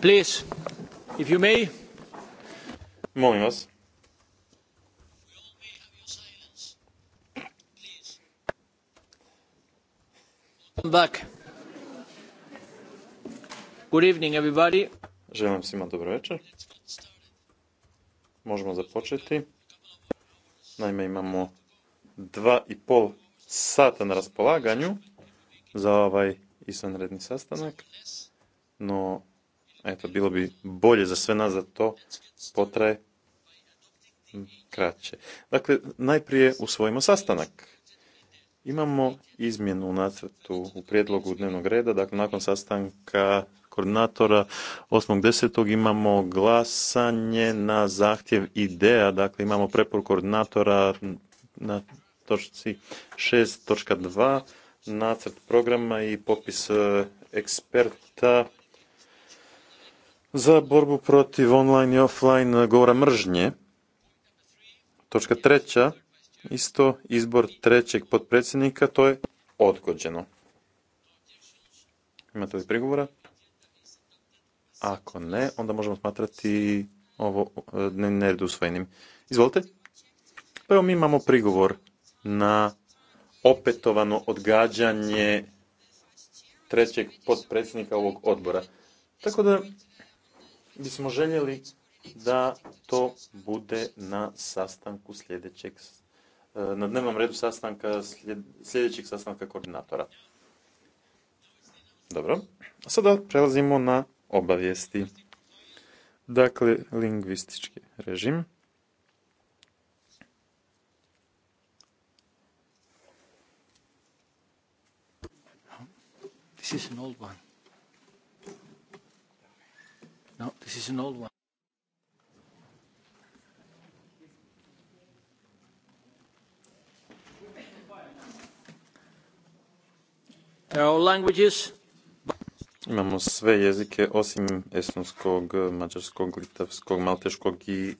Please, if you may. Molim vas. Back. Good evening, everybody. Želim vam svima dobro večer. Možemo započeti. Naime, imamo dva i pol sata na raspolaganju za ovaj izvanredni sastanak, no Eto, bilo bi bolje za sve nas da to potraje kraće. Dakle, najprije usvojimo sastanak. Imamo izmjenu u nacrtu u prijedlogu dnevnog reda, dakle nakon sastanka koordinatora 8.10. imamo glasanje na zahtjev ideja, dakle imamo prepor koordinatora na točci 6.2, nacrt programa i popis e, eksperta za borbu protiv online i offline govora mržnje. Točka treća, isto izbor trećeg potpredsjednika, to je odgođeno. Imate li prigovora? Ako ne, onda možemo smatrati ovo e, dnevni usvojenim. Izvolite. Pa evo mi imamo prigovor na opetovano odgađanje trećeg potpredsjednika ovog odbora. Tako da bismo željeli da to bude na sastanku sljedećeg, e, na dnevnom redu sastanka sljedećeg sastanka koordinatora. Dobro, a sada prelazimo na obavijesti. Dakle, lingvistički režim. This is an old one. Imamo sve jezike osim estonskog, mađarskog, litavskog, malteškog i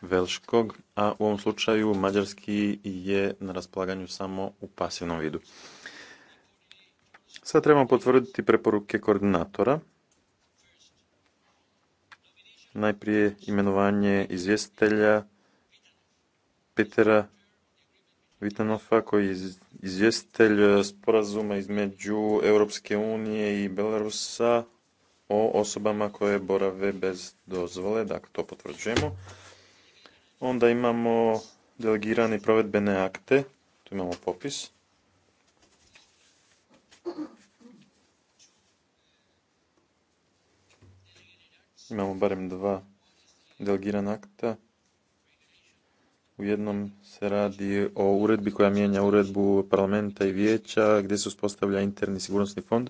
velškog, a u ovom slučaju mađarski je na raspolaganju samo u pasivnom vidu. Sad trebamo potvrditi preporuke koordinatora. Najprije imenovanje izvjestitelja Petera Vitanova koji je izvjestitelj sporazuma između Europske unije i Belarusa o osobama koje borave bez dozvole, dakle to potvrđujemo. Onda imamo delegirane provedbene akte, tu imamo popis. Imamo barem dva delegirana akta. U jednom se radi o uredbi koja mijenja uredbu parlamenta i vijeća gdje se uspostavlja interni sigurnosni fond.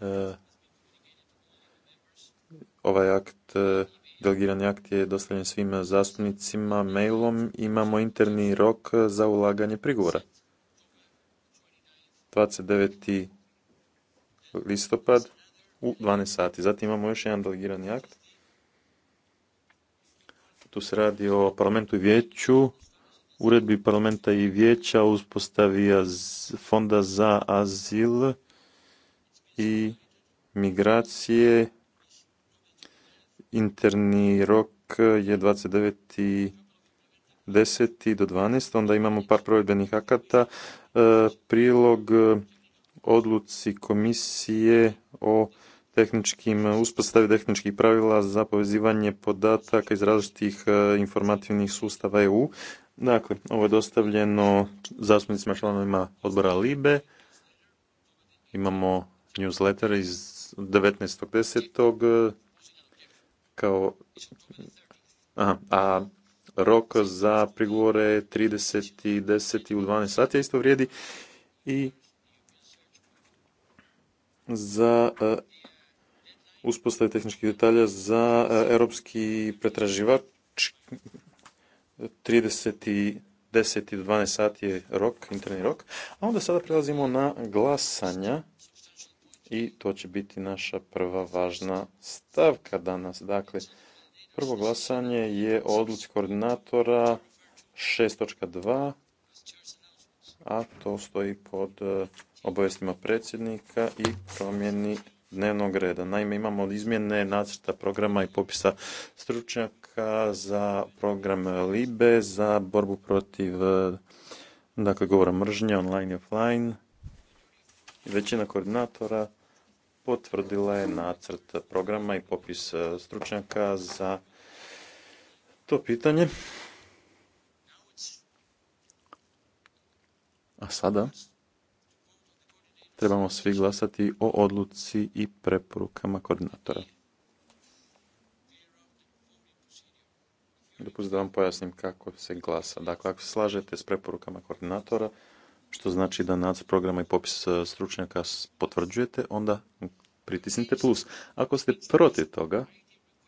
E, ovaj akt, e, delegirani akt je dostavljen svim zastupnicima mailom. Imamo interni rok za ulaganje prigovora. 29. listopad u 12 sati. Zatim imamo još jedan delegirani akt. Tu se radi o parlamentu i vijeću, uredbi parlamenta i vijeća uspostavi fonda za azil i migracije. Interni rok je 29.10. do 12. Onda imamo par provedbenih akata. E, prilog odluci komisije o tehničkim, uspostavi tehničkih pravila za povezivanje podataka iz različitih e, informativnih sustava EU. Dakle, ovo je dostavljeno zastupnicima članovima odbora LIBE. Imamo newsletter iz 19.10. E, kao Aha, a rok za prigovore 30.10. u 12 sati isto vrijedi i za e, uspostave tehničkih detalja za e, europski pretraživač. 30. 10. do 12. sati je rok, interni rok. A onda sada prelazimo na glasanja i to će biti naša prva važna stavka danas. Dakle, prvo glasanje je o odluci koordinatora 6.2, a to stoji pod e, obavijestima predsjednika i promjeni dnevnog reda. Naime, imamo izmjene nacrta programa i popisa stručnjaka za program LIBE za borbu protiv dakle, govora mržnje online i offline. Većina koordinatora potvrdila je nacrt programa i popis stručnjaka za to pitanje. A sada trebamo svi glasati o odluci i preporukama koordinatora. Dopustite da vam pojasnim kako se glasa. Dakle, ako se slažete s preporukama koordinatora, što znači da nacrt programa i popis e, stručnjaka potvrđujete, onda pritisnite plus. Ako ste protiv toga,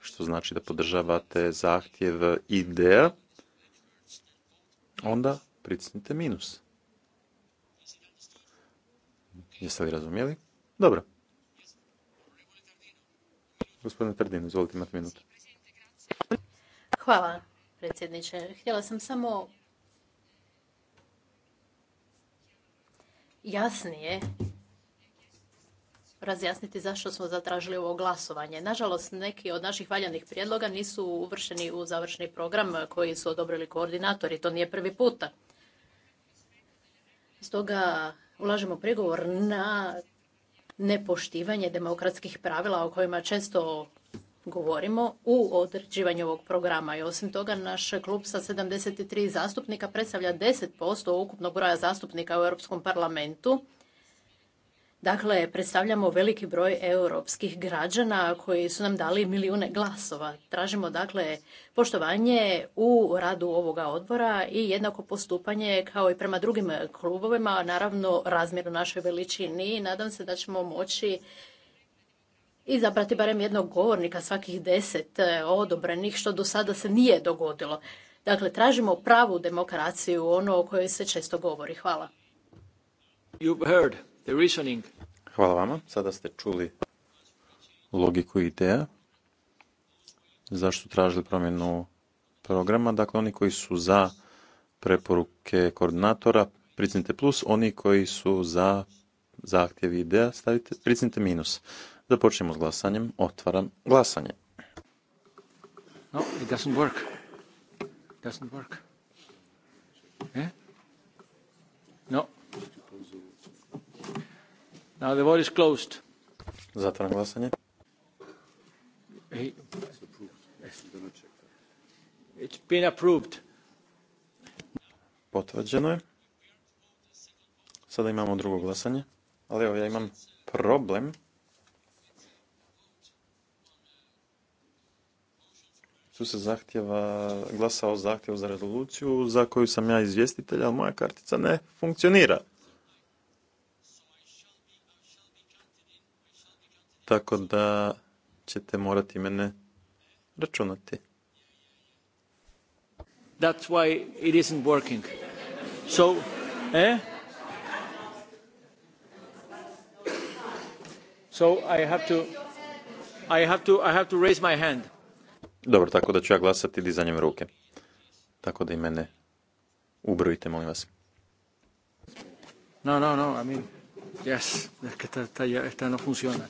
što znači da podržavate zahtjev ideja, onda pritisnite minus. Jeste li razumjeli? Dobro. Gospodine Trdin, izvolite imati minutu. Hvala, predsjedniče. Htjela sam samo jasnije razjasniti zašto smo zatražili ovo glasovanje. Nažalost, neki od naših valjanih prijedloga nisu uvršeni u završni program koji su odobrili koordinatori. To nije prvi puta. Stoga ulažemo prigovor na nepoštivanje demokratskih pravila o kojima često govorimo u određivanju ovog programa. I osim toga, naš klub sa 73 zastupnika predstavlja 10% ukupnog broja zastupnika u Europskom parlamentu Dakle, predstavljamo veliki broj europskih građana koji su nam dali milijune glasova. Tražimo dakle poštovanje u radu ovoga odbora i jednako postupanje kao i prema drugim klubovima, naravno razmjeru našoj veličini. Nadam se da ćemo moći izabrati barem jednog govornika svakih deset odobrenih, što do sada se nije dogodilo. Dakle, tražimo pravu demokraciju, ono o kojoj se često govori. Hvala. Hvala vama. Sada ste čuli logiku ideja. Zašto tražili promjenu programa? Dakle, oni koji su za preporuke koordinatora, pricnite plus. Oni koji su za zahtjev ideja, stavite, pricnite minus. počnemo s glasanjem. Otvaram glasanje. No, it doesn't work. doesn't work. Eh? Now the vote Zatvaram glasanje. Potvrđeno je. Sada imamo drugo glasanje. Ali evo, ja imam problem. Tu se zahtjeva, glasao o za rezoluciju za koju sam ja izvjestitelj, ali moja kartica ne funkcionira. tako da ćete morati mene računati. That's why it isn't working. So, eh? So I have to, I have to, I have to raise my hand. Dobro, tako da ću ja glasati dizanjem ruke. Tako da i mene ubrojite, molim vas. No, no, no, I mean, yes, ta, ta, ta no funciona.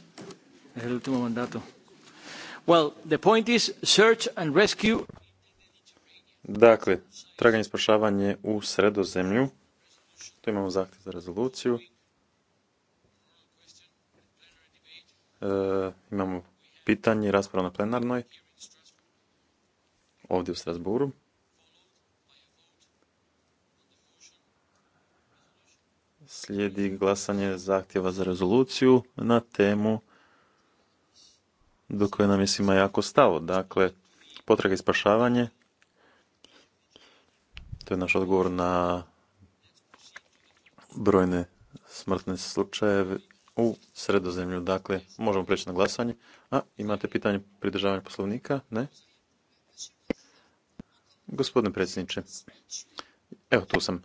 Dakle, traganje i spašavanje u sredozemlju. Tu imamo zahtjev za rezoluciju. E, imamo pitanje i raspravo na plenarnoj. Ovdje u Strasburu. Slijedi glasanje zahtjeva za rezoluciju na temu do koje nam je svima jako stalo. Dakle, potraga i spašavanje, to je naš odgovor na brojne smrtne slučajeve u sredozemlju. Dakle, možemo preći na glasanje. A, imate pitanje pridržavanja poslovnika? Ne? Gospodine predsjedniče, evo tu sam.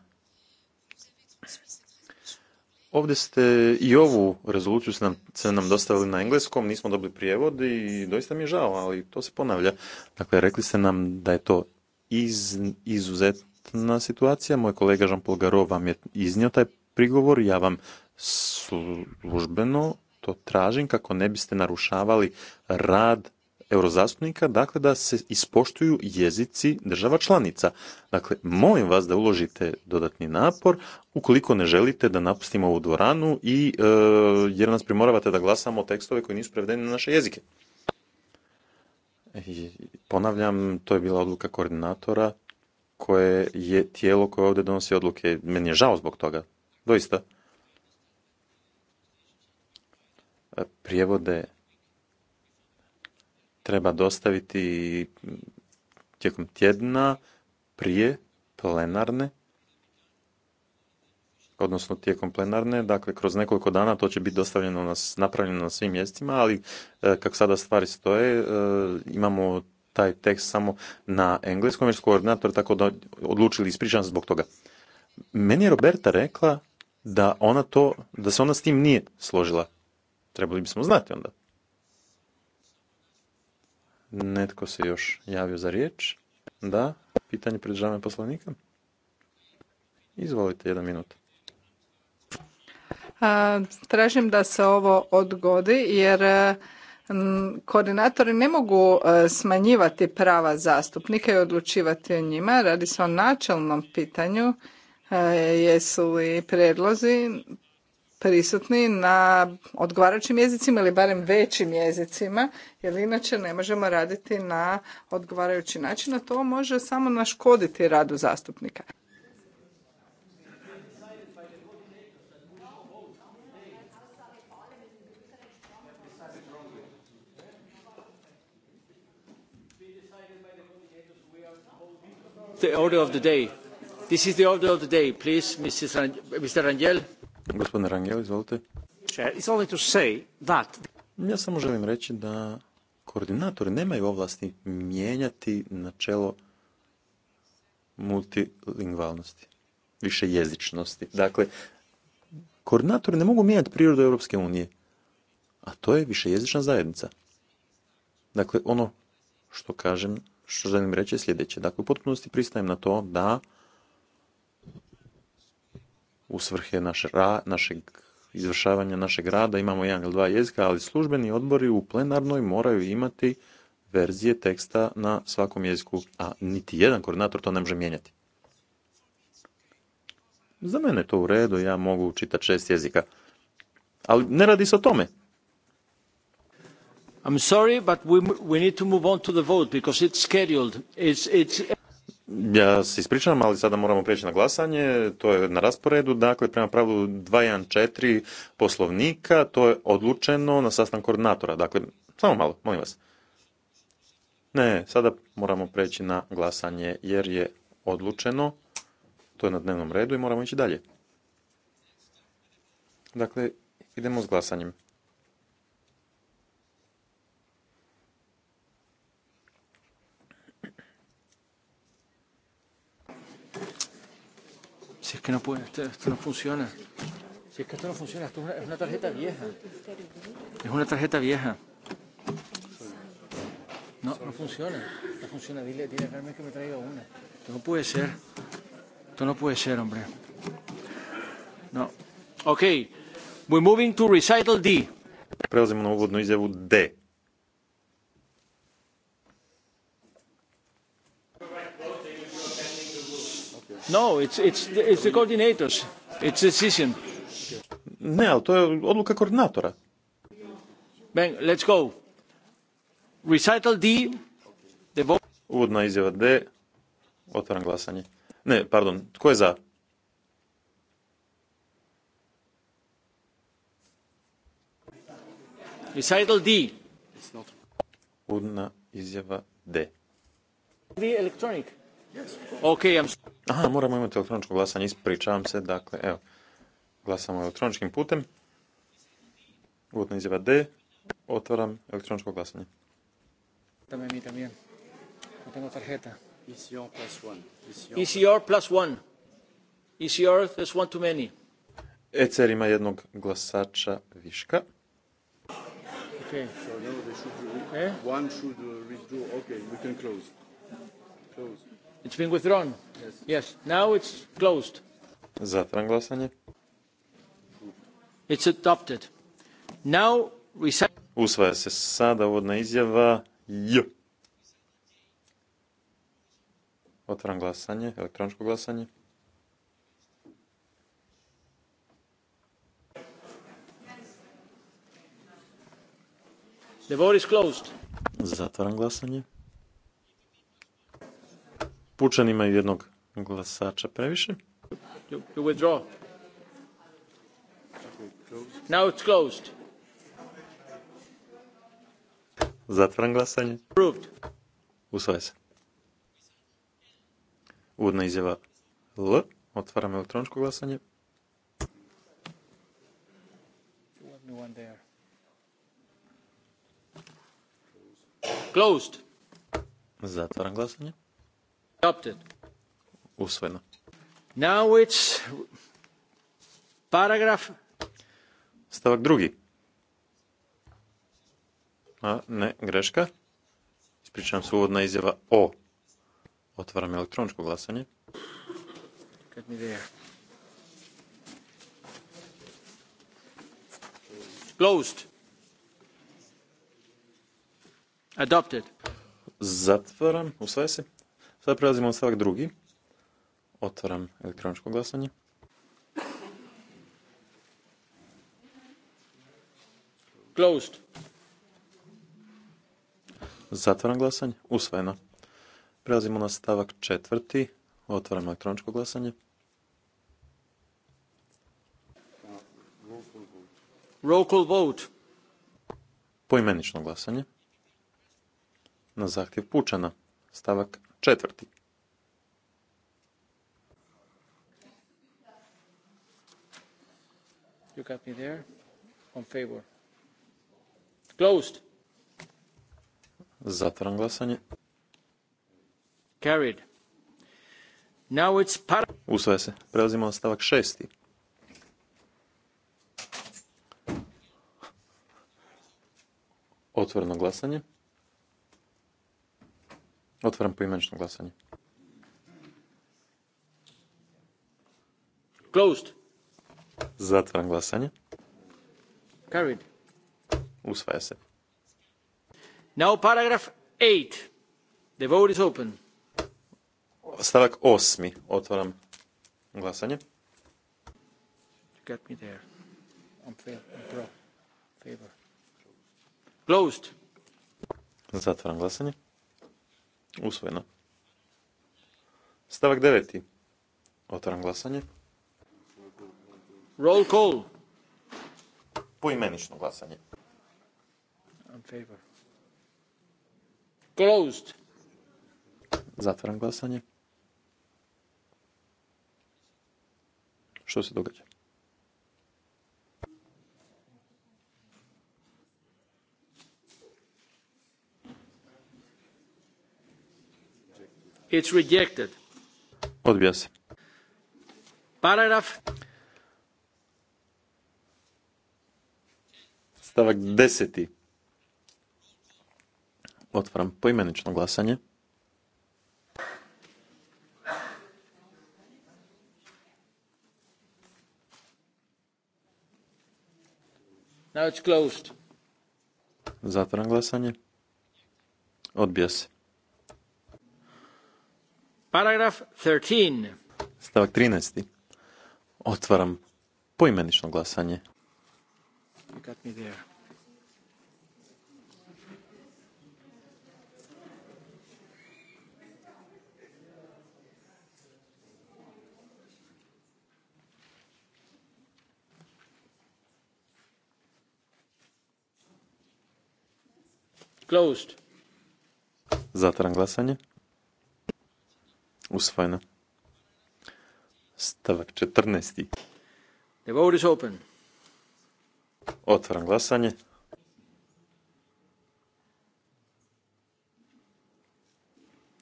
Ovdje ste i ovu rezoluciju ste nam, nam dostavili na engleskom, nismo dobili prijevod i doista mi je žao, ali to se ponavlja. Dakle, rekli ste nam da je to iz, izuzetna situacija. Moj kolega Jean-Paul vam je iznio taj prigovor, ja vam službeno to tražim kako ne biste narušavali rad eurozastupnika, dakle da se ispoštuju jezici država članica. Dakle, molim vas da uložite dodatni napor ukoliko ne želite da napustimo ovu dvoranu i e, jer nas primoravate da glasamo tekstove koji nisu prevedeni na naše jezike. I, e, ponavljam, to je bila odluka koordinatora koje je tijelo koje ovdje donosi odluke. Meni je žao zbog toga. Doista. E, prijevode treba dostaviti tijekom tjedna prije plenarne, odnosno tijekom plenarne, dakle kroz nekoliko dana to će biti dostavljeno nas napravljeno na svim mjestima, ali e, kako sada stvari stoje, e, imamo taj tekst samo na engleskom, jer koordinator tako da odlučili ispričan zbog toga. Meni je Roberta rekla da ona to, da se ona s tim nije složila. Trebali bismo znati onda. Netko se još javio za riječ? Da, pitanje pridržavanja poslovnika. Izvolite, jedan minut. Tražim da se ovo odgodi jer koordinatori ne mogu e, smanjivati prava zastupnika i odlučivati o njima. Radi se o načelnom pitanju e, jesu li predlozi prisutni na odgovarajućim jezicima ili barem većim jezicima, jer inače ne možemo raditi na odgovarajući način, a to može samo naškoditi radu zastupnika. The order of the day. This is the order of the day, please, Mrs. Mr. Gospodine Rangel, izvolite. Ja samo želim reći da koordinatori nemaju ovlasti mijenjati načelo multilingvalnosti, više jezičnosti. Dakle, koordinatori ne mogu mijenjati prirodu Europske unije, a to je višejezična zajednica. Dakle, ono što kažem, što želim reći je sljedeće. Dakle, u potpunosti pristajem na to da u svrhe našeg izvršavanja našeg rada imamo jedan ili dva jezika, ali službeni odbori u plenarnoj moraju imati verzije teksta na svakom jeziku, a niti jedan koordinator to ne može mijenjati. Za mene je to u redu, ja mogu čitati šest jezika. Ali ne radi se o tome. I'm sorry, but we, we need to move on to the vote because it's scheduled. It's, it's... Ja se ispričavam, ali sada moramo preći na glasanje. To je na rasporedu. Dakle, prema pravilu 214 poslovnika, to je odlučeno na sastanku koordinatora. Dakle, samo malo, molim vas. Ne, sada moramo preći na glasanje jer je odlučeno. To je na dnevnom redu i moramo ići dalje. Dakle, idemo s glasanjem. Si es que no puede, esto, esto no funciona. Si es que esto no funciona, esto es una, es una tarjeta vieja. Es una tarjeta vieja. No, no funciona. No funciona. Dile, dile a Carmen que me traiga una. Esto no puede ser. Esto no puede ser, hombre. No. Ok. We're moving to recital D. Prelazimo na uvodnu izjavu D. No, it's, it's, it's the coordinators. It's a decision. Ne, ali to je odluka koordinatora. Ben, let's go. Recital D. The vote. Uvodna izjava D. Otvaram glasanje. Ne, pardon, tko je za? Recital D. Uvodna izjava D. The electronic. Okay, Aha, moramo imati elektroničko glasanje, ispričavam se, dakle, evo, glasamo elektroničkim putem. Uvodna izjava D, otvaram elektroničko glasanje. Dame mi también. No tengo tarjeta. ECR plus one. ECR plus one. ECR plus one too many. ECR ima jednog glasača viška. Okay. So now they should... Eh? eh? One should uh, redo... Okay, we can close. Close. It's been withdrawn. Yes. Now it's closed. Zatvaram glasanje. It's adopted. Now recite... Usvaja se sada uvodna izjava J. Otvaram glasanje, elektroničko glasanje. The vote is closed. Zatvaram glasanje. Pučan imaju jednog glasača previše. You, Now it's closed. Zatvaram glasanje. Approved. Usvaja se. Uvodna izjava L. Otvaram elektroničko glasanje. Closed. Zatvaram glasanje. Usvojeno. Now it's paragraf... Stavak drugi. A, ne, greška. Ispričavam se uvodna izjava O. Otvaram elektroničko glasanje. Kad mi there. Closed. Adopted. Zatvaram, usvaja se. Sada prelazimo na stavak drugi. Otvaram elektroničko glasanje. Closed. Zatvaram glasanje. Usvojeno. Prelazimo na stavak četvrti. Otvaram elektroničko glasanje. vote. Poimenično glasanje. Na zahtjev pučana. Stavak Četvrti. You got me there. On favor. Closed. Zatvaram glasanje. Carried. Now it's par... Usvaja se. Prelazimo na stavak šesti. Otvoreno glasanje. Otvaram poimenično glasanje. Closed. Zatvaram glasanje. Carried. Usvaja se. Now paragraf 8. The vote is open. Stavak osmi. Otvaram glasanje. Got me there. I'm fair. I'm pro. Favor. Closed. Zatvaram glasanje. Usvojeno. Stavak deveti. Otvaram glasanje. Roll call. Poimenično glasanje. Closed. Zatvaram glasanje. Što se događa? Odbija se. Paragraf. Stavak deseti. Otvaram poimenično glasanje. Now it's closed. Zatvaram glasanje. Odbija se. Paragraf 13. Stavak 13. Otvaram poimenično glasanje. You got me there. Closed. Zatvaram glasanje. Usvojeno. Stavak 14. The vote is open. Otvaram glasanje.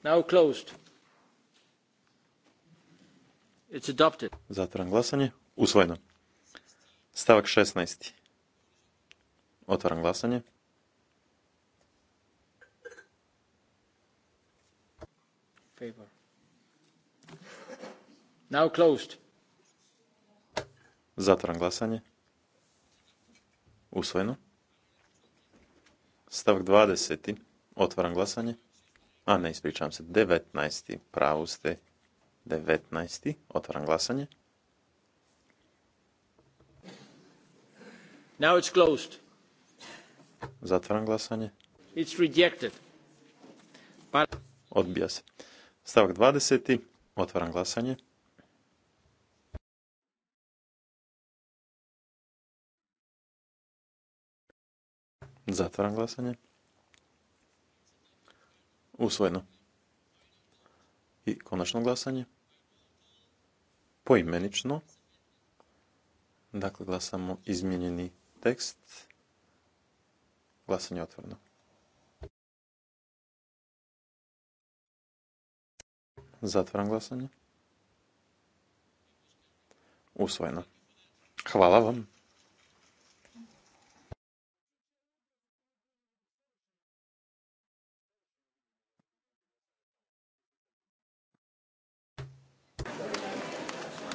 Now closed. It's adopted. Zatvaram glasanje. Usvojeno. Stavak 16. Otvaram glasanje. Favor. Now closed. Zatvaram glasanje. Usvojeno. Stavak 20. Otvaram glasanje. A ne, ispričavam se. 19. Pravu ste. 19. Otvaram glasanje. Now it's closed. Zatvaram glasanje. It's rejected. Odbija se. Stavak 20. Otvaram glasanje. Zatvaram glasanje. Usvojeno. I konačno glasanje. Poimenično. Dakle, glasamo izmijenjeni tekst. Glasanje otvoreno. Zatvaram glasanje. Usvojeno. Hvala vam.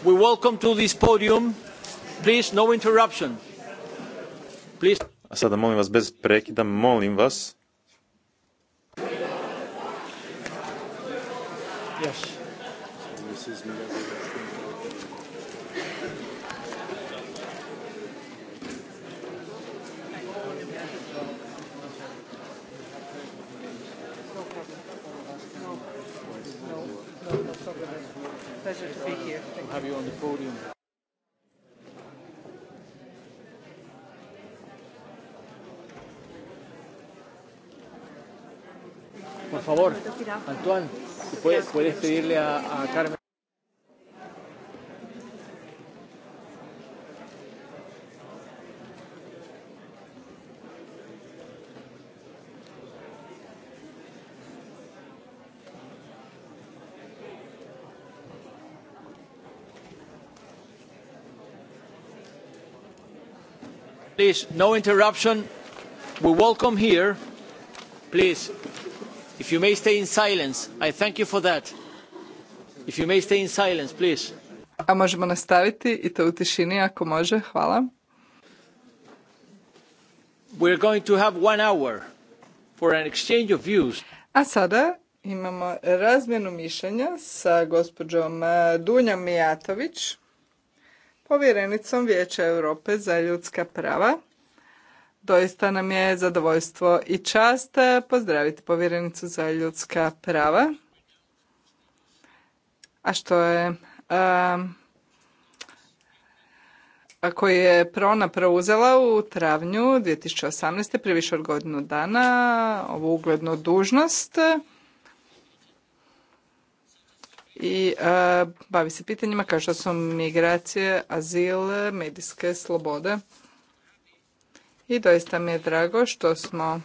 we welcome to this podium. Please, no interruption. Please. A sada molim vas bez prekida, molim vas. Yes. pleasure to be here. Thank we'll have you on the podium. Por favor, Antoine, ¿puedes, puedes pedirle a, a Carmen? Please, no interruption. We welcome here. Please, if you may stay in silence, I thank you for that. If you may stay in silence, please. A možemo nastaviti i to u tišini ako može, hvala. We're going to have one hour for an exchange of views. A sada imamo razmjenu mišljenja sa gospođom eh, Dunjom Mijatović povjerenicom Vijeća Europe za ljudska prava. Doista nam je zadovoljstvo i čast pozdraviti povjerenicu za ljudska prava. A što je um, a, je Prona preuzela u travnju 2018. prije više od godinu dana ovu uglednu dužnost i e, bavi se pitanjima kao što su migracije, azil, medijske slobode. I doista mi je drago što smo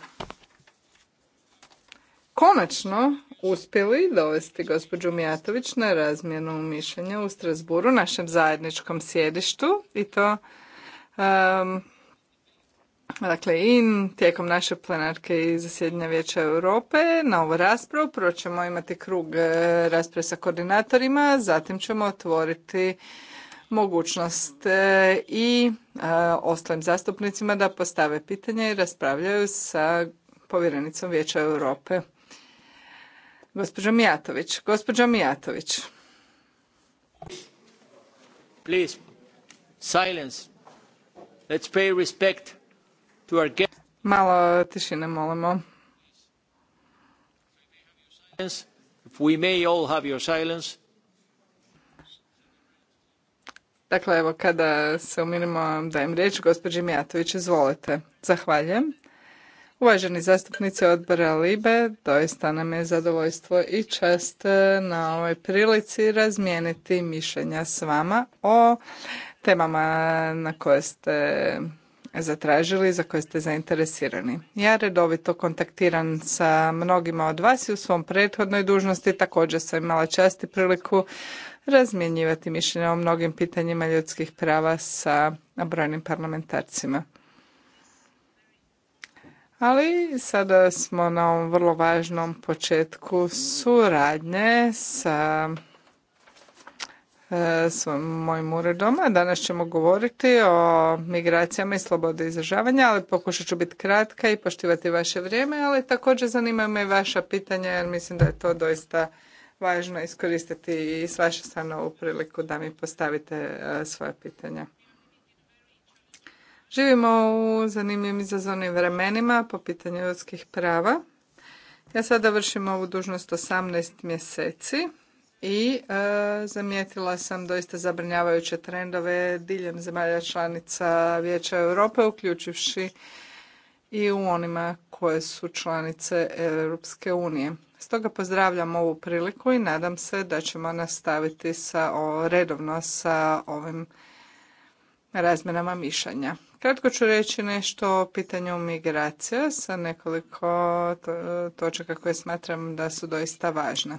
konačno uspjeli dovesti gospođu Mijatović na razmjenu mišljenja u Strasburu, našem zajedničkom sjedištu i to e, Dakle, i tijekom naše plenarke i zasjednja vijeća Europe na ovu raspravu prvo ćemo imati krug e, rasprave sa koordinatorima, zatim ćemo otvoriti mogućnost e, i e, ostalim zastupnicima da postave pitanje i raspravljaju sa povjerenicom Vijeća Europe. Gospođo Mijatović, gospođo Mijatović. Please, silence. Let's pay respect Malo tišine molimo. Dakle, evo kada se umirimo dajem riječ gospođi Mijatović, izvolite. Zahvaljujem. Uvaženi zastupnici odbora Libe, doista nam je zadovoljstvo i čast e, na ovoj prilici razmijeniti mišljenja s vama o temama na koje ste zatražili, za koje ste zainteresirani. Ja redovito kontaktiram sa mnogima od vas i u svom prethodnoj dužnosti također sam imala čast i priliku razmjenjivati mišljenja o mnogim pitanjima ljudskih prava sa brojnim parlamentarcima. Ali sada smo na ovom vrlo važnom početku suradnje sa E, s mojim uredom. Danas ćemo govoriti o migracijama i slobodi izražavanja, ali pokušat ću biti kratka i poštivati vaše vrijeme, ali također zanima me vaša pitanja jer mislim da je to doista važno iskoristiti i s vaše strane ovu priliku da mi postavite e, svoja pitanja. Živimo u zanimljivim izazovnim vremenima po pitanju ljudskih prava. Ja sada vršim ovu dužnost 18 mjeseci i e, zamijetila sam doista zabrinjavajuće trendove diljem zemalja članica Vijeća Europe, uključivši i u onima koje su članice Europske unije. Stoga pozdravljam ovu priliku i nadam se da ćemo nastaviti sa, o, redovno sa ovim razmjenama mišljenja. Kratko ću reći nešto o pitanju migracija sa nekoliko točaka koje smatram da su doista važne.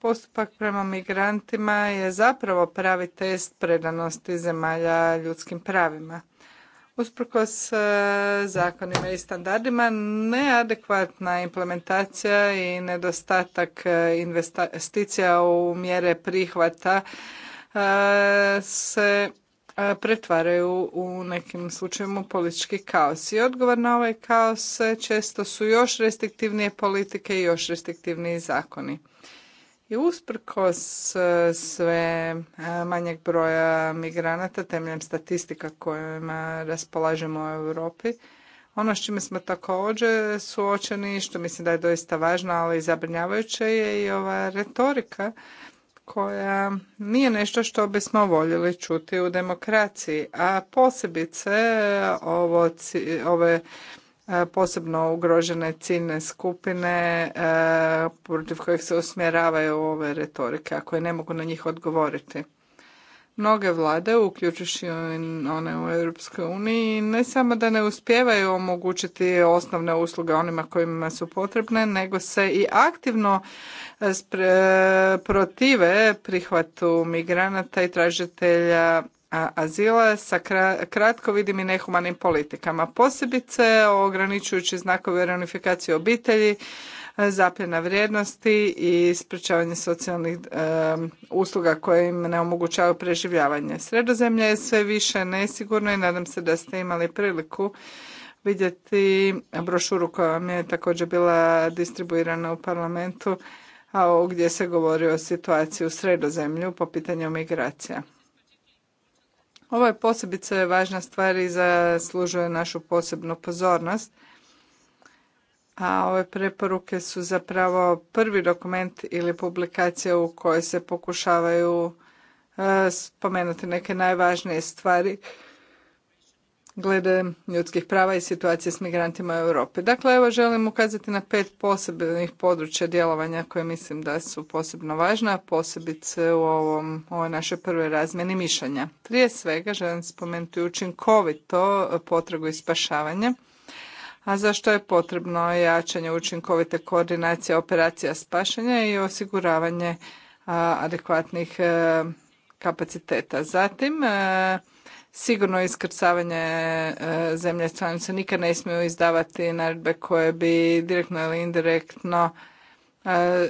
Postupak prema migrantima je zapravo pravi test predanosti zemalja ljudskim pravima. s e, zakonima i standardima, neadekvatna implementacija i nedostatak e, investicija u mjere prihvata e, se pretvaraju u nekim slučajevima u politički kaos. I odgovor na ovaj kaos često su još restriktivnije politike i još restriktivniji zakoni. I usprkos e, sve e, manjeg broja migranata temeljem statistika kojima raspolažemo u Europi, ono s čime smo također suočeni, što mislim da je doista važno, ali i zabrinjavajuće je i ova retorika koja nije nešto što bismo voljeli čuti u demokraciji, a posebice e, ovo, ove E, posebno ugrožene ciljne skupine e, protiv kojih se usmjeravaju ove retorike, a koje ne mogu na njih odgovoriti. Mnoge vlade, uključujući one u Europskoj uniji, ne samo da ne uspijevaju omogućiti osnovne usluge onima kojima su potrebne, nego se i aktivno e, protive prihvatu migranata i tražitelja azila sa kratko vidim i nehumanim politikama. Posebice ograničujući znakove reunifikacije obitelji, e, zapljena vrijednosti i sprečavanje socijalnih e, usluga koje im ne omogućavaju preživljavanje. Sredozemlje je sve više nesigurno i nadam se da ste imali priliku vidjeti brošuru koja vam je također bila distribuirana u parlamentu, a gdje se govori o situaciji u sredozemlju po pitanju migracija. Ovo je posebice važna stvar i zaslužuje našu posebnu pozornost. A ove preporuke su zapravo prvi dokument ili publikacija u kojoj se pokušavaju e, spomenuti neke najvažnije stvari glede ljudskih prava i situacije s migrantima u Europi. Dakle, evo želim ukazati na pet posebnih područja djelovanja koje mislim da su posebno važna, posebice u ovom, ovoj našoj prvoj razmjeni mišljenja. Prije svega želim spomenuti učinkovito potragu i spašavanje, a za što je potrebno jačanje učinkovite koordinacije operacija spašanja i osiguravanje adekvatnih e, kapaciteta. Zatim, e, Sigurno iskrcavanje e, zemlje članice nikad ne smiju izdavati naredbe koje bi direktno ili indirektno e, e,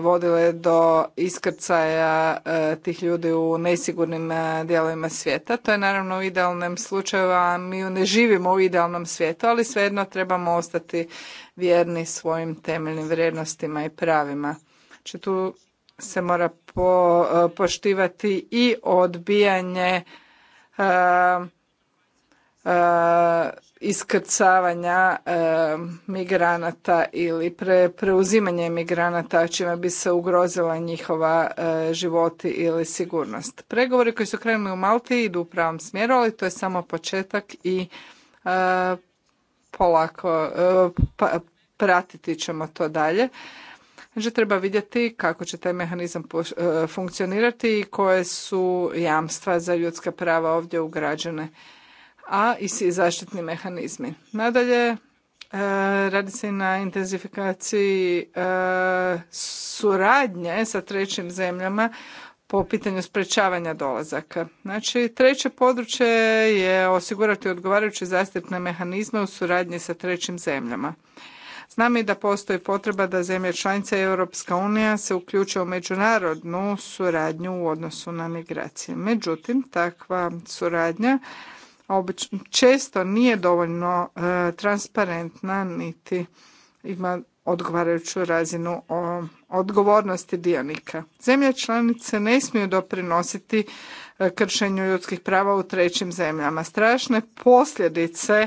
vodile do iskrcaja tih ljudi u nesigurnim dijelovima svijeta. To je naravno u idealnom slučaju, a mi ne živimo u idealnom svijetu, ali svejedno trebamo ostati vjerni svojim temeljnim vrijednostima i pravima. Znači tu se mora poštivati i odbijanje Eh, eh, iskrcavanja eh, migranata ili preuzimanje migranata čime bi se ugrozila njihova životi ili sigurnost. Pregovori koji su krenuli u Malti idu u pravom smjeru, ali to je samo početak i polako pa, pratiti ćemo to dalje. Znači treba vidjeti kako će taj mehanizam e, funkcionirati i koje su jamstva za ljudska prava ovdje ugrađene, a i zaštitni mehanizmi. Nadalje, e, radi se i na intenzifikaciji e, suradnje sa trećim zemljama po pitanju sprečavanja dolazaka. Znači, treće područje je osigurati odgovarajuće zaštitne mehanizme u suradnji sa trećim zemljama. Znam i da postoji potreba da zemlje članice Europska unija se uključe u međunarodnu suradnju u odnosu na migracije. Međutim, takva suradnja često nije dovoljno e, transparentna niti ima odgovarajuću razinu odgovornosti dionika. Zemlje članice ne smiju doprinositi e, kršenju ljudskih prava u trećim zemljama. Strašne posljedice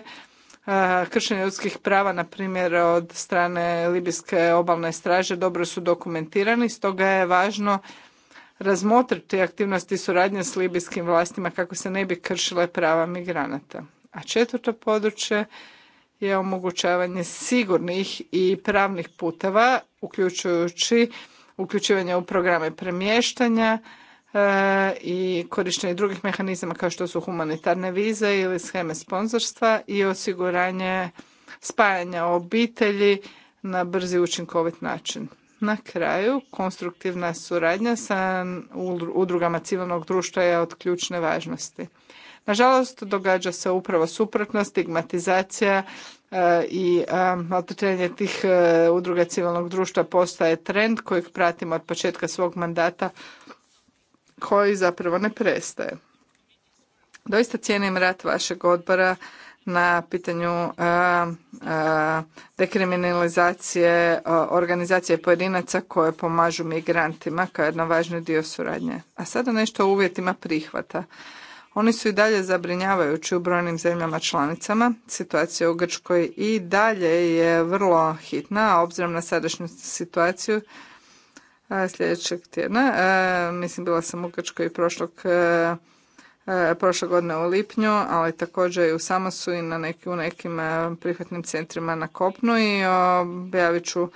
kršenje ljudskih prava, na primjer od strane Libijske obalne straže, dobro su dokumentirani, stoga je važno razmotriti aktivnosti suradnje s libijskim vlastima kako se ne bi kršile prava migranata. A četvrto područje je omogućavanje sigurnih i pravnih puteva, uključujući uključivanje u programe premještanja, E, i korištenje drugih mehanizama kao što su humanitarne vize ili scheme sponzorstva i osiguranje spajanja obitelji na brzi učinkovit način. Na kraju, konstruktivna suradnja sa udrugama civilnog društva je od ključne važnosti. Nažalost, događa se upravo suprotno, stigmatizacija e, i e, maltretiranje tih udruga civilnog društva postaje trend kojeg pratimo od početka svog mandata koji zapravo ne prestaje. Doista cijenim rat vašeg odbora na pitanju dekriminalizacije organizacije pojedinaca koje pomažu migrantima kao jedno važni dio suradnje. A sada nešto o uvjetima prihvata. Oni su i dalje zabrinjavajući u brojnim zemljama članicama. Situacija u Grčkoj i dalje je vrlo hitna, a obzirom na sadašnju situaciju sljedećeg tjedna. E, mislim, bila sam u Grčkoj prošlog e, e, prošle godine u lipnju, ali također i u Samosu i na neki, u nekim prihvatnim centrima na Kopnu i objavit ću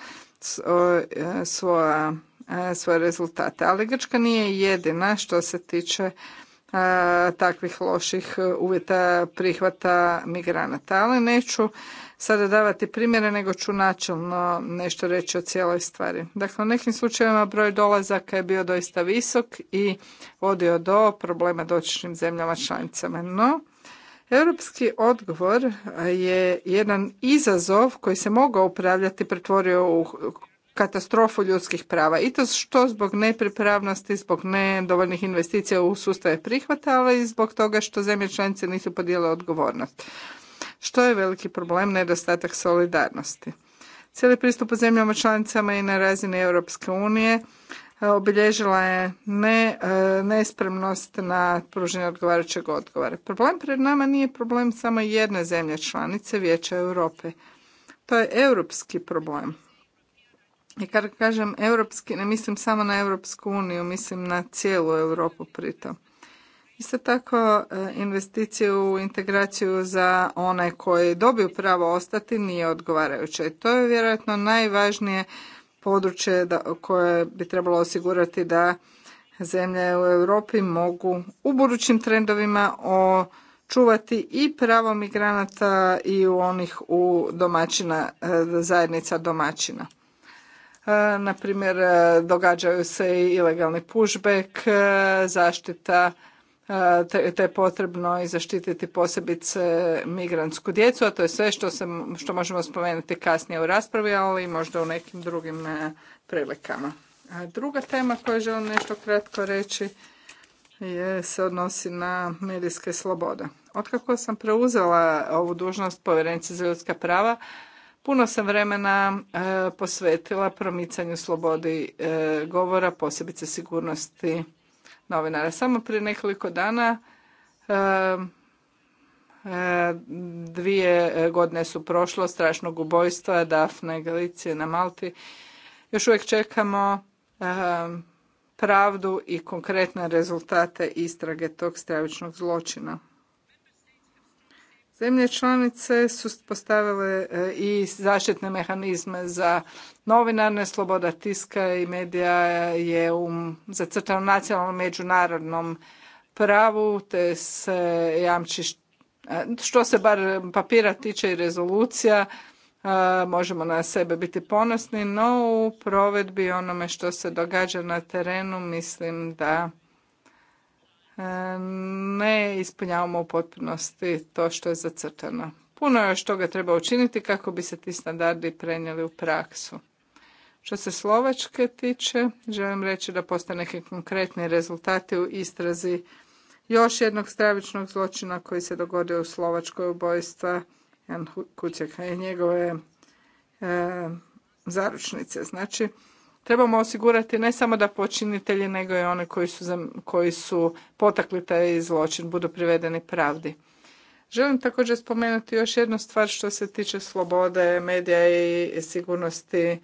svoje rezultate. Ali Grčka nije jedina što se tiče E, takvih loših e, uvjeta prihvata migranata. Ali neću sada davati primjere, nego ću načelno nešto reći o cijeloj stvari. Dakle, u nekim slučajevima broj dolazaka je bio doista visok i vodio do problema dotičnim zemljama članicama. No, Europski odgovor je jedan izazov koji se mogao upravljati pretvorio u katastrofu ljudskih prava. I to što zbog nepripravnosti, zbog nedovoljnih investicija u sustave prihvata, ali i zbog toga što zemlje članice nisu podijele odgovornost. Što je veliki problem? Nedostatak solidarnosti. Cijeli pristup u zemljama članicama i na razini Europske unije e, obilježila je ne, e, nespremnost na pruženje odgovarajućeg odgovora. Problem pred nama nije problem samo jedne zemlje članice Vijeća Europe. To je europski problem i kad kažem europski, ne mislim samo na Europsku uniju, mislim na cijelu Europu pritom. Isto tako e, investicije u integraciju za one koji dobiju pravo ostati nije odgovarajuće. I to je vjerojatno najvažnije područje da, koje bi trebalo osigurati da zemlje u Europi mogu u budućim trendovima čuvati i pravo migranata i u onih u domaćina, e, zajednica domaćina. E, na primjer e, događaju se i ilegalni pushback, e, zaštita te, je potrebno i zaštititi posebice migrantsku djecu, a to je sve što, se, što možemo spomenuti kasnije u raspravi, ali i možda u nekim drugim prilikama. druga tema koju želim nešto kratko reći je, se odnosi na medijske slobode. Otkako sam preuzela ovu dužnost povjerenice za ljudska prava, Puno sam vremena e, posvetila promicanju slobodi e, govora, posebice sigurnosti novinara. Samo prije nekoliko dana e, dvije godine su prošlo strašnog ubojstva Dafne Galicije na Malti. Još uvijek čekamo pravdu i konkretne rezultate istrage tog stravičnog zločina. Zemlje članice su postavile e, i zaštitne mehanizme za novinarne, sloboda tiska i medija je u zacrtanom nacionalnom međunarodnom pravu, te se jamči e, što se bar papira tiče i rezolucija, e, možemo na sebe biti ponosni, no u provedbi onome što se događa na terenu mislim da ne ispunjavamo u potpunosti to što je zacrtano. Puno još toga treba učiniti kako bi se ti standardi prenijeli u praksu. Što se Slovačke tiče, želim reći da postoje neki konkretni rezultati u istrazi još jednog stravičnog zločina koji se dogodio u Slovačkoj ubojstva Jan Kucjaka i njegove e, zaručnice. Znači, trebamo osigurati ne samo da počinitelji, nego i one koji su, koji su potakli taj zločin, budu privedeni pravdi. Želim također spomenuti još jednu stvar što se tiče slobode medija i sigurnosti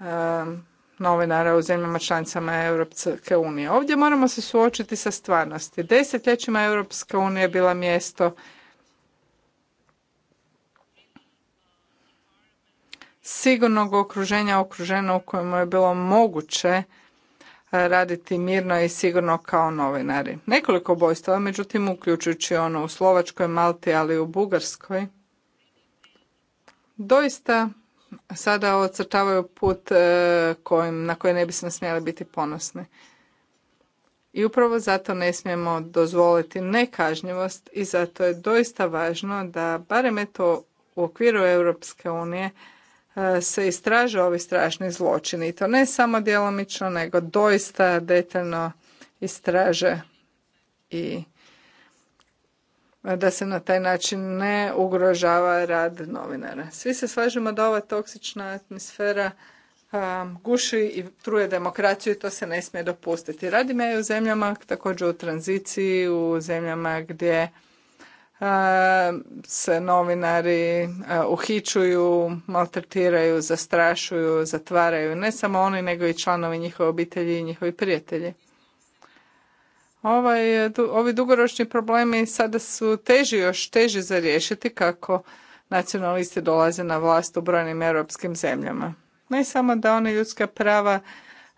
um, novinara u zemljama članicama Europske unije. Ovdje moramo se suočiti sa stvarnosti. Desetljećima Europska unija je bila mjesto sigurnog okruženja, okruženja u kojemu je bilo moguće e, raditi mirno i sigurno kao novinari. Nekoliko bojstava, međutim, uključujući ono u Slovačkoj, Malti, ali i u Bugarskoj, doista sada ocrtavaju put e, kojim, na koji ne bismo smjeli biti ponosni. I upravo zato ne smijemo dozvoliti nekažnjivost i zato je doista važno da barem eto u okviru Europske unije E, se istraže ovi strašni zločini i to ne samo djelomično nego doista detaljno istraže i e, da se na taj način ne ugrožava rad novinara. Svi se slažemo da ova toksična atmosfera e, guši i truje demokraciju i to se ne smije dopustiti. Radim ja i u zemljama također u tranziciji, u zemljama gdje se novinari uhićuju, maltretiraju, zastrašuju, zatvaraju. Ne samo oni, nego i članovi njihove obitelji i njihovi prijatelji. Ovaj, e, ovi dugoročni problemi sada su teži, još teži za riješiti kako nacionalisti dolaze na vlast u brojnim europskim zemljama. Ne samo da oni ljudska prava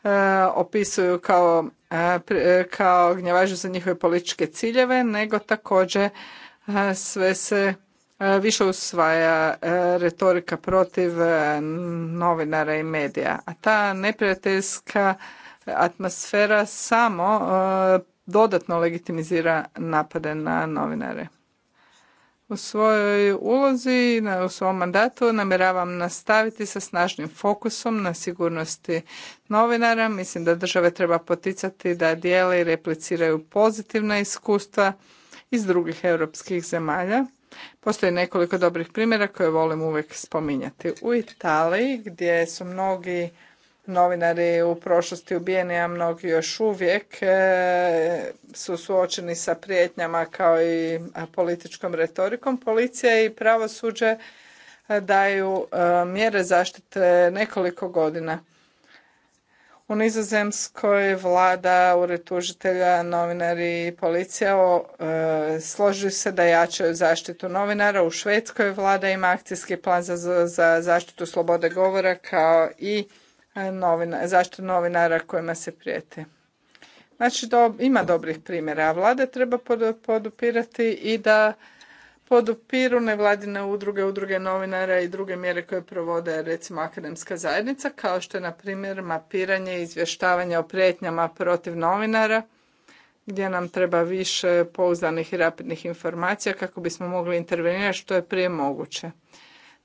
e, opisuju kao, e, e kao za njihove političke ciljeve, nego također sve se e, više usvaja e, retorika protiv e, novinara i medija. A ta neprijateljska atmosfera samo dodatno legitimizira napade na novinare. U svojoj ulozi, u svom mandatu namjeravam nastaviti sa snažnim fokusom na sigurnosti novinara. Mislim da države treba poticati da dijele i repliciraju pozitivna iskustva iz drugih europskih zemalja. Postoji nekoliko dobrih primjera koje volim uvijek spominjati. U Italiji gdje su mnogi novinari u prošlosti ubijeni, a mnogi još uvijek e, su suočeni sa prijetnjama kao i političkom retorikom. Policija i pravosuđe e, daju e, mjere zaštite nekoliko godina. U Nizozemskoj vlada, ured tužitelja, novinari i policija o, e, se da jačaju zaštitu novinara. U Švedskoj vlada ima akcijski plan za, zaštitu slobode govora kao i e, zaštitu novinara kojima se prijeti. Znači, ima dobrih primjera. A vlada treba podupirati i da podupiru nevladine udruge, udruge novinara i druge mjere koje provode recimo akademska zajednica, kao što je na primjer mapiranje i izvještavanje o prijetnjama protiv novinara, gdje nam treba više pouzdanih i rapidnih informacija kako bismo mogli intervenirati što je prije moguće.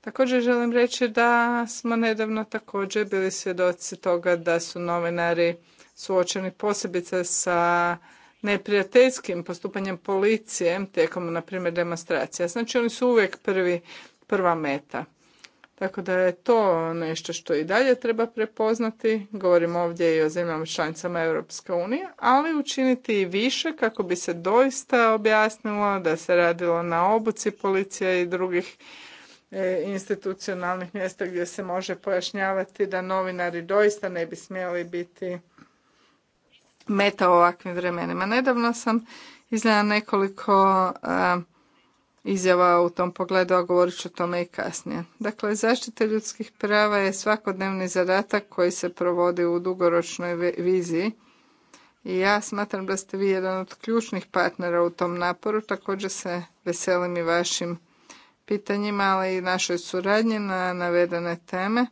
Također želim reći da smo nedavno također bili svjedoci toga da su novinari suočeni posebice sa neprijateljskim postupanjem policije tijekom, na primjer, demonstracija. Znači, oni su uvijek prvi, prva meta. Tako da je to nešto što i dalje treba prepoznati. Govorimo ovdje i o zemljama članicama Europske unije, ali učiniti i više kako bi se doista objasnilo da se radilo na obuci policije i drugih e, institucionalnih mjesta gdje se može pojašnjavati da novinari doista ne bi smjeli biti meta u ovakvim vremenima. Nedavno sam izgleda nekoliko e, izjava u tom pogledu, a govorit ću o tome i kasnije. Dakle, zaštita ljudskih prava je svakodnevni zadatak koji se provodi u dugoročnoj viziji. I ja smatram da ste vi jedan od ključnih partnera u tom naporu. Također se veselim i vašim pitanjima, ali i našoj suradnji na navedene teme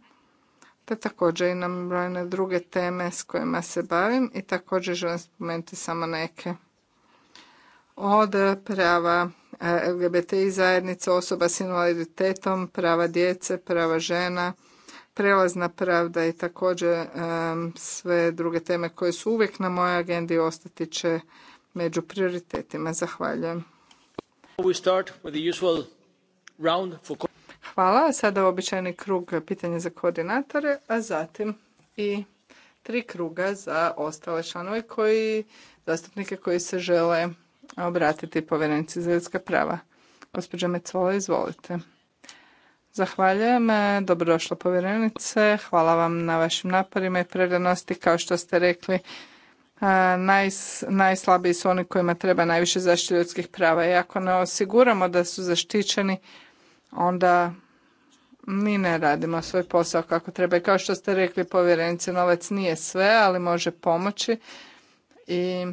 te također imam brojne druge teme s kojima se bavim i također želim spomenuti samo neke. Od prava e, LGBTI zajednice, osoba s invaliditetom, prava djece, prava žena, prelazna pravda i također e, sve druge teme koje su uvijek na mojoj agendi ostati će među prioritetima. Zahvaljujem. We Hvala. Sada običajni krug pitanja za koordinatore, a zatim i tri kruga za ostale članove koji, zastupnike koji se žele obratiti povjerenici za ljudska prava. Gospođa Mecola, izvolite. Zahvaljujem, dobrodošla povjerenice, hvala vam na vašim naporima i predanosti, kao što ste rekli, najslabiji su oni kojima treba najviše zaštiti ljudskih prava i ako ne osiguramo da su zaštićeni, onda mi ne radimo svoj posao kako treba. I kao što ste rekli, povjerenice, novac nije sve, ali može pomoći. I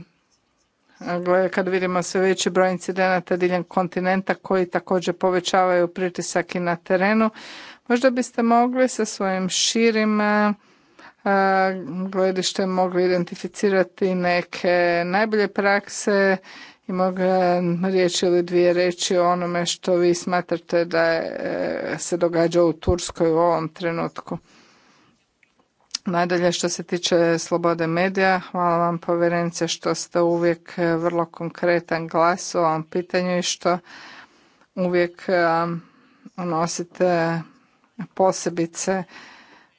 kad vidimo sve veći broj incidenata diljem kontinenta koji također povećavaju pritisak i na terenu, možda biste mogli sa svojim širim gledištem mogli identificirati neke najbolje prakse i mogu e, riječ ili dvije reći o onome što vi smatrate da je, se događa u Turskoj u ovom trenutku. Nadalje što se tiče slobode medija, hvala vam povjerenice što ste uvijek e, vrlo konkretan glas u ovom pitanju i što uvijek e, unosite posebice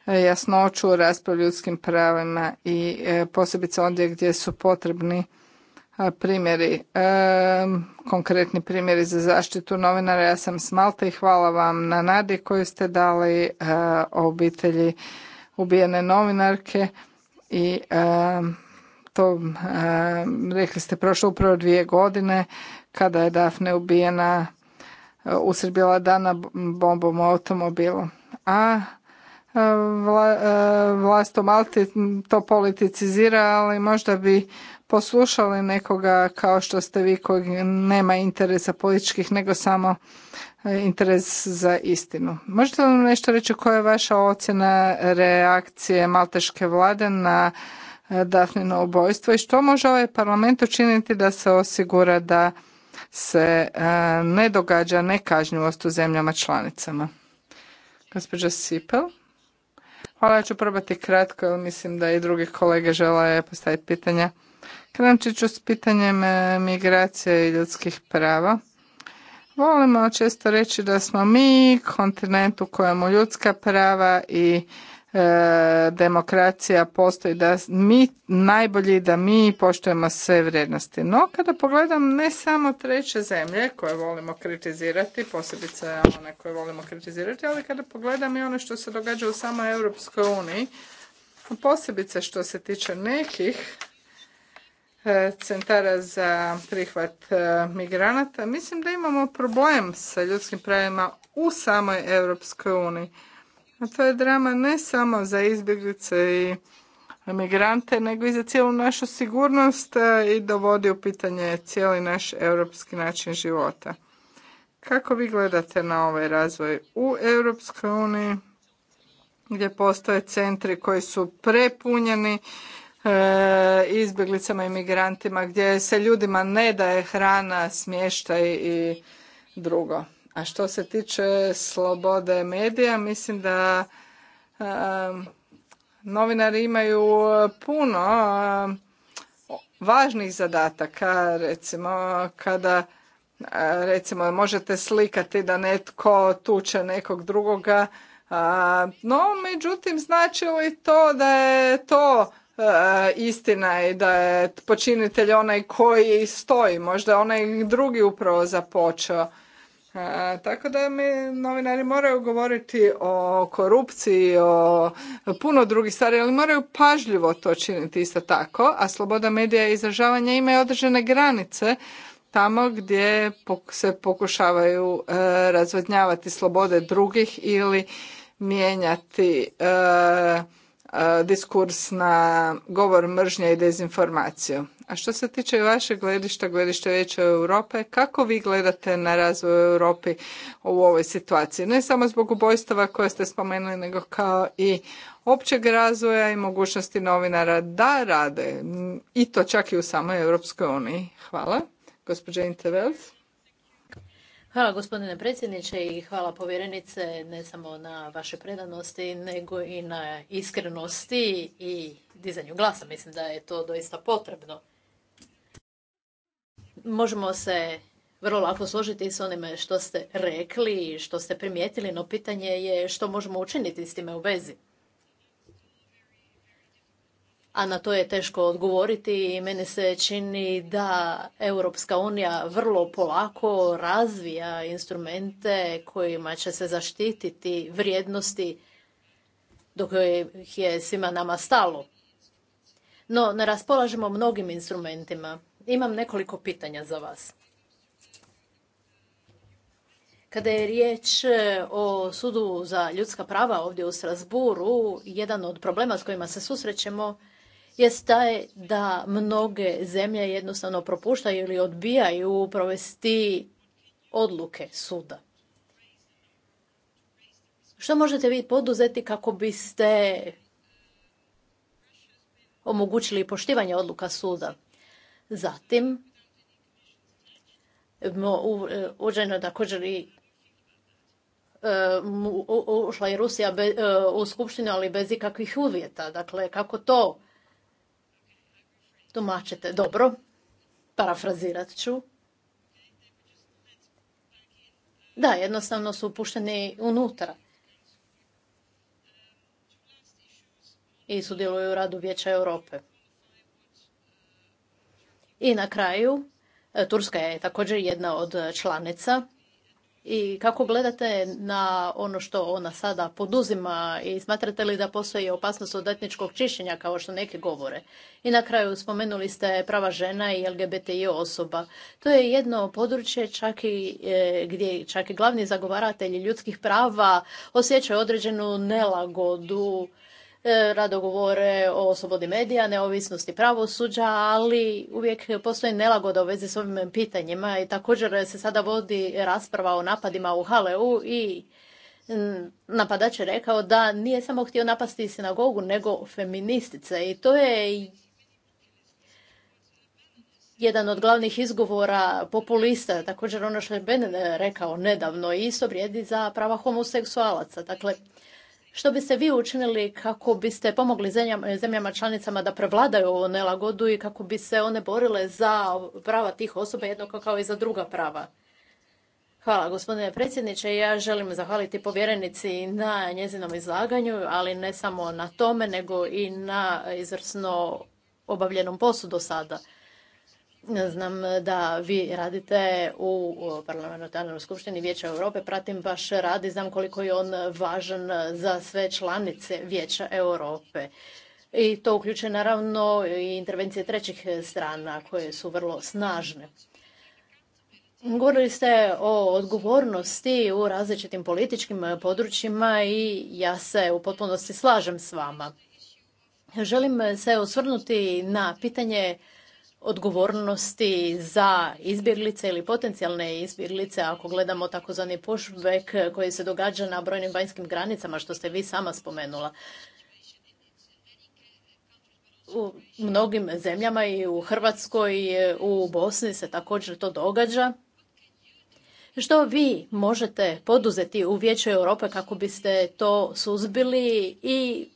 jasnoću u raspravi ljudskim pravima i posebice ondje gdje su potrebni primjeri, konkretni primjeri za zaštitu novinara. Ja sam s i hvala vam na nadi koju ste dali eh, obitelji ubijene novinarke i to rekli ste prošlo upravo dvije godine kada je Dafne ubijena eh, usrbila dana bombom u automobilu. A eh, vlast u Malti to politicizira, ali možda bi poslušali nekoga kao što ste vi kojeg nema interesa političkih nego samo e, interes za istinu. Možete li nam nešto reći koja je vaša ocjena reakcije malteške vlade na e, Dafnino ubojstvo i što može ovaj parlament učiniti da se osigura da se e, ne događa nekažnjivost u zemljama članicama? Gospođa Sipel. Hvala, ja ću probati kratko jer mislim da i drugi kolege žele postaviti pitanja. Krenut s pitanjem e, migracije i ljudskih prava. Volimo često reći da smo mi kontinent u kojemu ljudska prava i e, demokracija postoji, da mi najbolji, da mi poštujemo sve vrijednosti. No, kada pogledam ne samo treće zemlje koje volimo kritizirati, posebice one koje volimo kritizirati, ali kada pogledam i ono što se događa u samoj Europskoj uniji, posebice što se tiče nekih E, centara za prihvat e, migranata. Mislim da imamo problem sa ljudskim pravima u samoj Europskoj uniji. A to je drama ne samo za izbjeglice i migrante, nego i za cijelu našu sigurnost e, i dovodi u pitanje cijeli naš europski način života. Kako vi gledate na ovaj razvoj u Europskoj uniji, gdje postoje centri koji su prepunjeni E, izbjeglicama i migrantima gdje se ljudima ne daje hrana, smještaj i drugo. A što se tiče slobode medija, mislim da e, novinari imaju puno e, važnih zadataka, recimo kada recimo možete slikati da netko tuče nekog drugoga, no međutim znači li to da je to E, istina je da je počinitelj onaj koji stoji, možda onaj drugi upravo započeo. E, tako da mi novinari moraju govoriti o korupciji, o puno drugih stvari, ali moraju pažljivo to činiti isto tako, a sloboda medija i izražavanja i određene granice tamo gdje se pokušavaju e, razvodnjavati slobode drugih ili mijenjati E, diskurs na govor mržnje i dezinformaciju. A što se tiče vašeg gledišta, gledišta Vijeća Europe, kako vi gledate na razvoj Europi u ovoj situaciji? Ne samo zbog ubojstava koje ste spomenuli, nego kao i općeg razvoja i mogućnosti novinara da rade, i to čak i u samoj Europskoj uniji. Hvala. Gospođa Intervelt. Hvala gospodine predsjedniče i hvala povjerenice ne samo na vaše predanosti nego i na iskrenosti i dizanju glasa. Mislim da je to doista potrebno. Možemo se vrlo lako složiti s onime što ste rekli i što ste primijetili, no pitanje je što možemo učiniti s time u vezi a na to je teško odgovoriti i meni se čini da Europska unija vrlo polako razvija instrumente kojima će se zaštititi vrijednosti do kojih je svima nama stalo. No, ne raspolažemo mnogim instrumentima. Imam nekoliko pitanja za vas. Kada je riječ eh, o sudu za ljudska prava ovdje u Strasburu, jedan od problema s kojima se susrećemo jest taj da mnoge zemlje jednostavno propuštaju ili odbijaju provesti odluke suda. Što možete vi poduzeti kako biste omogućili poštivanje odluka suda? Zatim, e, uđeno također i e, ušla je Rusija e, u skupštinu, ali bez ikakvih uvjeta. Dakle, kako to tumačite dobro, parafrazirat ću. Da, jednostavno su upušteni unutra. I sudjeluju u radu Vijeća Europe. I na kraju, e, Turska je također jedna od članica i kako gledate na ono što ona sada poduzima i smatrate li da postoji opasnost od etničkog čišćenja kao što neki govore? I na kraju spomenuli ste prava žena i LGBTI osoba. To je jedno područje čak i, e, gdje čak i glavni zagovaratelji ljudskih prava osjećaju određenu nelagodu E, rado govore o slobodi medija, neovisnosti pravosuđa, ali uvijek postoji nelagoda u vezi s ovim pitanjima i također se sada vodi rasprava o napadima u Haleu i napadač je rekao da nije samo htio napasti sinagogu, nego feministice i to je jedan od glavnih izgovora populista, također ono što je Ben rekao nedavno, isto vrijedi za prava homoseksualaca. Dakle, što biste vi učinili kako biste pomogli zemljama članicama da prevladaju ovu nelagodu i kako bi se one borile za prava tih osoba jednako kao i za druga prava? Hvala gospodine predsjedniče. Ja želim zahvaliti povjerenici na njezinom izlaganju, ali ne samo na tome, nego i na izvrsno obavljenom poslu do sada. Znam e, da vi radite u parlamentarnoj skupštini Vijeća Europe, pratim vaš rad i znam koliko je on važan za sve članice Vijeća Europe. I to uključuje naravno i intervencije trećih strana koje su vrlo snažne. Govorili ste o odgovornosti u različitim političkim područjima i ja se u potpunosti slažem s vama. Želim se osvrnuti na pitanje odgovornosti za izbjeglice ili potencijalne izbjeglice, ako gledamo takozvani pushback koji se događa na brojnim vanjskim granicama, što ste vi sama spomenula. U mnogim zemljama i u Hrvatskoj, u Bosni se također to događa. Što vi možete poduzeti u Vijeću Europe kako biste to suzbili i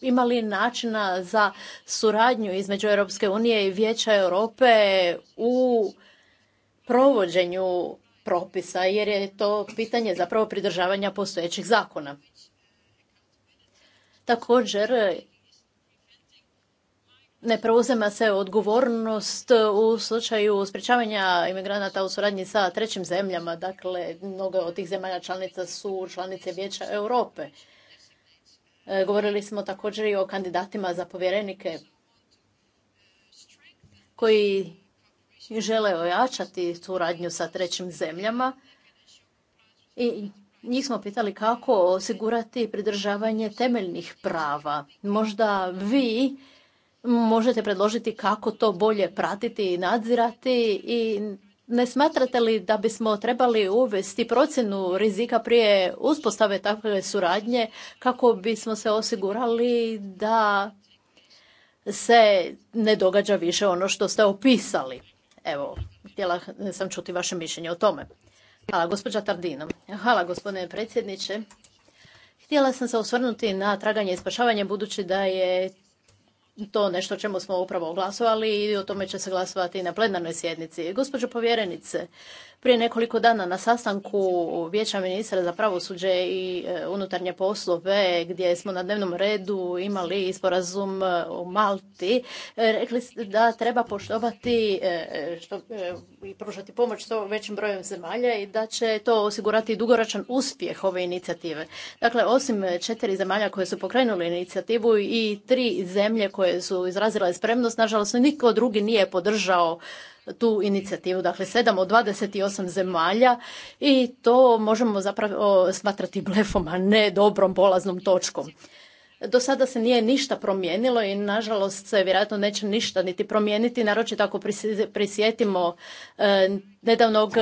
ima li načina za suradnju između Europske unije i Vijeća Europe u provođenju propisa, jer je to pitanje zapravo pridržavanja postojećih zakona. Također, ne preuzema se odgovornost u slučaju sprječavanja imigranata u suradnji sa trećim zemljama. Dakle, mnogo od tih zemalja članica su članice Vijeća Europe. E, govorili smo također i o kandidatima za povjerenike koji žele ojačati suradnju sa trećim zemljama i njih smo pitali kako osigurati pridržavanje temeljnih prava. Možda vi možete predložiti kako to bolje pratiti i nadzirati i ne smatrate li da bismo trebali uvesti procjenu rizika prije uspostave takve suradnje kako bismo se osigurali da se ne događa više ono što ste opisali? Evo, htjela sam čuti vaše mišljenje o tome. Hvala, gospođa Tardino. Hvala, gospodine predsjedniče. Htjela sam se osvrnuti na traganje i spašavanje budući da je to nešto čemu smo upravo glasovali i o tome će se glasovati na plenarnoj sjednici. Gospođo povjerenice, prije nekoliko dana na sastanku Vijeća ministra za pravosuđe i e, unutarnje poslove gdje smo na dnevnom redu imali sporazum u e, Malti, e, rekli da treba poštovati i pružati pomoć što većim brojem zemalja i da će to osigurati dugoročan uspjeh ove inicijative. Dakle, osim četiri zemalja koje su pokrenule inicijativu i tri zemlje koje su izrazile spremnost, nažalost niko drugi nije podržao tu inicijativu, dakle 7 od 28 zemalja i to možemo zapravo smatrati blefom, a ne dobrom polaznom točkom. Do sada se nije ništa promijenilo i nažalost se vjerojatno neće ništa niti promijeniti, naročito ako prisjetimo e, nedavnog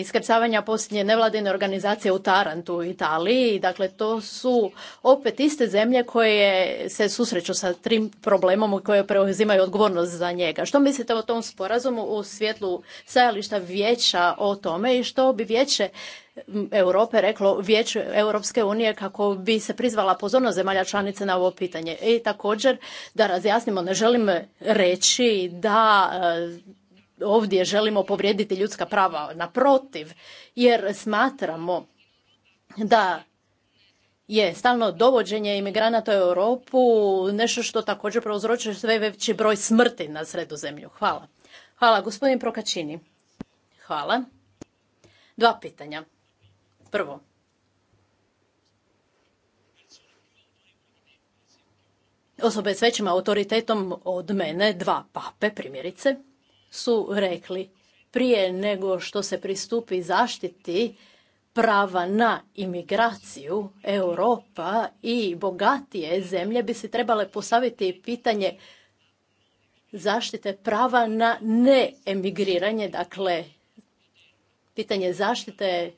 iskrcavanja posljednje nevladine organizacije u Tarantu u Italiji. Dakle, to su opet iste zemlje koje se susreću sa trim problemom koje preuzimaju odgovornost za njega. Što mislite o tom sporazumu u svjetlu stajališta vijeća o tome i što bi vijeće Europe reklo vijeću Europske unije kako bi se prizvala pozornost zemalja članice na ovo pitanje. I također da razjasnimo, ne želim reći da ovdje želimo povrijediti ljudska prava. Naprotiv, jer smatramo da je stalno dovođenje imigranata u Europu nešto što također prouzročuje sve veći broj smrti na sredozemlju. Hvala. Hvala, gospodin Prokačini. Hvala. Dva pitanja. Prvo. Osobe s većim autoritetom od mene, dva pape primjerice, su rekli prije nego što se pristupi zaštiti prava na imigraciju, Europa i bogatije zemlje bi se trebale postaviti pitanje zaštite prava na neemigriranje, dakle pitanje zaštite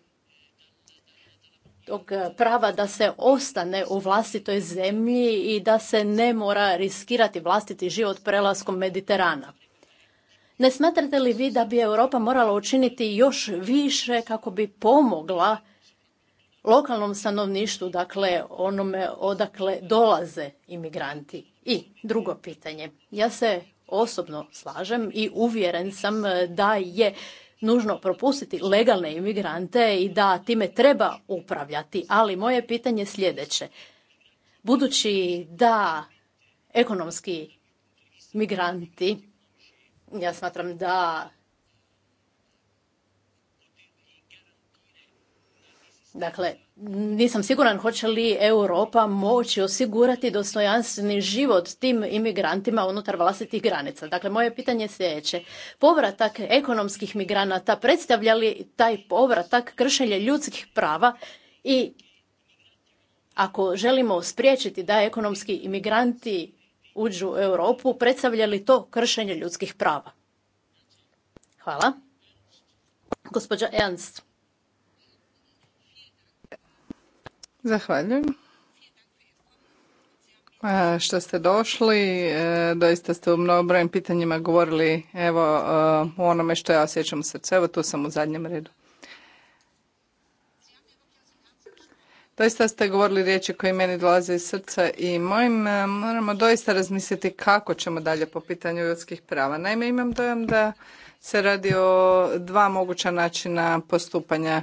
tog e, prava da se ostane u vlastitoj zemlji i da se ne mora riskirati vlastiti život prelaskom Mediterana. Ne smatrate li vi da bi Europa morala učiniti još više kako bi pomogla lokalnom stanovništvu, dakle onome odakle dolaze imigranti? I drugo pitanje. Ja se osobno slažem i uvjeren sam da je nužno propustiti legalne imigrante i da time treba upravljati, ali moje pitanje je sljedeće. Budući da ekonomski migranti ja smatram da Dakle, nisam siguran hoće li Europa moći osigurati dostojanstveni život tim imigrantima unutar vlastitih granica. Dakle, moje pitanje sljedeće. Povratak ekonomskih migranata predstavlja li taj povratak kršenje ljudskih prava i ako želimo spriječiti da ekonomski imigranti uđu u Europu, predstavlja li to kršenje ljudskih prava? Hvala. Gospođa Ernst. Zahvaljujem. Što ste došli, e, doista ste u mnogobrojnim pitanjima govorili evo, o e, onome što ja osjećam u srcu. Evo tu sam u zadnjem redu. Doista ste govorili riječi koje meni dolaze iz srca i mojim e, moramo doista razmisliti kako ćemo dalje po pitanju ljudskih prava. Naime, imam dojam da se radi o dva moguća načina postupanja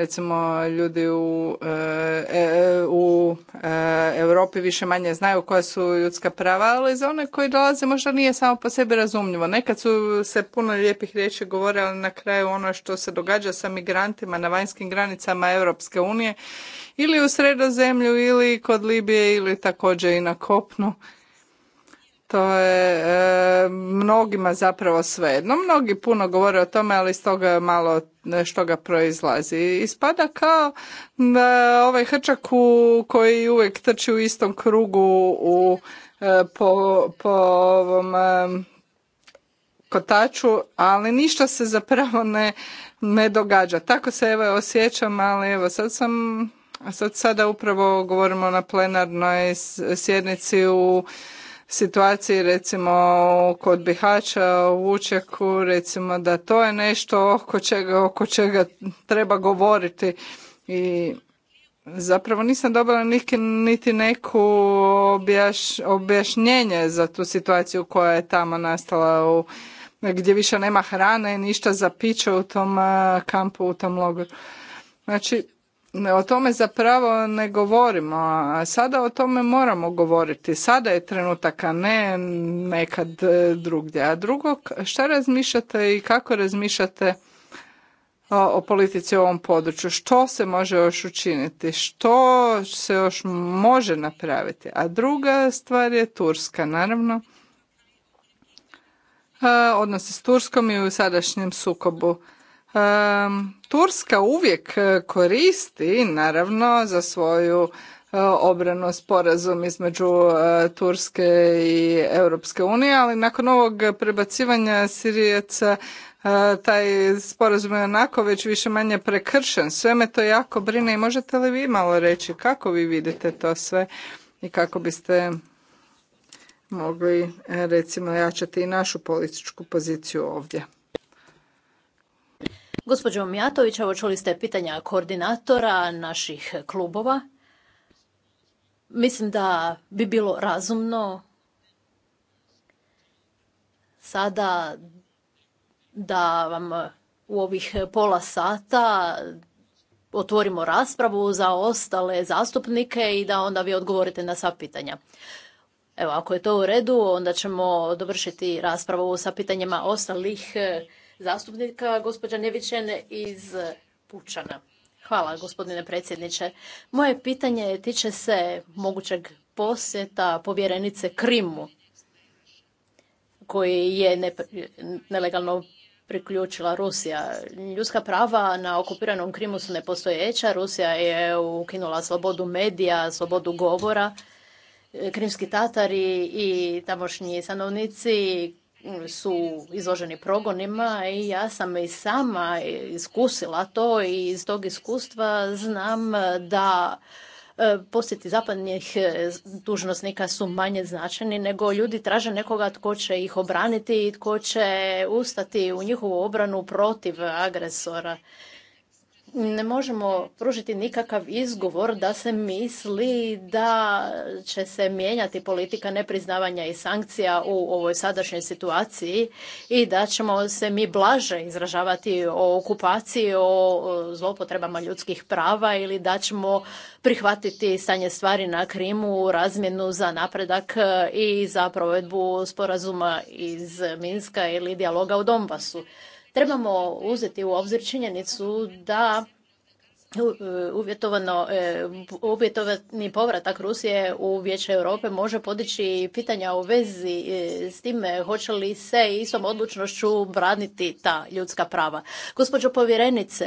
recimo ljudi u, e, e u e, Europi više manje znaju koja su ljudska prava, ali za one koji dolaze možda nije samo po sebi razumljivo. Nekad su se puno lijepih riječi govore, ali na kraju ono što se događa sa migrantima na vanjskim granicama Europske unije ili u sredozemlju ili kod Libije ili također i na kopnu to je e, mnogima zapravo svejedno. Mnogi puno govore o tome, ali iz toga malo što ga proizlazi. Ispada kao e, ovaj hrčak koji uvijek trči u istom krugu u, e, po, po ovom kotaču, ali ništa se zapravo ne, ne događa. Tako se evo osjećam, ali evo sad sam sad sada upravo govorimo na plenarnoj sjednici u situaciji recimo kod Bihaća u Učeku recimo da to je nešto oko čega, oko čega treba govoriti i zapravo nisam dobila niti neku objašnjenje za tu situaciju koja je tamo nastala u, gdje više nema hrane ništa za piće u tom kampu u tom logoru znači o tome zapravo ne govorimo, a sada o tome moramo govoriti. Sada je trenutak, a ne nekad e, drugdje. A drugo, šta razmišljate i kako razmišljate o politici u ovom području? Što se može još učiniti? Što se još može napraviti? A druga stvar je Turska, naravno. E, odnosi s Turskom i u sadašnjem sukobu. Turska uvijek e, koristi, naravno, za svoju e, obranu sporazum između e, Turske i Europske unije, ali nakon ovog prebacivanja Sirijaca taj sporazum je onako već više manje prekršen. Sve me to jako brine i možete li vi malo reći kako vi vidite to sve i kako biste mogli recimo jačati i našu političku poziciju ovdje. Gospođo Mijatović, evo čuli ste pitanja koordinatora naših klubova. Mislim da bi bilo razumno sada da vam u ovih pola sata otvorimo raspravu za ostale zastupnike i da onda vi odgovorite na sva pitanja. Evo, ako je to u redu, onda ćemo dovršiti raspravu sa pitanjima ostalih zastupnika, gospođa Nevićen iz Pučana. Hvala, gospodine predsjedniče. Moje pitanje tiče se mogućeg posjeta povjerenice Krimu, koji je nelegalno priključila Rusija. Ljudska prava na okupiranom Krimu su nepostojeća. Rusija je ukinula slobodu medija, slobodu govora. Krimski Tatari i tamošnji stanovnici su izloženi progonima i ja sam i sama iskusila to i iz tog iskustva znam da e, posjeti zapadnih e, dužnosnika su manje značajni, nego ljudi traže nekoga tko će ih obraniti i tko će ustati u njihovu obranu protiv agresora ne možemo pružiti nikakav izgovor da se misli da će se mijenjati politika nepriznavanja i sankcija u ovoj sadašnjoj situaciji i da ćemo se mi blaže izražavati o okupaciji, o zlopotrebama ljudskih prava ili da ćemo prihvatiti stanje stvari na Krimu, razmjenu za napredak e, i za provedbu sporazuma iz Minska ili dijaloga u Donbasu. Trebamo uzeti u obzir činjenicu da e, uvjetovano, e, uvjetovani povratak Rusije u Vijeće Europe može podići pitanja u vezi e, s time hoće li se istom odlučnošću braniti ta ljudska prava. Gospođo povjerenice,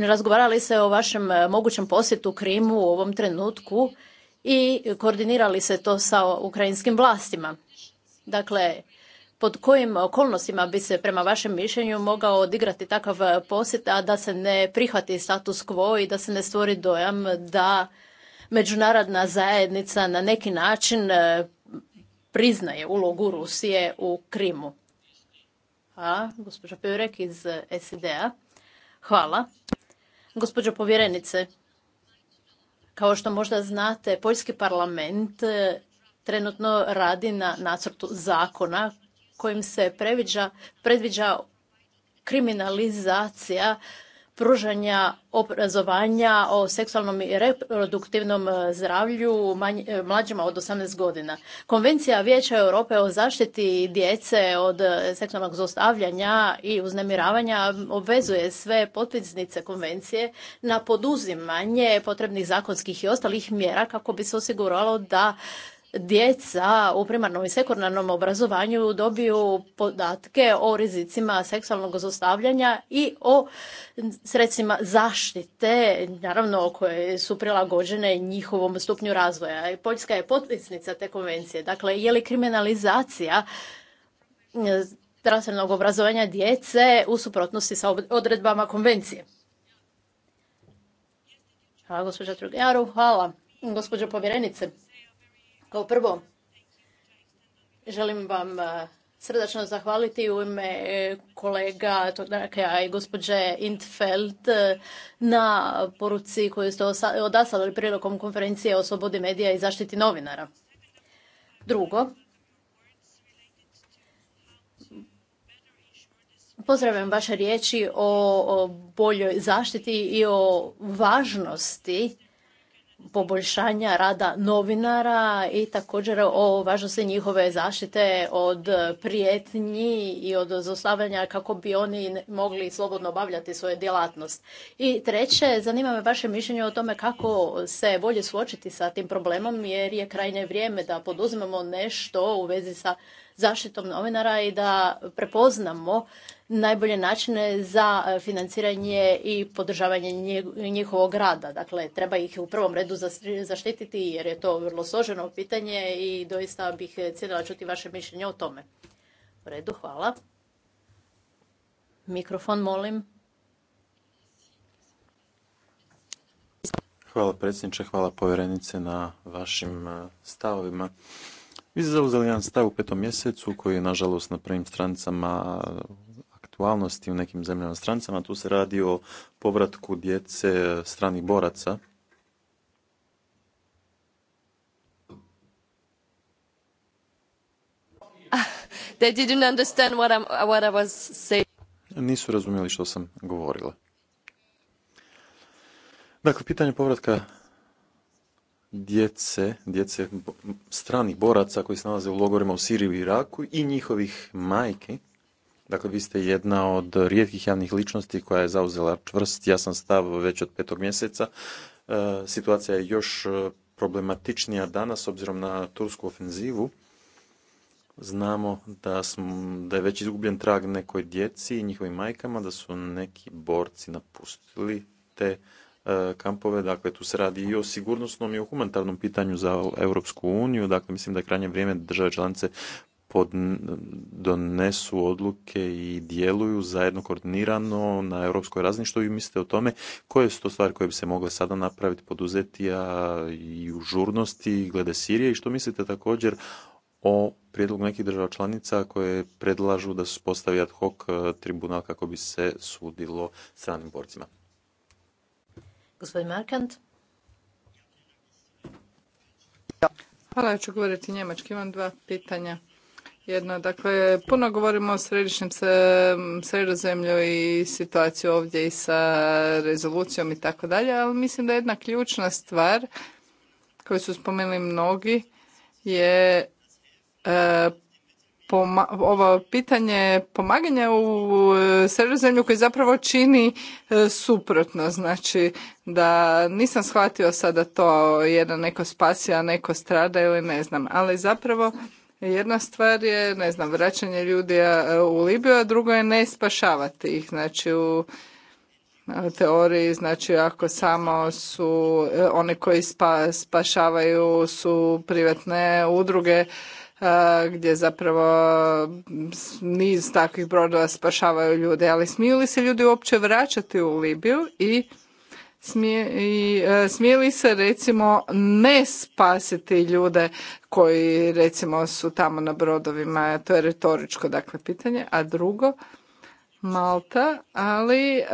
razgovarali se o vašem mogućem posjetu Krimu u ovom trenutku i koordinirali se to sa ukrajinskim vlastima. Dakle, pod kojim okolnostima bi se prema vašem mišljenju mogao odigrati takav e, posjet, a da se ne prihvati status quo i da se ne stvori dojam da međunarodna zajednica na neki način e, priznaje ulogu Rusije u Krimu. A, gospođa Pjurek iz e, SID-a. Hvala. Gospođo povjerenice, kao što možda znate, Poljski parlament trenutno radi na nacrtu zakona kojim se previđa, predviđa kriminalizacija pružanja obrazovanja o seksualnom i reproduktivnom e, zdravlju e, mlađima od 18 godina. Konvencija Vijeća Europe o zaštiti djece od e, seksualnog zlostavljanja i uznemiravanja obvezuje sve potpisnice konvencije na poduzimanje potrebnih zakonskih i ostalih mjera kako bi se osiguralo da djeca u primarnom i sekundarnom obrazovanju dobiju podatke o rizicima seksualnog zlostavljanja i o sredstvima zaštite, naravno koje su prilagođene njihovom stupnju razvoja. Poljska je potpisnica te konvencije. Dakle, je li kriminalizacija mm, zdravstvenog obrazovanja djece u suprotnosti sa odredbama konvencije? Hvala, gospođa Hvala, gospođo povjerenice. Kao prvo, želim vam eh, srdačno zahvaliti u ime eh, kolega Todaka i gospođe Intfeld eh, na poruci koju ste odaslali prilikom konferencije o slobodi medija i zaštiti novinara. Drugo, pozdravljam vaše riječi o boljoj zaštiti i o važnosti poboljšanja rada novinara i također o važnosti njihove zaštite od prijetnji i od zlostavljanja kako bi oni mogli slobodno obavljati svoju djelatnost. I treće, zanima me vaše mišljenje o tome kako se bolje suočiti sa tim problemom jer je krajnje vrijeme da poduzmemo nešto u vezi sa zaštitom novinara i da prepoznamo najbolje načine za e, financiranje i podržavanje njihovog rada. Dakle, treba ih u prvom redu zaštititi jer je to vrlo složeno pitanje i doista bih e, cijela čuti vaše mišljenje o tome. U redu, hvala. Mikrofon, molim. Hvala predsjedniče, hvala povjerenice na vašim e, stavovima. Vi ste zauzeli jedan stav u petom mjesecu koji je nažalost na prvim stranicama aktualnosti u nekim zemljama strancama. Tu se radi o povratku djece e, stranih boraca. Nisu razumjeli što sam govorila. Dakle, pitanje povratka djece, djece stranih boraca koji se nalaze u logorima u Siriji i Iraku i njihovih majki. Dakle, vi ste jedna od rijetkih javnih ličnosti koja je zauzela čvrst, jasan stav već od petog mjeseca. E, situacija je još e, problematičnija danas, obzirom na tursku ofenzivu. Znamo da, da je već izgubljen trag nekoj djeci i njihovim majkama, da su neki borci napustili te e, kampove, dakle tu se radi i o sigurnosnom i o humanitarnom pitanju za Europsku uniju, dakle mislim da je krajnje vrijeme da države članice pod, donesu odluke i djeluju zajedno koordinirano na europskoj razini. Što vi mislite o tome? Koje su to stvari koje bi se mogle sada napraviti, poduzeti, a i u žurnosti glede Sirije? I što mislite također o prijedlogu nekih država članica koje predlažu da se postavi ad hoc e, tribunal kako bi se sudilo stranim borcima? Hvala, ja ću govoriti njemački. Imam dva pitanja jedna. Dakle, puno govorimo o središnjem sredozemlju i situaciju ovdje i sa rezolucijom i tako dalje, ali mislim da jedna ključna stvar koju su spomenuli mnogi je e, ovo pitanje pomaganja u e, sredozemlju koji zapravo čini e, suprotno. Znači da nisam shvatio sada to jedan neko spasi, a neko strada ili ne znam. Ali zapravo jedna stvar je, ne znam, vraćanje ljudi e, u Libiju, a drugo je ne spašavati ih. Znači u e, teoriji, znači ako samo su e, oni koji spa, spašavaju su privatne udruge gdje zapravo niz takvih brodova spašavaju ljude, ali smiju li se ljudi uopće vraćati u Libiju i smije, i e, smije li se recimo ne spasiti ljude koji recimo su tamo na brodovima, e, to je retoričko dakle pitanje, a drugo Malta, ali e,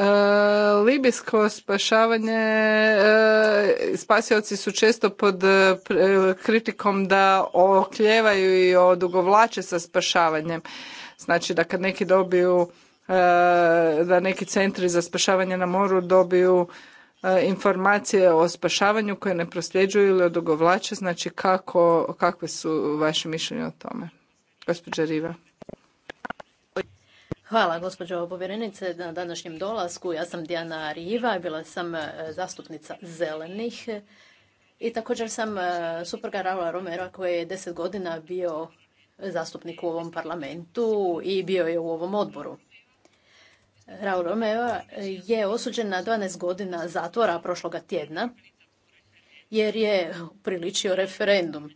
libijsko spašavanje, e, spasioci su često pod kritikom da okljevaju i odugovlače sa spašavanjem. Znači da kad neki dobiju, da neki centri za spašavanje na moru dobiju E, informacije o spašavanju koje ne prosljeđuju ili odugovlače, znači kako, kakve su vaše mišljenje o tome? Gospođa Riva. Hvala gospođo povjerenice na današnjem dolasku. Ja sam Diana Riva, bila sam e, zastupnica zelenih i također sam e, supruga Raula Romera koji je deset godina bio zastupnik u ovom parlamentu i bio je u ovom odboru. Raul Romeo je osuđen na 12 godina zatvora prošloga tjedna jer je priličio referendum.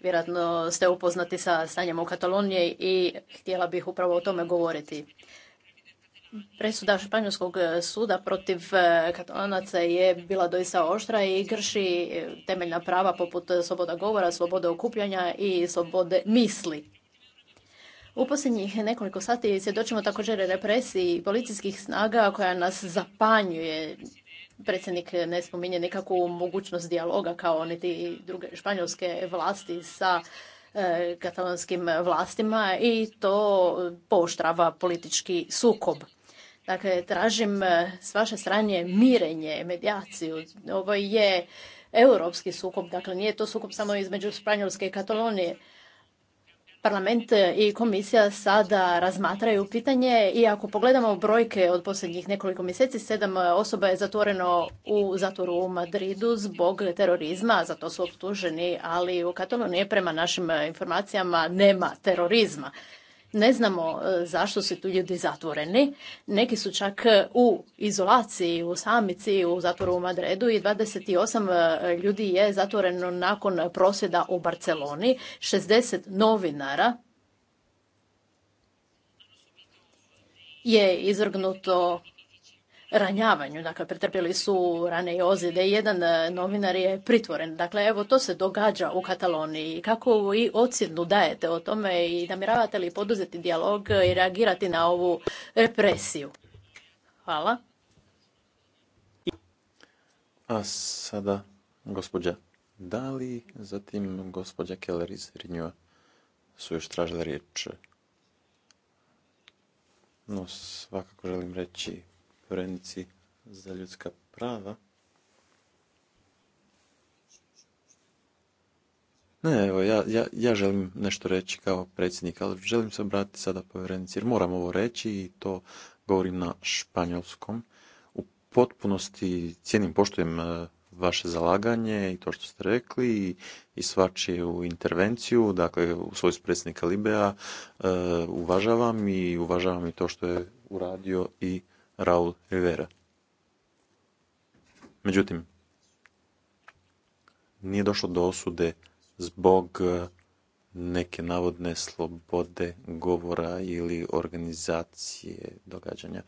Vjerojatno ste upoznati sa stanjem u Kataloniji i htjela bih upravo o tome govoriti. Presuda Španjolskog suda protiv e, katalonaca je bila doista oštra i grši e, temeljna prava poput sloboda govora, slobode okupljanja i slobode misli. U posljednjih nekoliko sati svjedočimo također represiji policijskih snaga koja nas zapanjuje. Predsjednik ne spominje nikakvu mogućnost dijaloga kao niti druge španjolske vlasti sa e, katalonskim vlastima i to pooštrava politički sukob. Dakle, tražim e, s vaše strane mirenje, medijaciju. Ovo je europski sukob, dakle nije to sukob samo između Španjolske i Katalonije parlament i komisija sada razmatraju pitanje i ako pogledamo brojke od posljednjih nekoliko mjeseci, sedam osoba je zatvoreno u zatvoru u Madridu zbog terorizma, za to su optuženi, ali u Kataloniji prema našim informacijama nema terorizma. Ne znamo e, zašto su tu ljudi zatvoreni. Neki su čak e, u izolaciji, u samici, u zatvoru u Madredu i 28 e, ljudi je zatvoreno nakon prosjeda u Barceloni. 60 novinara je izvrgnuto ranjavanju, dakle pretrpjeli su rane i ozljede, jedan e, novinar je pritvoren. Dakle, evo to se događa u Kataloniji. Kako i ocjenu dajete o tome i namjeravate li poduzeti dijalog i reagirati na ovu represiju? Hvala. A sada gospođa Dali, zatim gospođa Keller iz Rinjua su još tražile riječ. No, svakako želim reći povjerenici za ljudska prava. Ne, evo, ja, ja, ja želim nešto reći kao predsjednik, ali želim se obratiti sada povjerenici, jer moram ovo reći i to govorim na španjolskom. U potpunosti cijenim, poštujem e, vaše zalaganje i to što ste rekli i, i svačiju intervenciju, dakle u svojstvu predsjednika Libea e, uvažavam i uvažavam i to što je uradio i Raul Rivera. Međutim, nije došlo do osude zbog e, neke navodne slobode govora ili organizacije događanja.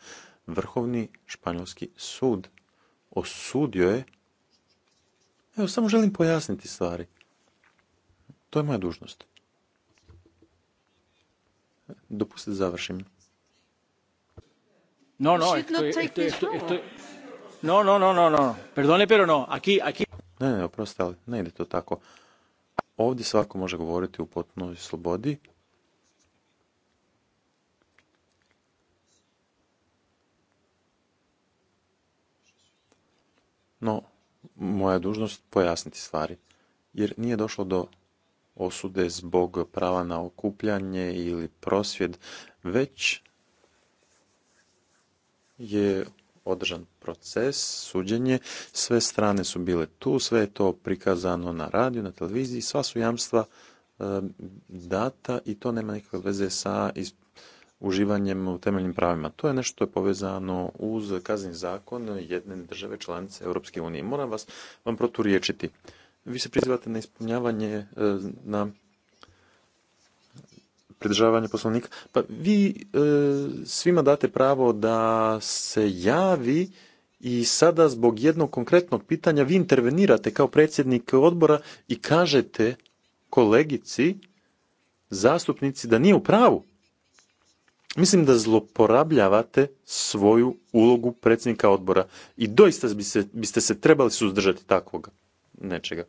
Vrhovni španjolski sud osudio je Evo, samo želim pojasniti stvari. To je moja dužnost. Dopustite završim. No, no, estoy, estoy, estoy, no, no, no, no, no. Perdone, pero no. Aquí, aquí... Ne, ne, oprostite, ali ne ide to tako. Ovdje svako može govoriti u potpunoj slobodi. No, moja dužnost pojasniti stvari. Jer nije došlo do osude zbog prava na okupljanje ili prosvjed, već je održan proces, suđenje, sve strane su bile tu, sve je to prikazano na radiju, na televiziji, sva su jamstva data i to nema nikakve veze sa uživanjem u temeljnim pravima. To je nešto je povezano uz kazni zakon jedne države članice Europske unije. Moram vas vam proturiječiti. Vi se prizivate na ispunjavanje na pridržavanje poslovnika. Pa vi e, svima date pravo da se javi i sada zbog jednog konkretnog pitanja vi intervenirate kao predsjednik odbora i kažete kolegici, zastupnici da nije u pravu. Mislim da zloporabljavate svoju ulogu predsjednika odbora i doista biste se trebali suzdržati takvog nečega.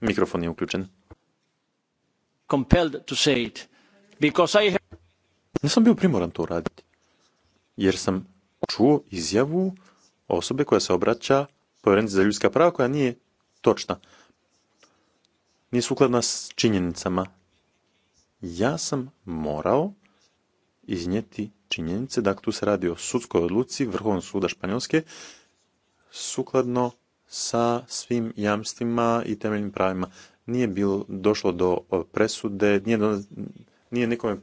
Mikrofon je uključen compelled to say it because I Nisam bio primoran to raditi jer sam čuo izjavu osobe koja se obraća povjerenici za ljudska prava koja nije točna. Nije sukladna s činjenicama. Ja sam morao iznijeti činjenice, dakle tu se radi o sudskoj odluci Vrhovnog suda Španjolske, sukladno sa svim jamstvima i temeljnim pravima nije bilo, došlo do e, presude, nije, nikome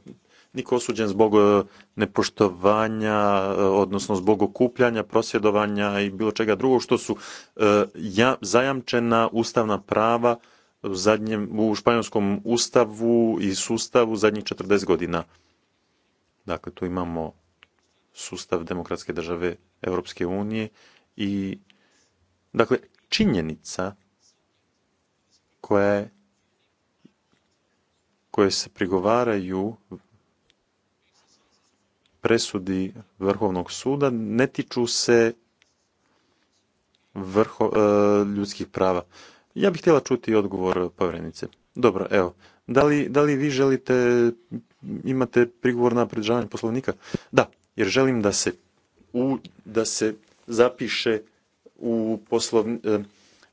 niko osuđen zbog e, nepoštovanja, e, odnosno zbog okupljanja, prosvjedovanja i bilo čega drugog, što su zajamčena ustavna prava u, u španjolskom ustavu i sustavu zadnjih 40 godina. Dakle, tu imamo sustav demokratske države Europske unije i, dakle, činjenica koje, koje se prigovaraju presudi Vrhovnog suda ne tiču se vrho, e, ljudskih prava. Ja bih htjela čuti odgovor povjerenice. Dobro, evo. Da li, da li vi želite, imate prigovor na predržavanje poslovnika? Da, jer želim da se, u, da se zapiše u poslovni, e,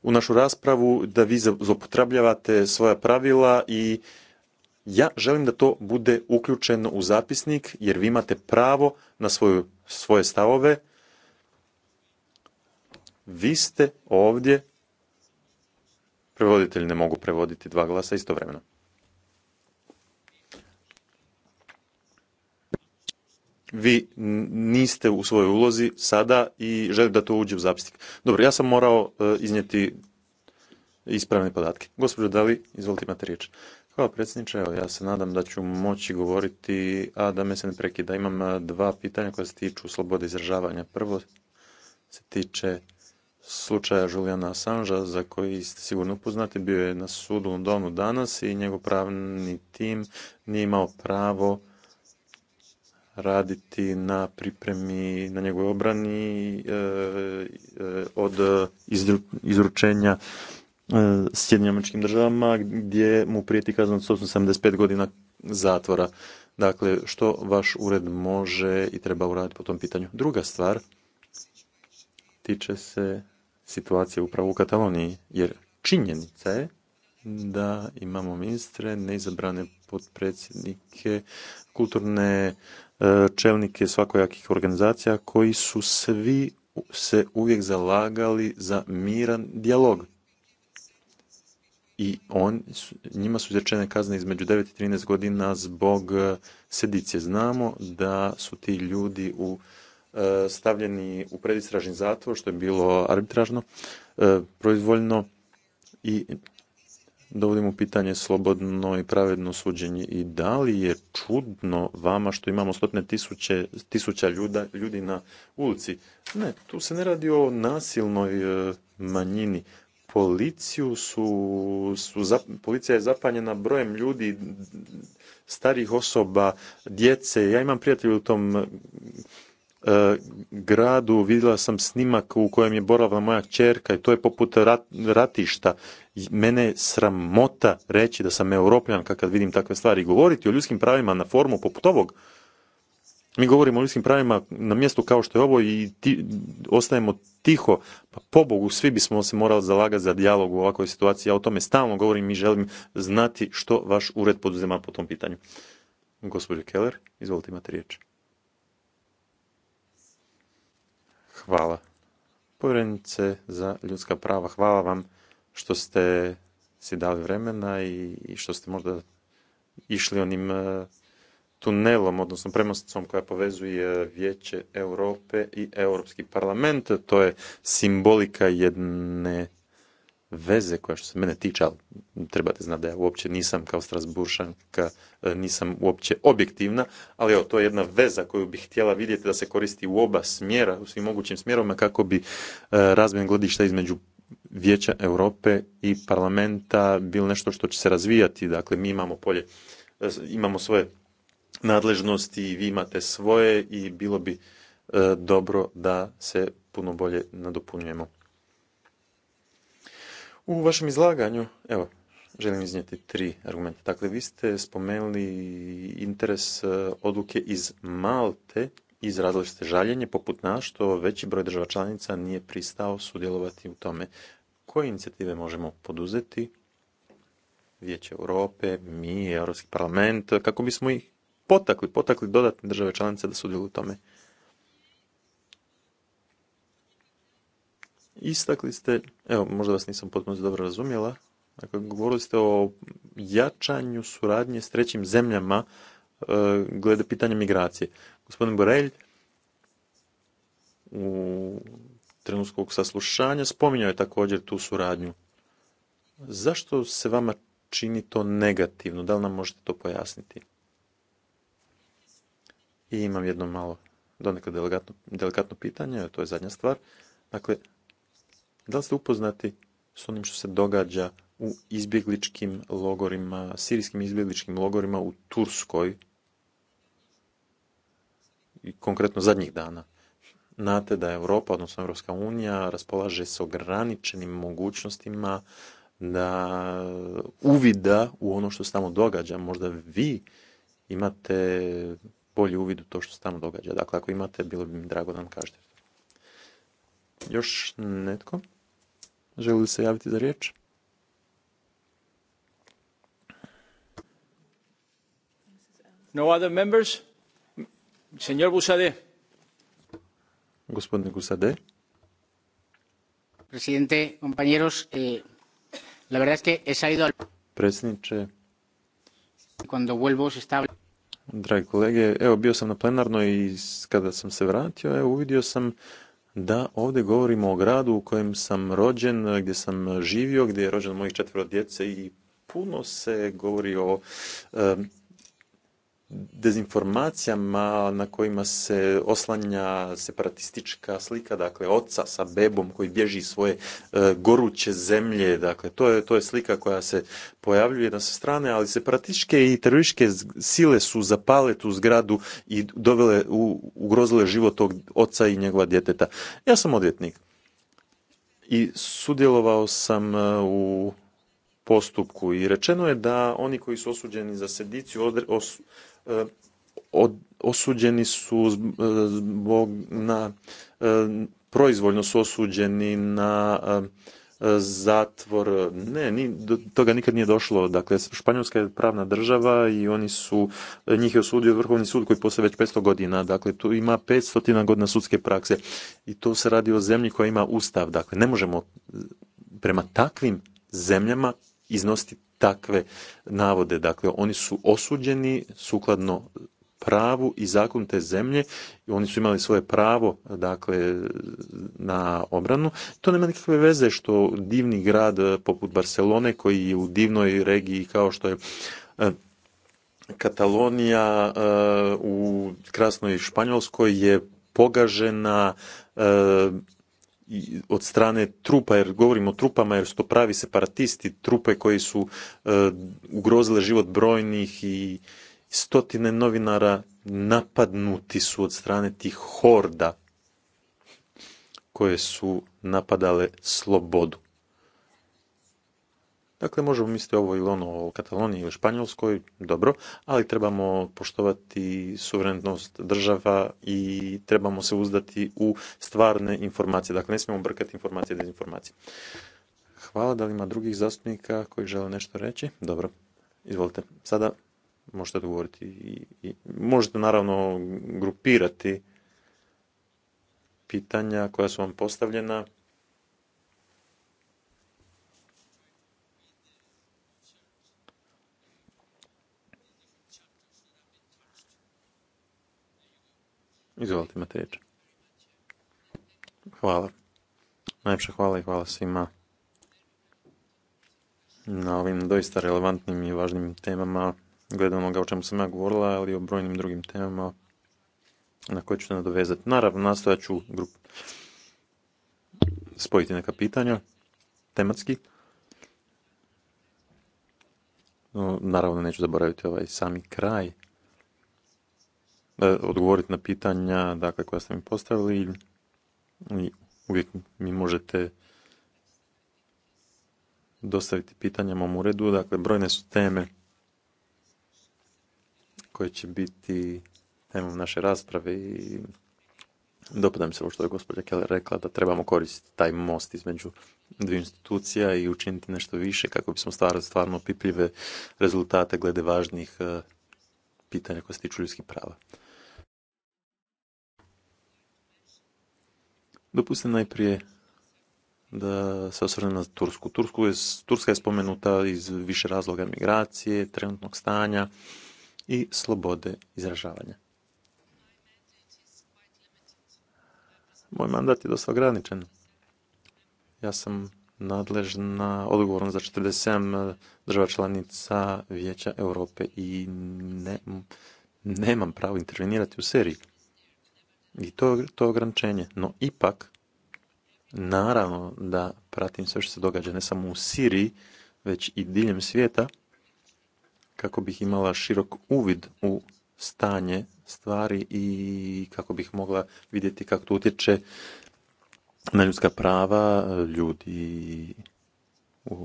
u našu raspravu da vi zopotrabljavate svoja pravila i ja želim da to bude uključeno u zapisnik jer vi imate pravo na svoju, svoje stavove. Vi ste ovdje, prevoditelj ne mogu prevoditi dva glasa istovremeno. vi niste u svojoj ulozi sada i želite da to uđe u zapisnik. Dobro, ja sam morao e, iznijeti ispravne podatke. Gospođo Dali, izvolite imate riječ. Hvala predsjedniče, evo ja se nadam da ću moći govoriti, a da me se ne prekida. Imam e, dva pitanja koja se tiču slobode izražavanja. Prvo se tiče slučaja Juliana Sanža za koji ste sigurno upoznati, bio je na sudu u Londonu danas i njegov pravni tim nije imao pravo raditi na pripremi, na njegovoj obrani e, e, od izručenja e, Sjedinjama državama gdje mu prijeti kazna od 75 godina zatvora. Dakle, što vaš ured može i treba uraditi po tom pitanju? Druga stvar tiče se situacije upravo u Kataloniji, jer činjenica je da imamo ministre, neizabrane potpredsjednike, kulturne E, čelnike svakojakih organizacija koji su svi se uvijek zalagali za miran dijalog. I on, njima su izrečene kazne između 9 i 13 godina zbog e, sedicije. Znamo da su ti ljudi u e, stavljeni u predistražni zatvor, što je bilo arbitražno, proizvoljno i dovodimo u pitanje slobodno i pravedno suđenje i da li je čudno vama što imamo stotne tisuće, tisuća ljudi na ulici? Ne, tu se ne radi o nasilnoj e, manjini. Policiju su, su policija je zapanjena brojem ljudi, starih osoba, djece. Ja imam prijatelja u tom Eh, gradu vidjela sam snimak u kojem je boravila moja čerka i to je poput ratišta. Mene je sramota reći da sam europljan kad vidim takve stvari. Govoriti o ljudskim pravima na formu poput ovog, mi govorimo o ljudskim pravima na mjestu kao što je ovo i ti, ostajemo tiho. Pa pobogu, svi bismo se morali zalagati za dijalog u ovakvoj situaciji. Ja o tome stalno govorim i želim znati što vaš ured poduzema po tom pitanju. Gospodin Keller, izvolite imate riječ. Hvala. Povjerenice za ljudska prava, hvala vam što ste si dali vremena i što ste možda išli onim e, tunelom, odnosno premostom koja povezuje Vijeće Europe i Europski parlament. To je simbolika jedne veze koja što se mene tiče, ali trebate znati da ja uopće nisam kao Strasburšanka, e, nisam uopće objektivna, ali evo, to je jedna veza koju bih htjela vidjeti da se koristi u oba smjera, u svim mogućim smjerovima kako bi e, razmjen gledišta između Vijeća Europe i parlamenta bilo nešto što će se razvijati. Dakle, mi imamo polje, e, imamo svoje nadležnosti, i vi imate svoje i bilo bi dobro da se puno bolje nadopunjujemo. U vašem izlaganju, evo, želim iznijeti tri argumenta. Dakle, vi ste spomenuli interes e, odluke iz Malte, izrazili ste žaljenje, poput nas, što veći broj država članica nije pristao sudjelovati u tome. Koje inicijative možemo poduzeti? Vijeće Europe, mi, Europski parlament, kako bismo ih potakli, potakli dodatne države članice da sudjeluju u tome. Istakli ste, evo možda vas nisam potpuno dobro razumjela, dakle govorili ste o jačanju suradnje s trećim zemljama e, glede pitanja migracije. Gospodin Borelj u trenutskog saslušanja spominjao je također tu suradnju. Zašto se vama čini to negativno? Da li nam možete to pojasniti? I imam jedno malo donekle delikatno, pitanje, to je zadnja stvar. Dakle, da li ste upoznati s onim što se događa u izbjegličkim logorima, sirijskim izbjegličkim logorima u Turskoj, i konkretno zadnjih dana? Znate da Europa, odnosno Europska unija, raspolaže s ograničenim mogućnostima da uvida u ono što se tamo događa. Možda vi imate bolji uvid u to što se tamo događa. Dakle, ako imate, bilo bi mi drago da vam kažete. Još netko? Želi li se javiti za riječ? No other members? Senjor Busade. Gospodine Busade. Presidente, compañeros, eh, la verdad es que he salido al... Predsjedniče. Cuando vuelvo se está... Dragi kolege, evo bio sam na plenarnoj i kada sam se vratio, evo uvidio sam da ovdje govorimo o gradu u kojem sam rođen, gdje sam živio, gdje je rođeno mojih četvero djece i puno se govori o dezinformacijama na kojima se oslanja separatistička slika, dakle oca sa bebom koji bježi iz svoje e, goruće zemlje, dakle to je, to je slika koja se pojavljuje na sve strane, ali separatističke i terorističke sile su zapale tu zgradu i dovele, u, ugrozile život tog oca i njegova djeteta. Ja sam odvjetnik i sudjelovao sam e, u postupku i rečeno je da oni koji su osuđeni za sediciju e, osuđeni su e, zbog na e, proizvoljno su osuđeni na zatvor. Ne, ni, do toga nikad nije došlo. Dakle, Španjolska je pravna država i oni su, njih je osudio Vrhovni sud koji postoji već 500 godina. Dakle, tu ima 500 godina sudske prakse i to se radi o zemlji koja ima ustav. Dakle, ne možemo prema takvim zemljama iznositi takve navode. Dakle, oni su osuđeni sukladno pravu i zakon te zemlje, oni su imali svoje pravo dakle, na obranu. To nema nikakve veze što divni grad poput Barcelone koji je u divnoj regiji kao što je e, Katalonija e, u krasnoj Španjolskoj je pogažena e, od strane trupa, jer govorimo o trupama, jer su to pravi separatisti, trupe koji su e, ugrozile život brojnih i stotine novinara napadnuti su od strane tih horda koje su napadale slobodu. Dakle, možemo misliti ovo ili ono o Kataloniji ili Španjolskoj, dobro, ali trebamo poštovati suverenost država i trebamo se uzdati u stvarne informacije. Dakle, ne smijemo brkati informacije i dezinformacije. Hvala, da li ima drugih zastupnika koji žele nešto reći? Dobro, izvolite. Sada možete odgovoriti i, i možete naravno grupirati pitanja koja su vam postavljena Izvolite, imate riječ. Hvala. Najpša hvala i hvala svima na ovim doista relevantnim i važnim temama, Gledamo ga o čemu sam ja govorila, ali i o brojnim drugim temama na koje ću se nadovezati. Naravno, nastojat ću grup... spojiti neka pitanja tematski. No, naravno, neću zaboraviti ovaj sami kraj E, odgovoriti na pitanja dakle, koja ste mi postavili. Uvijek mi možete dostaviti pitanja mom uredu. Dakle, brojne su teme koje će biti temom naše rasprave i dopadam se ovo što je gospođa Keller rekla da trebamo koristiti taj most između dvije institucija i učiniti nešto više kako bismo stvarali stvarno pipljive rezultate glede važnih e, pitanja koje se tiču ljudskih prava. Dopustite najprije da se osvrnem na Tursku. Turska je spomenuta iz više razloga migracije, trenutnog stanja i slobode izražavanja. Moj mandat je dosta ograničen. Ja sam nadležna, odgovorom za 47 eh, država članica Vijeća Europe i nemam pravo intervenirati u seriji i to, to ograničenje. No ipak, naravno da pratim sve što se događa ne samo u Siriji, već i diljem svijeta, kako bih imala širok uvid u stanje stvari i kako bih mogla vidjeti kako to utječe na ljudska prava ljudi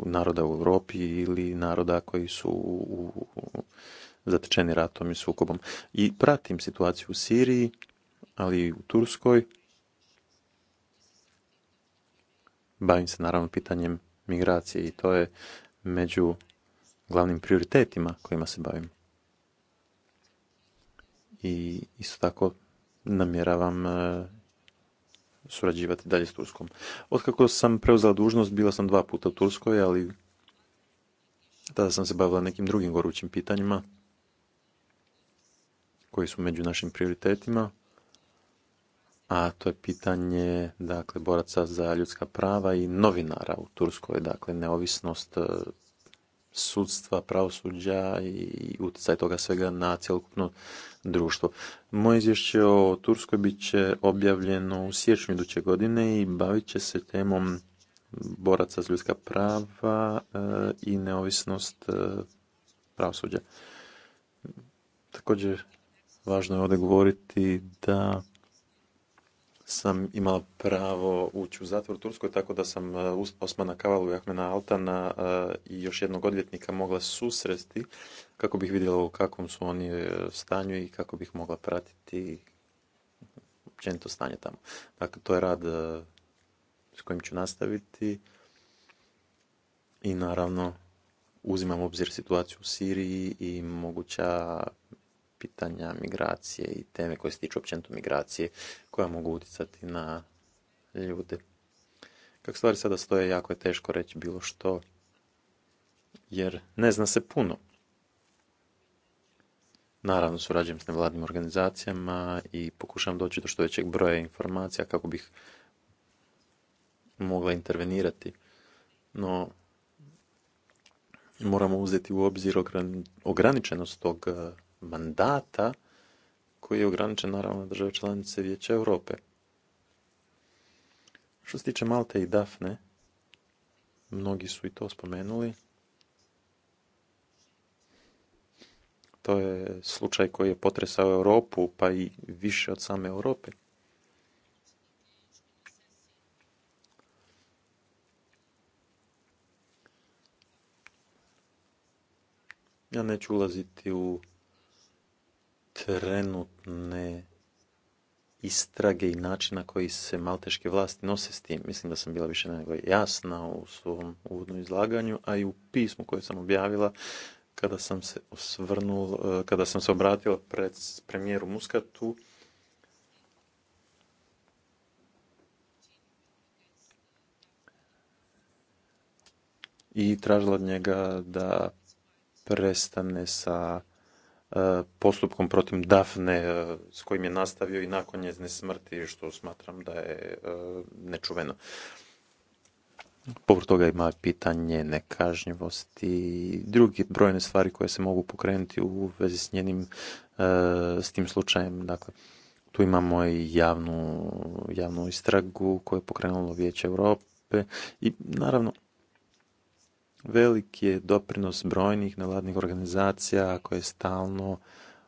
naroda u Europi ili naroda koji su zatečeni ratom i sukobom. I pratim situaciju u Siriji ali i u Turskoj. Bavim se naravno pitanjem migracije i to je među glavnim prioritetima kojima se bavim. I isto tako namjeravam e, surađivati dalje s Turskom. Otkako sam preuzela dužnost, bila sam dva puta u Turskoj, ali tada sam se bavila nekim drugim gorućim pitanjima koji su među našim prioritetima a to je pitanje dakle, boraca za ljudska prava i novinara u Turskoj, dakle neovisnost e, sudstva, pravosuđa i utjecaj toga svega na cjelokupno društvo. Moje izvješće o Turskoj bit će objavljeno u siječnju iduće godine i bavit će se temom boraca za ljudska prava e, i neovisnost e, pravosuđa. Također, važno je ovdje govoriti da sam imala pravo ući u zatvor u Turskoj, tako da sam e, Osmana Kavalu i Ahmena Altana e, i još jednog odvjetnika mogla susresti kako bih vidjela u kakvom su oni e, stanju i kako bih mogla pratiti općenito stanje tamo. Dakle, to je rad s kojim ću nastaviti i naravno uzimam obzir situaciju u Siriji i moguća pitanja migracije i teme koje se tiču općenito migracije koja mogu utjecati na ljude. Kako stvari sada stoje, jako je teško reći bilo što, jer ne zna se puno. Naravno, surađujem s nevladnim organizacijama i pokušavam doći do što većeg broja informacija kako bih mogla intervenirati. No, moramo uzeti u obzir ograničenost tog mandata koji je ograničen naravno države članice Vijeća Europe. Što se tiče Malte i Dafne, mnogi su i to spomenuli. To je slučaj koji je potresao Europu, pa i više od same Europe. Ja neću ulaziti u trenutne istrage i način na koji se malteške vlasti nose s tim. Mislim da sam bila više nego jasna u svom uvodnom izlaganju, a i u pismu koje sam objavila kada sam se osvrnul, e, kada sam se obratila pred premijeru Muskatu, i tražila od njega da prestane sa E, postupkom protiv Dafne e, s kojim je nastavio i nakon njezne smrti, što smatram da je e, nečuveno. Povr toga ima pitanje nekažnjivosti i drugi brojne stvari koje se mogu pokrenuti u vezi s njenim, s tim slučajem. Dakle, tu imamo i javnu, javnu istragu koju je pokrenulo Vijeće Europe i naravno Velik je doprinos brojnih nevladnih organizacija koje stalno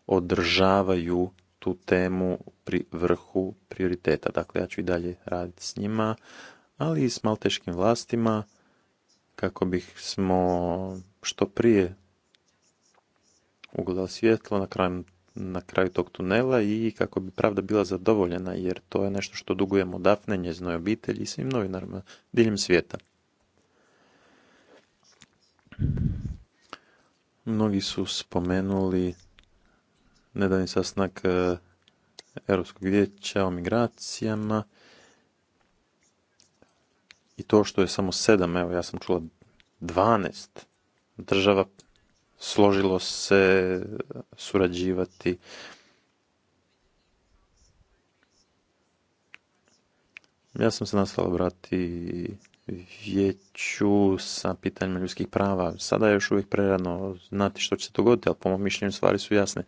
održavaju tu temu pri vrhu prioriteta. Dakle, ja ću i dalje raditi s njima, ali i s malteškim vlastima kako bih smo što prije ugledali svjetlo na kraju, na kraju tog tunela i kako bi pravda bila zadovoljena jer to je nešto što dugujemo Dafne, njezinoj obitelji i svim novinarima diljem svijeta. Mnogi su spomenuli nedavni sastanak e, Europskog vijeća o migracijama i to što je samo sedam, evo ja sam čula 12 država složilo se surađivati. Ja sam se nastala brati vijeću sa pitanjima ljudskih prava. Sada je još uvijek prerano znati što će se dogoditi, ali po mom mišljenju stvari su jasne.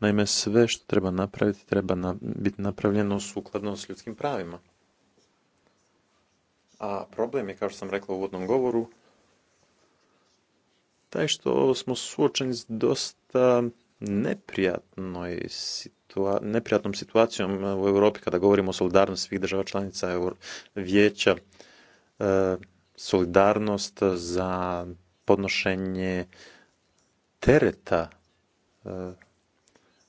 Naime, sve što treba napraviti treba na, biti napravljeno sukladno s ljudskim pravima. A problem je, kao što sam rekla u uvodnom govoru, taj što smo suočeni s dosta neprijatnoj neprijatnom situacijom u Europi kada govorimo o solidarnosti svih država članica Euro vijeća solidarnost, za podnošenje tereta. E,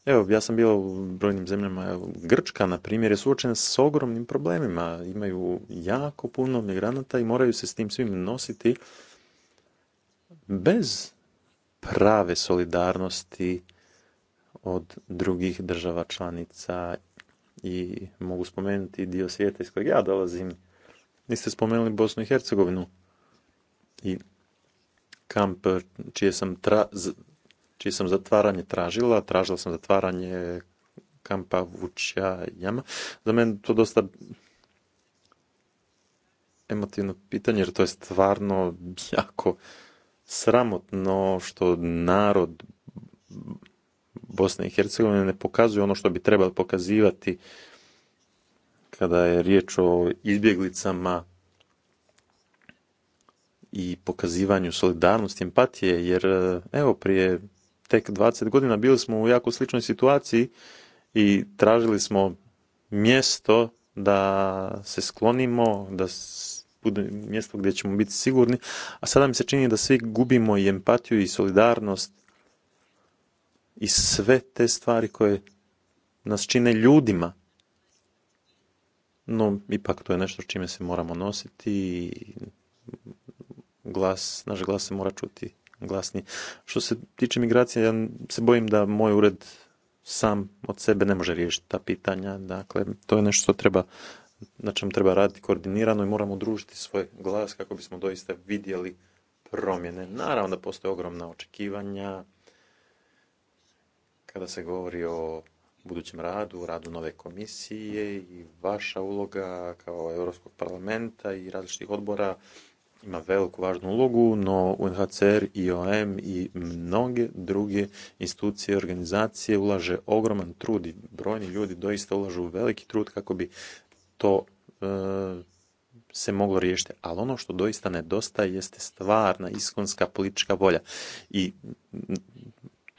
evo, ja sam bio u brojnim zemljama, Grčka, na primjer, je suočena s ogromnim problemima. Imaju jako puno migranata i moraju se s tim svim nositi bez prave solidarnosti od drugih država članica i mogu spomenuti dio svijeta iz kojeg ja dolazim, Niste spomenuli Bosnu i Hercegovinu i kamp čije sam, tra, sam zatvaranje tražila, tražila sam zatvaranje kampa Vučja Jama. Za mene to dosta emotivno pitanje, jer to je stvarno jako sramotno što narod Bosne i Hercegovine ne pokazuje ono što bi trebalo pokazivati kada je riječ o izbjeglicama i pokazivanju solidarnosti, empatije, jer e, evo prije tek 20 godina bili smo u jako sličnoj situaciji i tražili smo mjesto da se sklonimo, da bude mjesto gdje ćemo biti sigurni, a sada mi se čini da svi gubimo i empatiju i solidarnost i sve te stvari koje nas čine ljudima no ipak to je nešto s čime se moramo nositi i glas, naš glas se mora čuti glasni. Što se tiče migracije, ja se bojim da moj ured sam od sebe ne može riješiti ta pitanja, dakle to je nešto što treba na čemu treba raditi koordinirano i moramo družiti svoj glas kako bismo doista vidjeli promjene. Naravno da postoje ogromna očekivanja kada se govori o budućem radu, radu nove komisije i vaša uloga kao Europskog parlamenta i različitih odbora ima veliku važnu ulogu, no UNHCR, IOM i mnoge druge institucije i organizacije ulaže ogroman trud i brojni ljudi doista ulažu veliki trud kako bi to e, se moglo riješiti. Ali ono što doista nedostaje jeste stvarna iskonska politička volja. I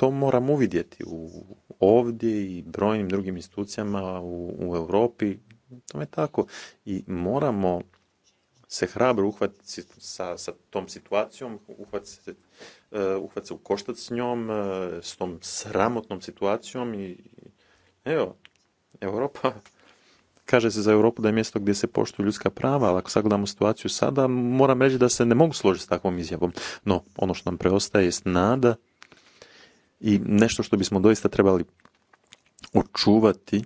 to moramo uvidjeti u, ovdje i brojnim drugim institucijama u, u Europi. To je tako. I moramo se hrabro uhvatiti sa, sa tom situacijom, uhvatiti se, eh, u koštac s njom, eh, s tom sramotnom situacijom i evo, Europa kaže se za Europu da je mjesto gdje se poštuju ljudska prava, ali ako sagledamo situaciju sada, moram reći da se ne mogu složiti s takvom izjavom. No, ono što nam preostaje je nada i nešto što bismo doista trebali očuvati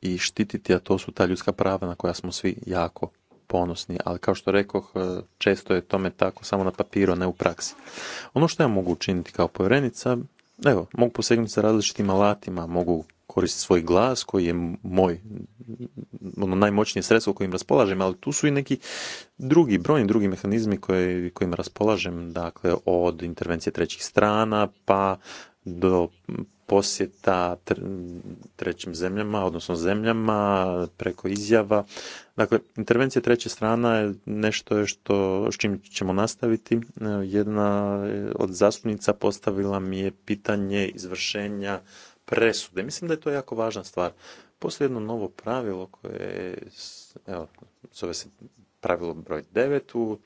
i štititi, a to su ta ljudska prava na koja smo svi jako ponosni, ali kao što rekoh, e, često je tome tako samo na papiru, a ne u praksi. Ono što ja mogu učiniti kao povjerenica, evo, mogu posegnuti sa različitim alatima, mogu koristiti svoj glas koji je moj ono najmoćnije sredstvo kojim raspolažem, ali tu su i neki drugi, brojni drugi mehanizmi koje, kojim raspolažem, dakle od intervencije trećih strana pa do posjeta trećim zemljama, odnosno zemljama, preko izjava. Dakle, intervencija treće strana je nešto što, s čim ćemo nastaviti. Jedna od zastupnica postavila mi je pitanje izvršenja presude. Mislim da je to jako važna stvar. Postoji jedno novo pravilo koje je, evo, zove se pravilo broj 9 u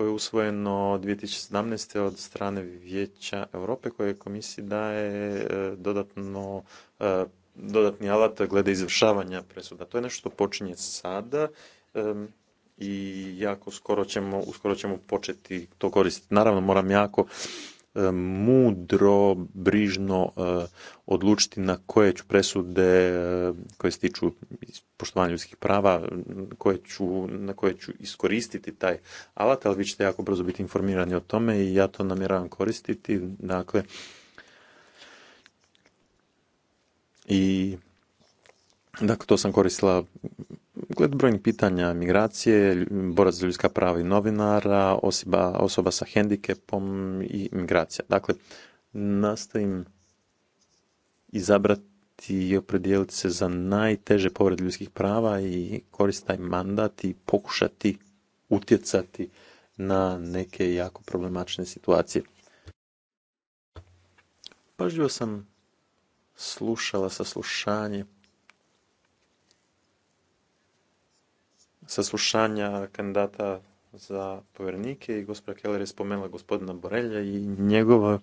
koje je usvojeno 2017. od strane Vijeća Europe koje komisiji daje e, dodatno e, dodatni alat glede izvršavanja presuda. To je nešto što počinje sada i jako skoro ćemo, uskoro ćemo početi to koristiti. Naravno, moram jako E, mudro, brižno e, odlučiti na koje ću presude e, koje se tiču poštovanja ljudskih prava, koje ću, na koje ću iskoristiti taj alat, ali vi ćete jako brzo biti informirani o tome i ja to namjeravam koristiti. Dakle, i Dakle, to sam koristila gled brojnih pitanja migracije, borac za ljudska prava i novinara, osoba, osoba sa hendikepom i migracija. Dakle, nastojim izabrati i opredijeliti se za najteže povrede ljudskih prava i koristiti taj mandat i pokušati utjecati na neke jako problematične situacije. Pažljivo sam slušala saslušanje saslušanja kandidata za povjernike i gospođa Keller je spomenula gospodina Borelja i njegova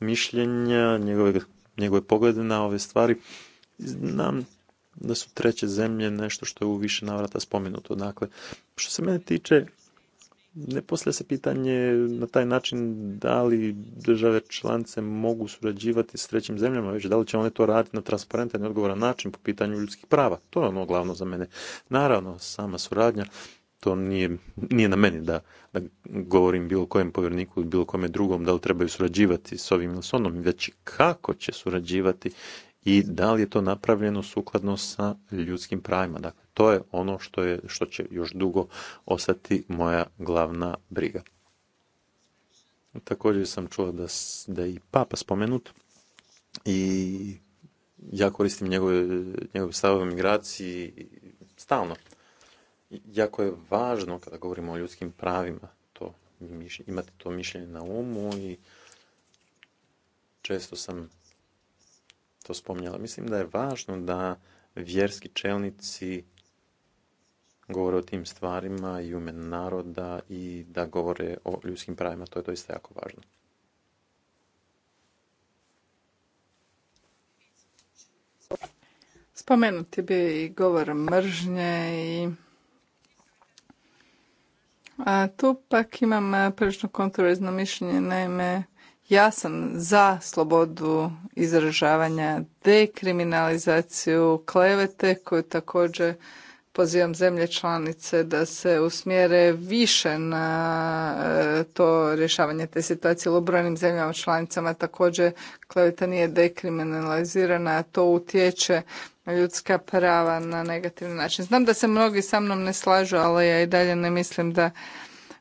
mišljenja, njegove, njegove poglede na ove stvari. Znam da su treće zemlje nešto što je u više navrata spomenuto. Dakle, što se mene tiče, ne poslije se pitanje na taj način da li države članice mogu surađivati s trećim zemljama, već da li će one to raditi na transparentan i odgovoran način po pitanju ljudskih prava. To je ono glavno za mene. Naravno, sama suradnja, to nije, nije na meni da, da govorim bilo kojem povjerniku ili bilo kome drugom da li trebaju surađivati s ovim ili s onom, već kako će surađivati i da li je to napravljeno sukladno sa ljudskim pravima. Dakle, to je ono što, je, što će još dugo ostati moja glavna briga. Također sam čuo da, da je i papa spomenut i ja koristim njegove, njegove o migraciji stalno. Jako je važno kada govorimo o ljudskim pravima to, imati to mišljenje na umu i često sam to Mislim da je važno da vjerski čelnici govore o tim stvarima i umen naroda i da govore o ljudskim pravima. To je doista jako važno. Spomenuti bi i govor mržnje i a tu pak imam prilično kontroverzno mišljenje, naime ja sam za slobodu izražavanja, dekriminalizaciju klevete koju također pozivam zemlje članice da se usmjere više na e, to rješavanje te situacije. U brojnim zemljama članicama također kleveta nije dekriminalizirana, a to utječe na ljudska prava na negativan način. Znam da se mnogi sa mnom ne slažu, ali ja i dalje ne mislim da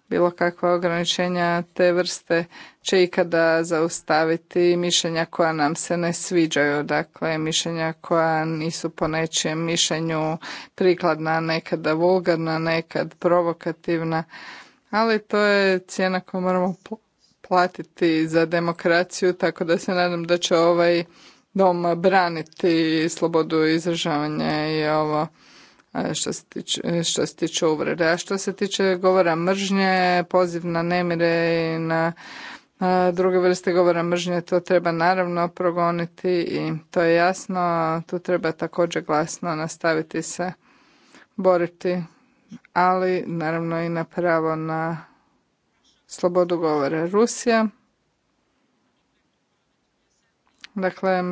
bilo kakva ograničenja te vrste će ikada zaustaviti mišljenja koja nam se ne sviđaju, dakle mišljenja koja nisu po nečijem mišljenju prikladna, nekada vulgarna, nekad provokativna, ali to je cijena koju moramo platiti za demokraciju, tako da se nadam da će ovaj dom braniti slobodu izražavanja i ovo što se tiče, što uvrede. A što se tiče govora mržnje, poziv na nemire i na druge vrste govora mržnje, to treba naravno progoniti i to je jasno, tu treba također glasno nastaviti se boriti, ali naravno i na pravo na slobodu govora. Rusija, dakle,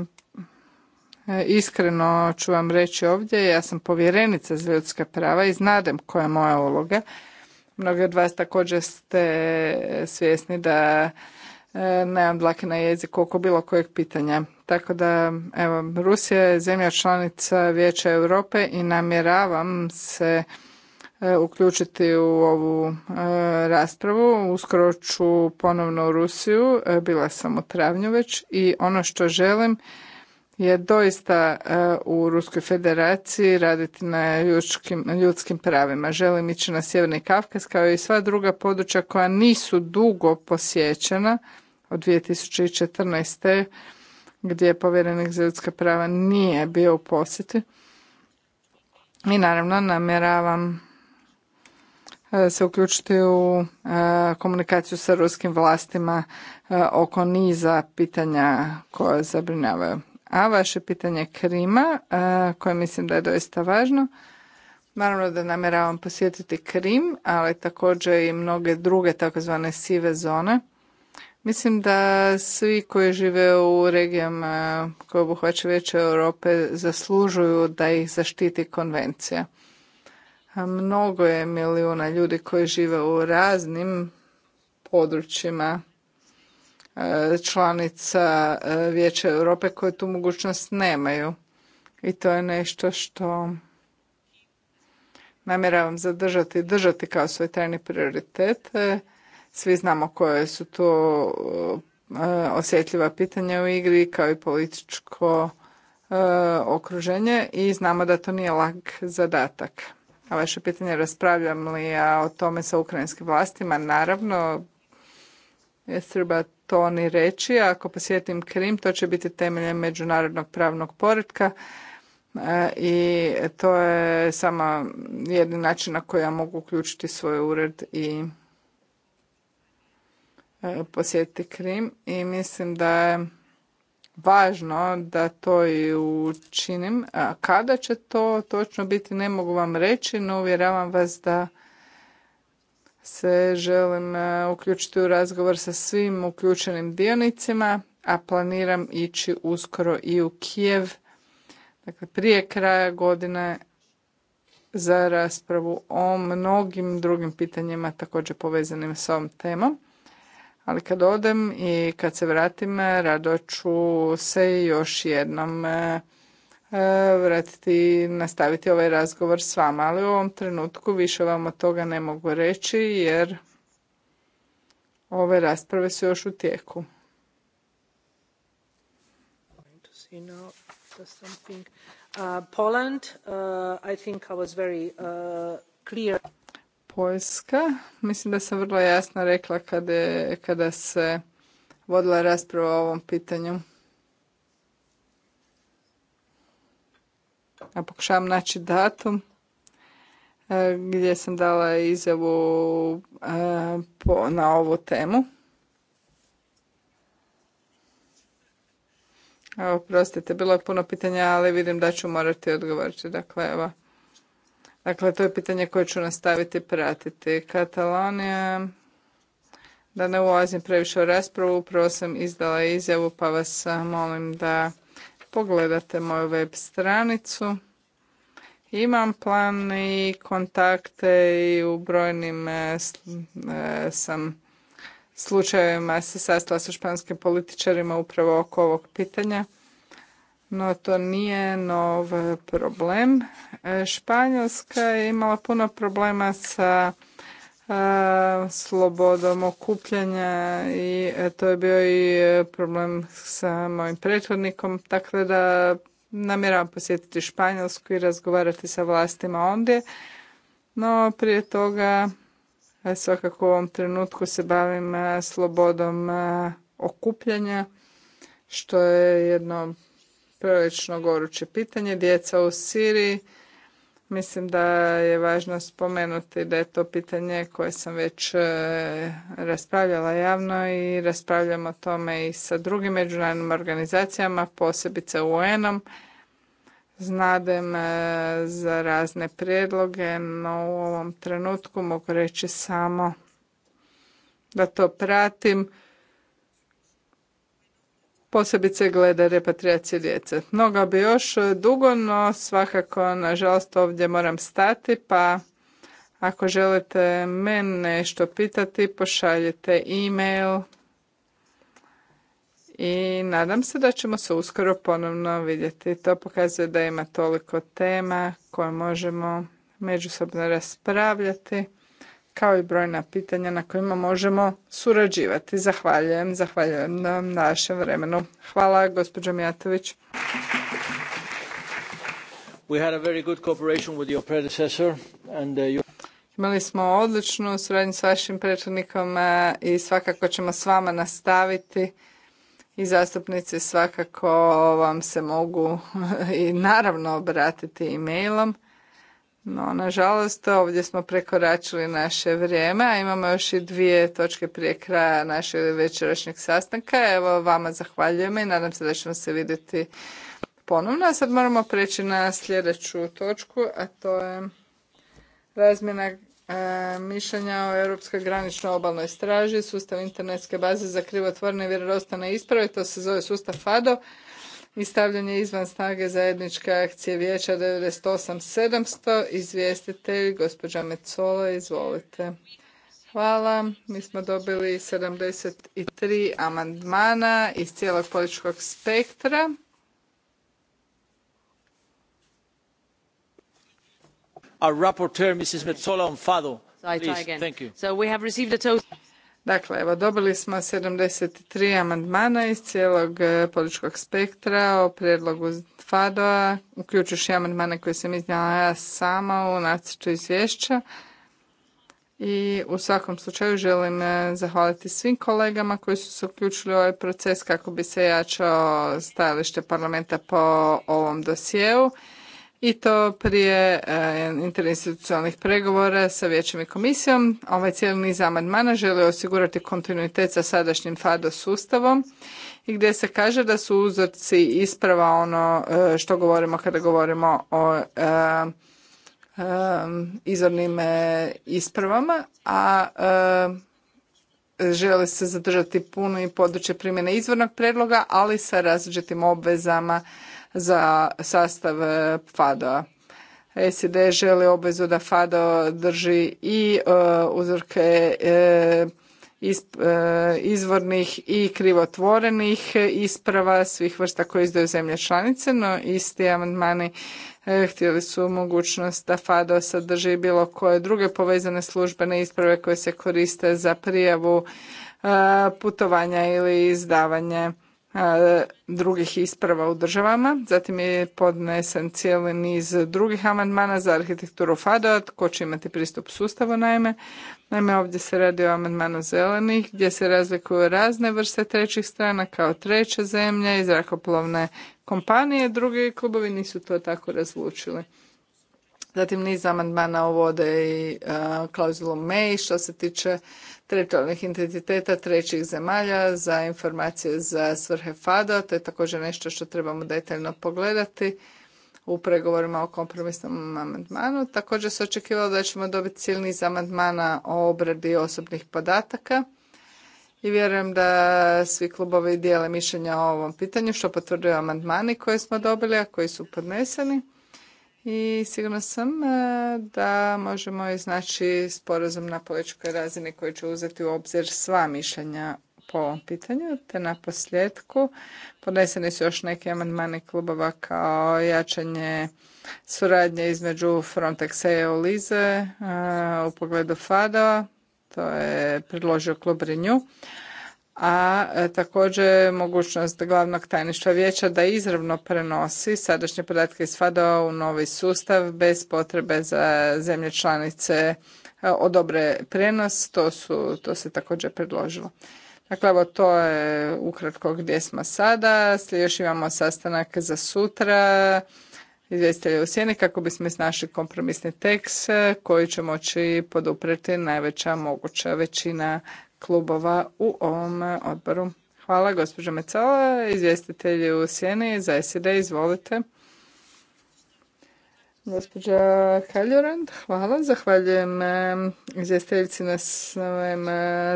E, iskreno ću vam reći ovdje, ja sam povjerenica za ljudska prava i znadem koja je moja uloga. Mnogi od vas također ste svjesni da e, nemam dlake na jeziku oko bilo kojeg pitanja. Tako da, evo, Rusija je zemlja članica Vijeća Europe i namjeravam se e, uključiti u ovu raspravu. Uskoro ću ponovno u Rusiju, bila sam u travnju već i ono što želim je doista e, u Ruskoj federaciji raditi na ljudskim, ljudskim pravima. Želim ići na Sjeverni Kavkaz kao i sva druga područja koja nisu dugo posjećena od 2014. gdje je povjerenik za ljudska prava nije bio u posjeti. I naravno namjeravam e, se uključiti u e, komunikaciju sa ruskim vlastima oko niza pitanja koja zabrinjavaju. A vaše pitanje Krima, koje mislim da je doista važno, Naravno da namjeravam posjetiti Krim, ali također i mnoge druge takozvane sive zone. Mislim da svi koji žive u regijama koje obuhvaća veće Europe zaslužuju da ih zaštiti konvencija. A mnogo je milijuna ljudi koji žive u raznim područjima E, članica e, Vijeća Europe koje tu mogućnost nemaju. I to je nešto što namjeravam zadržati i držati kao svoj trajni prioritet. E, svi znamo koje su to osjetljiva pitanja u igri kao i političko okruženje i znamo da to nije lak zadatak. A vaše pitanje raspravljam li ja o tome sa ukrajinskim vlastima? Naravno, E, treba to ni reći, a ako posjetim Krim, to će biti temeljem međunarodnog pravnog poretka e, i to je samo jedni način na koji ja mogu uključiti svoj ured i e, posjetiti Krim i mislim da je važno da to i učinim. A kada će to točno biti, ne mogu vam reći, no uvjeravam vas da se želim e, uključiti u razgovor sa svim uključenim dionicima, a planiram ići uskoro i u Kijev, dakle prije kraja godine za raspravu o mnogim drugim pitanjima također povezanim s ovom temom. Ali kad odem i kad se vratim, rado ću se još jednom e, E, vratiti, nastaviti ovaj razgovor s vama, ali u ovom trenutku više vam od toga ne mogu reći jer ove rasprave su još u tijeku. Poljska, mislim da sam vrlo jasno rekla kada se vodila rasprava o ovom pitanju. ja pokušavam naći datum e, gdje sam dala izjavu e, na ovu temu. Evo, prostite, bilo je puno pitanja, ali vidim da ću morati odgovoriti. Dakle, evo. Dakle, to je pitanje koje ću nastaviti pratiti. Katalonija, da ne ulazim previše u raspravu, upravo sam izdala izjavu, pa vas e, molim da pogledate moju web stranicu. Imam plan i kontakte i u brojnim e, e, sam slučajevima se sastala sa španskim političarima upravo oko ovog pitanja. No to nije nov problem. E, Španjolska je imala puno problema sa slobodom okupljanja i e, to je bio i e, problem sa mojim prethodnikom. Tako dakle, da namjeravam posjetiti Španjolsku i razgovarati sa vlastima ondje. No, prije toga e, svakako u ovom trenutku se bavim slobodom okupljanja, što je jedno prilično goruće pitanje. Djeca u Siriji Mislim da je važno spomenuti da je to pitanje koje sam već e, raspravljala javno i raspravljamo o tome i sa drugim međunarodnim organizacijama, posebice UN-om. Znadem e, za razne prijedloge, no u ovom trenutku mogu reći samo da to pratim posebice glede repatriacije djece. Mnoga bi još e, dugo, no svakako, nažalost, ovdje moram stati, pa ako želite mene nešto pitati, pošaljite e-mail i nadam se da ćemo se uskoro ponovno vidjeti. To pokazuje da ima toliko tema koje možemo međusobno raspravljati kao i brojna pitanja na kojima možemo surađivati. Zahvaljujem, zahvaljujem na našem vremenu. Hvala, gospođo Mijatović. Imali smo odličnu suradnju s vašim prethodnikom uh, i svakako ćemo s vama nastaviti i zastupnici svakako vam se mogu i naravno obratiti e-mailom. No, nažalost, ovdje smo prekoračili naše vrijeme, a imamo još i dvije točke prije kraja našeg večerašnjeg sastanka. Evo, vama zahvaljujem i nadam se da ćemo se vidjeti ponovno. A sad moramo preći na sljedeću točku, a to je razmjena e, mišljenja o Europskoj granično obalnoj straži, sustav internetske baze za krivotvorne i vjerodostane isprave, to se zove sustav FADO i stavljanje izvan snage zajedničke akcije vijeća 98.700. 700 Izvjestitelj, gospođa Mecola, izvolite. Hvala. Mi smo dobili 73 amandmana iz cijelog političkog spektra. Our rapporteur, Mrs. Metzola on Fado. Please, thank So we have received a total... Dakle, evo, dobili smo 73 amandmana iz cijelog e, političkog spektra o prijedlogu FADO-a, uključujući amandmane koje sam iznijela ja sama u nacrtu izvješća. I u svakom slučaju želim e, zahvaliti svim kolegama koji su se uključili u ovaj proces kako bi se jačao stajalište parlamenta po ovom dosjeu i to prije eh, interinstitucionalnih pregovora sa vijećem i komisijom. Ovaj cijeli niz amandmana želi osigurati kontinuitet sa sadašnjim FADO sustavom i gdje se kaže da su uzorci isprava ono eh, što govorimo kada govorimo o eh, izvornim ispravama, a želi se zadržati puno i područje primjene izvornog predloga, ali sa različitim obvezama za sastav e, FADO-a. želi obvezu da FADO drži i e, uzorke e, izvornih i krivotvorenih isprava svih vrsta koje izdaju zemlje članice, no isti amandmani htjeli su mogućnost da FADO sadrži bilo koje druge povezane službene isprave koje se koriste za prijavu putovanja ili izdavanje drugih isprava u državama. Zatim je podnesen cijeli niz drugih amandmana za arhitekturu FADO, ko će imati pristup sustavu naime. Naime, ovdje se radi o amandmanu zelenih, gdje se razlikuju razne vrste trećih strana kao treća zemlja i zrakoplovne kompanije. Drugi klubovi nisu to tako razlučili. Zatim niz amandmana uvode i klauzulu MEI što se tiče teritorijalnih identiteta trećih zemalja za informacije za svrhe fado To je također nešto što trebamo detaljno pogledati u pregovorima o kompromisnom amandmanu. Također se očekivalo da ćemo dobiti silni niz amandmana o obradi osobnih podataka i vjerujem da svi klubovi dijele mišljenja o ovom pitanju, što potvrduju amandmani koje smo dobili, a koji su podneseni i sigurna sam e, da možemo iznaći sporazum na političkoj razini koji će uzeti u obzir sva mišljenja po ovom pitanju, te na posljedku podneseni su još neki amandmani klubova kao jačanje suradnje između Frontexa i lize e, u pogledu fada, to je predložio klub Renew a e, također mogućnost glavnog tajništva vijeća da izravno prenosi sadašnje podatke iz FADO u novi sustav bez potrebe za zemlje članice e, odobre prenos, to, su, to se također predložilo. Dakle, evo to je ukratko gdje smo sada. Još imamo sastanak za sutra izvjestitelje u sjeni kako bismo iznašli kompromisni tekst e, koji će moći poduprijeti najveća moguća većina klubova u ovom odboru. Hvala, gospođo Mecala, izvjestitelji u Sjeni za SED, izvolite. Gospođa Kaljorand, hvala. Zahvaljujem izvjestiteljici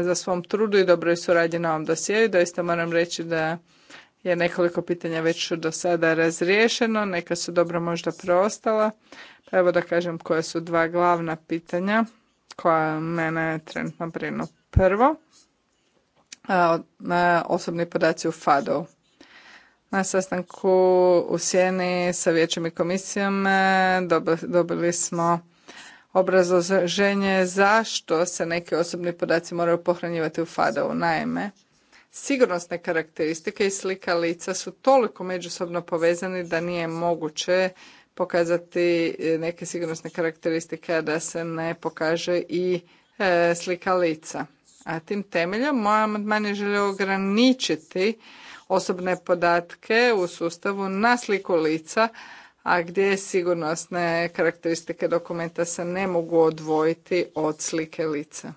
za svom trudu i dobroj suradnji na ovom dosjeu. Doista moram reći da je nekoliko pitanja već do sada razriješeno, neka su dobro možda preostala. Pa evo da kažem koja su dva glavna pitanja koja mene trenutno brinu. Prvo, osobni podaci u FADO. Na sastanku u Sjeni sa vijećem i komisijom e, dobili smo obrazloženje zašto se neki osobni podaci moraju pohranjivati u FADO-u. Naime, sigurnosne karakteristike i slika lica su toliko međusobno povezani da nije moguće pokazati e, neke sigurnosne karakteristike, a da se ne pokaže i e, slika lica. A tim temeljom moj amandman je želio ograničiti osobne podatke u sustavu na sliku lica, a gdje sigurnosne karakteristike dokumenta se ne mogu odvojiti od slike lica.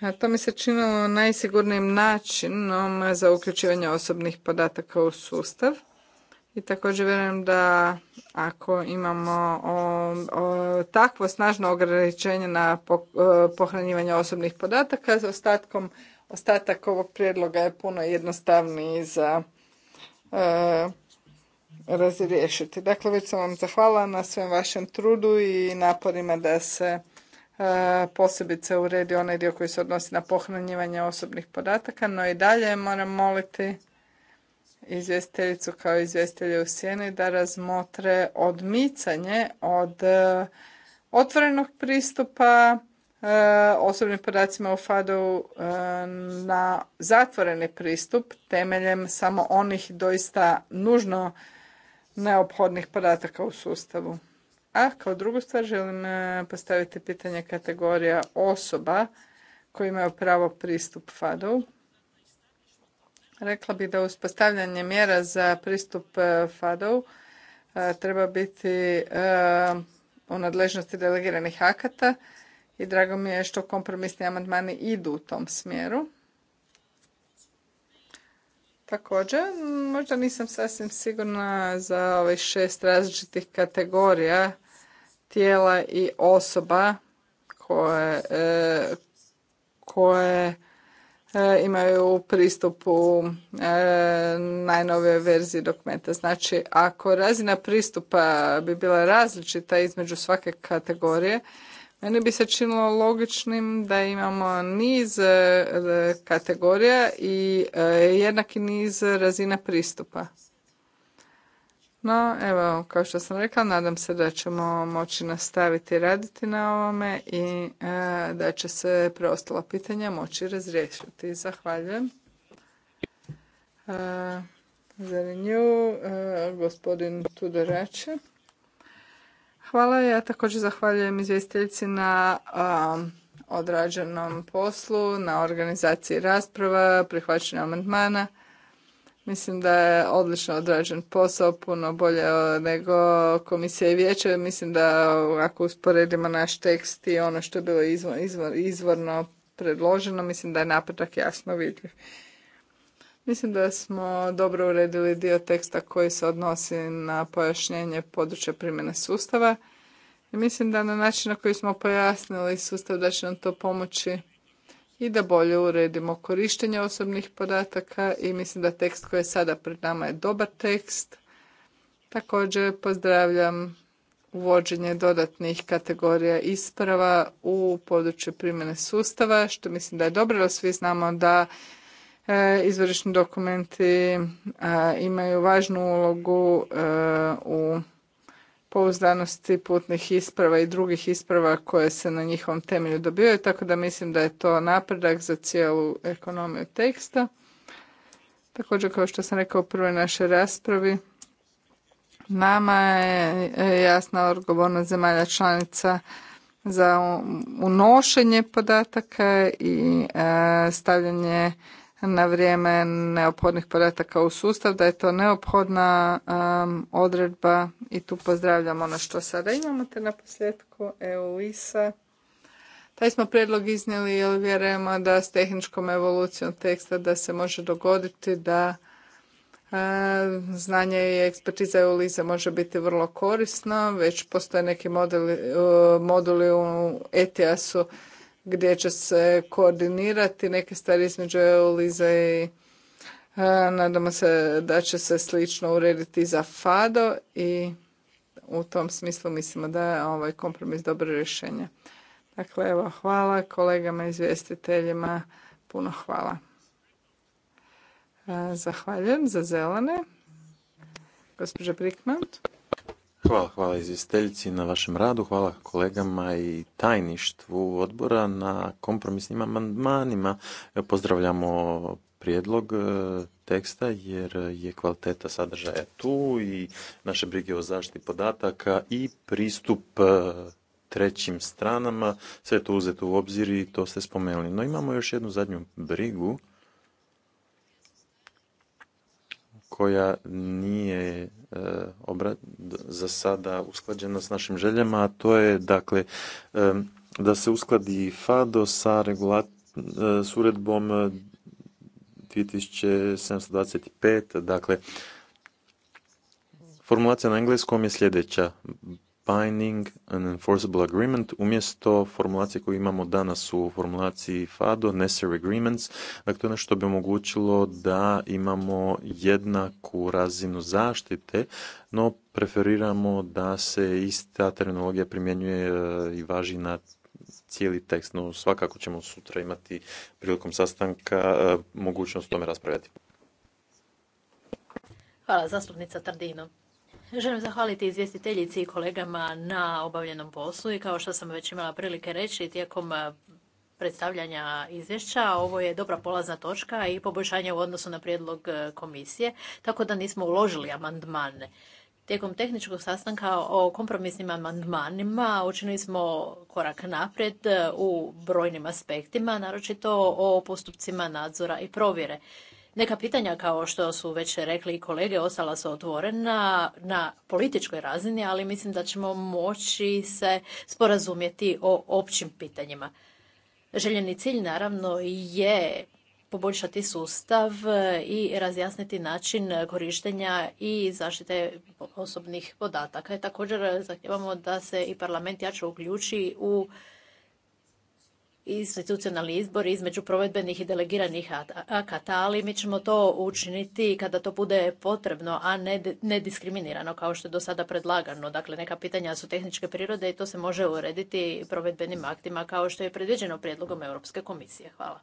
A to mi se činilo najsigurnijim načinom za uključivanje osobnih podataka u sustav. I također vjerujem da ako imamo takvo snažno ograničenje na e, pohranjivanje osobnih podataka, ostatkom, ostatak ovog prijedloga je puno jednostavniji za e, razriješiti. Dakle, već sam vam zahvala na svem vašem trudu i naporima da se e, posebice uredi onaj dio koji se odnosi na pohranjivanje osobnih podataka, no i dalje moram moliti izvjestiteljicu kao izvjestitelje u sjeni da razmotre odmicanje od e, otvorenog pristupa e, osobnim podacima u fad e, na zatvoreni pristup temeljem samo onih doista nužno neophodnih podataka u sustavu. A kao drugu stvar želim postaviti pitanje kategorija osoba koji imaju pravo pristup fadu. Rekla bih da uspostavljanje mjera za pristup e, FADO-u e, treba biti e, u nadležnosti delegiranih akata i drago mi je što kompromisni amandmani idu u tom smjeru. Također, možda nisam sasvim sigurna za ove šest različitih kategorija tijela i osoba koje, koje E, imaju pristupu e, najnove verzije dokumenta. Znači, ako razina pristupa bi bila različita između svake kategorije, meni bi se činilo logičnim da imamo niz e, kategorija i jednaki niz razina pristupa evo, kao što sam rekla, nadam se da ćemo moći nastaviti raditi na ovome i e, da će se preostala pitanja moći razriješiti. Zahvaljujem. E, za nju, e, gospodin Tudorače. Hvala, ja također zahvaljujem izvjestiteljici na odrađenom poslu, na organizaciji rasprava, prihvaćanju amandmana Mislim da je odlično odrađen posao, puno bolje nego komisija i vijeće. Mislim da ako usporedimo naš tekst i ono što je bilo izvor, izvorno predloženo, mislim da je napredak jasno vidljiv. Mislim da smo dobro uredili dio teksta koji se odnosi na pojašnjenje područja primjene sustava. I mislim da na način na koji smo pojasnili sustav da će nam to pomoći i da bolje uredimo korištenje osobnih podataka i mislim da tekst koji je sada pred nama je dobar tekst. Također pozdravljam uvođenje dodatnih kategorija isprava u području primjene sustava, što mislim da je dobro, jer svi znamo da e, izvršni dokumenti e, imaju važnu ulogu e, u pouzdanosti putnih isprava i drugih isprava koje se na njihovom temelju dobivaju, tako da mislim da je to napredak za cijelu ekonomiju teksta. Također, kao što sam rekao u prvoj našoj raspravi, nama je jasna odgovornost zemalja članica za unošenje podataka i e, stavljanje na vrijeme neophodnih podataka u sustav, da je to neophodna um, odredba i tu pozdravljam ono što sada imamo, te na posljedku EUISA. Taj smo prijedlog iznijeli jer vjerujemo da s tehničkom evolucijom teksta da se može dogoditi da uh, Znanje i ekspertiza ulize može biti vrlo korisno, već postoje neki modeli, uh, moduli u ETIAS-u gdje će se koordinirati neke stvari između Eulize i e, Nadamo se da će se slično urediti za FADO i u tom smislu mislimo da je ovaj kompromis dobro rješenje. Dakle, evo, hvala kolegama izvjestiteljima, puno hvala. E, zahvaljujem za zelene. Gospođa Prikmant. Hvala, hvala izvjestiteljici na vašem radu, hvala kolegama i tajništvu odbora na kompromisnim amandmanima. Pozdravljamo prijedlog e, teksta jer je kvaliteta sadržaja tu i naše brige o zaštiti podataka i pristup e, trećim stranama, sve to uzeto u obzir i to ste spomenuli. No imamo još jednu zadnju brigu koja nije e, za sada usklađena s našim željama, a to je dakle e, da se uskladi FADO sa e, uredbom 2725, dakle formulacija na engleskom je sljedeća binding enforceable agreement umjesto formulacije koju imamo danas u formulaciji FADO, necessary agreements. Dakle, to je nešto bi omogućilo da imamo jednaku razinu zaštite, no preferiramo da se ista terminologija primjenjuje e, i važi na cijeli tekst. No, svakako ćemo sutra imati prilikom sastanka e, mogućnost o tome raspravljati. Hvala, zastupnica Tardino. Želim zahvaliti izvjestiteljici i kolegama na obavljenom poslu i kao što sam već imala prilike reći tijekom eh, predstavljanja izvješća. Ovo je dobra polazna točka i poboljšanje u odnosu na prijedlog eh, komisije, tako da nismo uložili amandmane. Tijekom tehničkog sastanka o kompromisnim amandmanima učinili smo korak naprijed eh, u brojnim aspektima, naročito o postupcima nadzora i provjere. Neka pitanja kao što su već rekli i kolege ostala su otvorena na političkoj razini, ali mislim da ćemo moći se sporazumjeti o općim pitanjima. Željeni cilj naravno je poboljšati sustav i razjasniti način korištenja i zaštite osobnih podataka. Također zahtjevamo da se i parlament jače uključi u institucionalni izbor između provedbenih i delegiranih akata, ali mi ćemo to učiniti kada to bude potrebno, a ne, ne diskriminirano kao što je do sada predlagano. Dakle, neka pitanja su tehničke prirode i to se može urediti provedbenim aktima kao što je predviđeno prijedlogom Europske komisije. Hvala.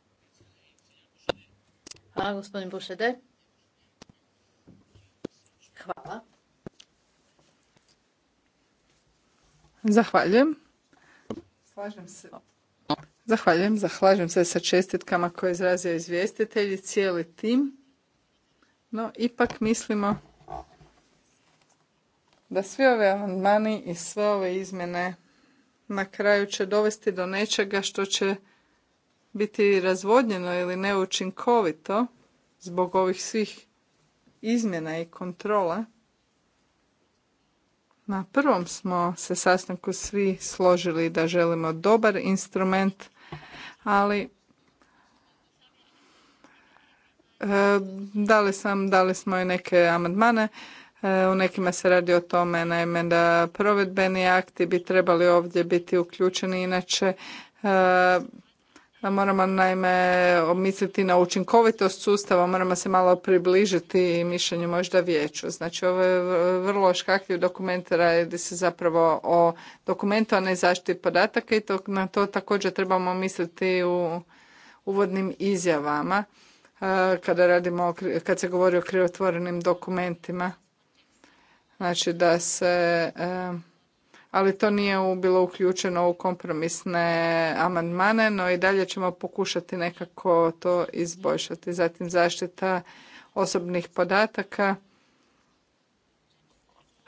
Hvala, gospodin Bušede. Hvala. Zahvaljujem. Slažem se. Zahvaljujem, zahvaljujem se sa čestitkama koje izrazio izvjestitelj i cijeli tim. No, ipak mislimo da svi ove amandmani i sve ove izmjene na kraju će dovesti do nečega što će biti razvodnjeno ili neučinkovito zbog ovih svih izmjena i kontrola. Na prvom smo se sastanku svi složili da želimo dobar instrument ali e, dali sam, dali smo i neke amandmane. E, u nekima se radi o tome, naime, da provedbeni akti bi trebali ovdje biti uključeni, inače e, Moramo naime omisliti na učinkovitost sustava, moramo se malo približiti mišljenju možda vijeću. Znači ovo je vrlo škakljiv dokument, radi se zapravo o dokumentu, a ne zaštiti podataka i na to također trebamo misliti u uvodnim izjavama e, kada radimo, kad se govori o krivotvorenim dokumentima. Znači da se e, ali to nije bilo uključeno u kompromisne amandmane, no i dalje ćemo pokušati nekako to izboljšati. Zatim zaštita osobnih podataka, e,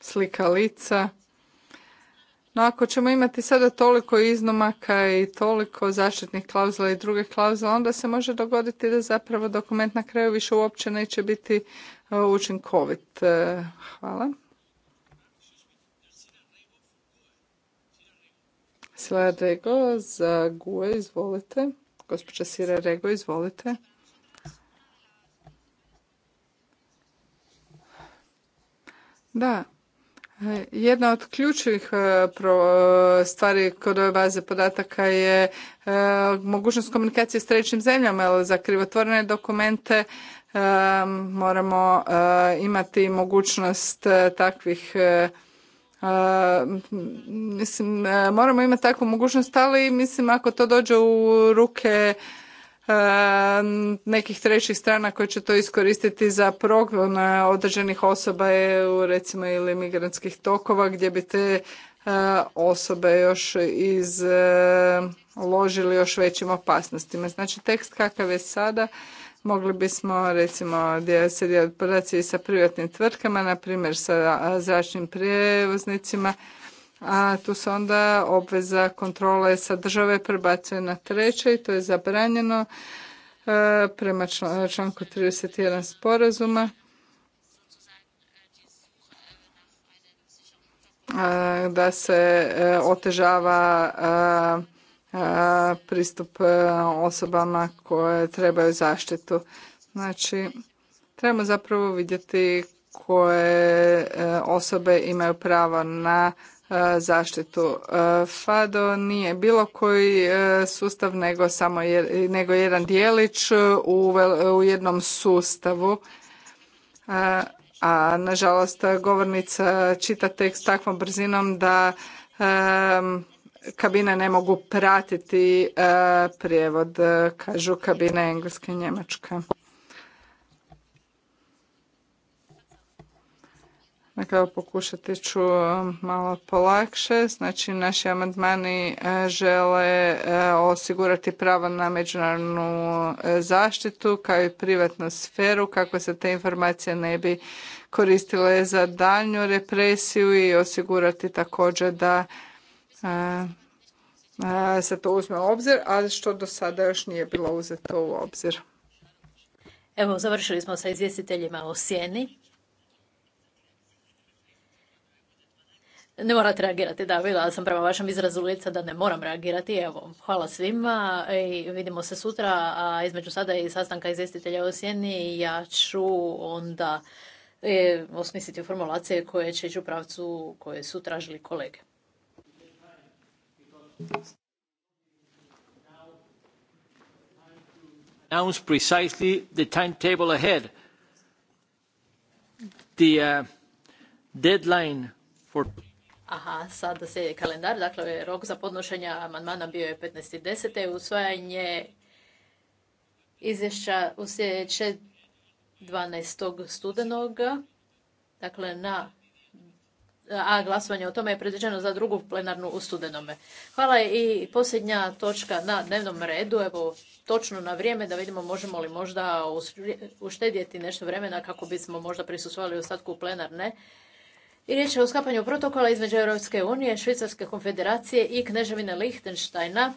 slika lica. No ako ćemo imati sada toliko iznomaka i toliko zaštitnih klauzula i druge klauzula, onda se može dogoditi da zapravo dokument na kraju više uopće neće biti e, učinkovit. E, hvala. Sila Rego za GUE, izvolite. Gospođa Sira Rego, izvolite. Da, e, jedna od ključnih e, e, stvari kod ove baze podataka je mogućnost komunikacije s trećim zemljama, za krivotvorene dokumente moramo imati mogućnost takvih mislim, e, moramo imati takvu mogućnost, ali mislim ako to dođe u ruke e, nekih trećih strana koje će to iskoristiti za progon određenih osoba EU, recimo ili migrantskih tokova gdje bi te e, osobe još izložili još većim opasnostima. Znači tekst kakav je sada Mogli bismo recimo se dijeliti podaci sa privatnim tvrtkama, na primjer sa zračnim prijevoznicima, a tu se onda obveza kontrole sa države prebacuje na treće i to je zabranjeno e, prema članku 31 sporazuma. E, da se e, otežava pristup e, osobama koje trebaju zaštitu. Znači, trebamo zapravo vidjeti koje e, osobe imaju pravo na e, zaštitu. FADO nije bilo koji sustav nego samo nego jedan dijelić u, u jednom sustavu. A, nažalost govornica čita tekst takvom brzinom da kabine ne mogu pratiti e, prijevod, e, kažu kabine engleske i njemačka. Dakle, pokušati ću e, malo polakše. Znači, naši amandmani žele osigurati pravo na međunarodnu zaštitu kao i privatnu sferu kako se te informacije ne bi koristile za daljnju represiju i osigurati također da se to uzme u obzir, a što do sada još nije bilo uzeto u obzir. Evo, završili smo sa izvjestiteljima o sjeni. Ne morate reagirati, da, bila sam prema vašem izrazu lica da ne moram reagirati. Evo, hvala svima i vidimo se sutra, a između sada i sastanka izvjestitelja o sjeni ja ću onda e, osmisliti formulacije koje će ići u pravcu koje su tražili kolege announce precisely the timetable ahead. The uh, deadline for... Aha, sada se kalendar, dakle rok za podnošenje amandmana bio je 15.10. Usvajanje izvješća u sljedeće 12. studenoga, dakle na a glasovanje o tome je predviđeno za drugu plenarnu u studenome. Hvala i posljednja točka na dnevnom redu, evo točno na vrijeme da vidimo možemo li možda uštedjeti nešto vremena kako bismo možda prisustvovali ostatku plenarne. I riječ je o skapanju protokola između Europske unije, Švicarske konfederacije i Kneževine Lihtenštajna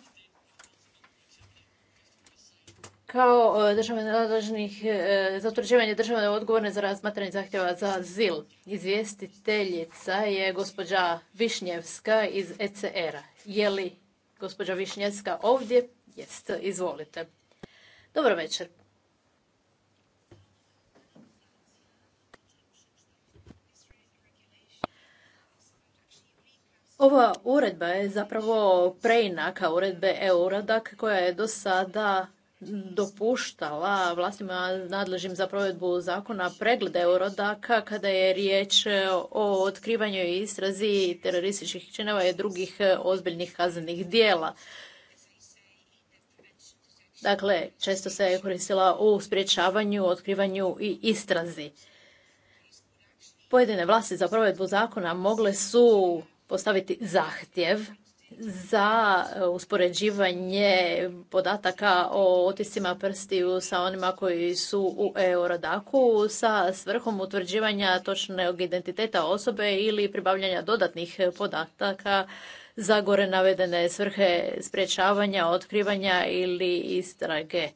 kao e, države nadležnih e, za utvrđivanje države odgovorne za razmatranje zahtjeva za azil. Izvjestiteljica je gospođa Višnjevska iz ECR-a. Je li gospođa Višnjevska ovdje? Jest, izvolite. Dobro večer. Ova uredba je zapravo preinaka uredbe EU-radak koja je do sada dopuštala vlastima nadležnim za provedbu zakona pregleda Eurodaka kada je riječ o otkrivanju i istrazi terorističkih činova i drugih ozbiljnih kaznenih dijela. Dakle, često se je koristila u sprječavanju, otkrivanju i istrazi. Pojedine vlasti za provedbu zakona mogle su postaviti zahtjev za e, uspoređivanje podataka o otiscima prstiju sa onima koji su u Eurodaku sa svrhom utvrđivanja točnog identiteta osobe ili pribavljanja dodatnih podataka za gore navedene svrhe sprječavanja, otkrivanja ili istrage.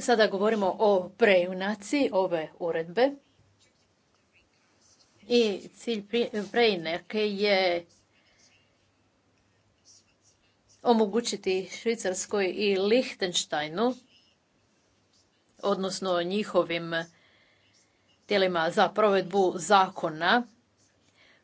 Sada govorimo o prejunaci ove uredbe. I cilj preinake je omogućiti Švicarskoj i Lichtensteinu, odnosno njihovim tijelima za provedbu zakona,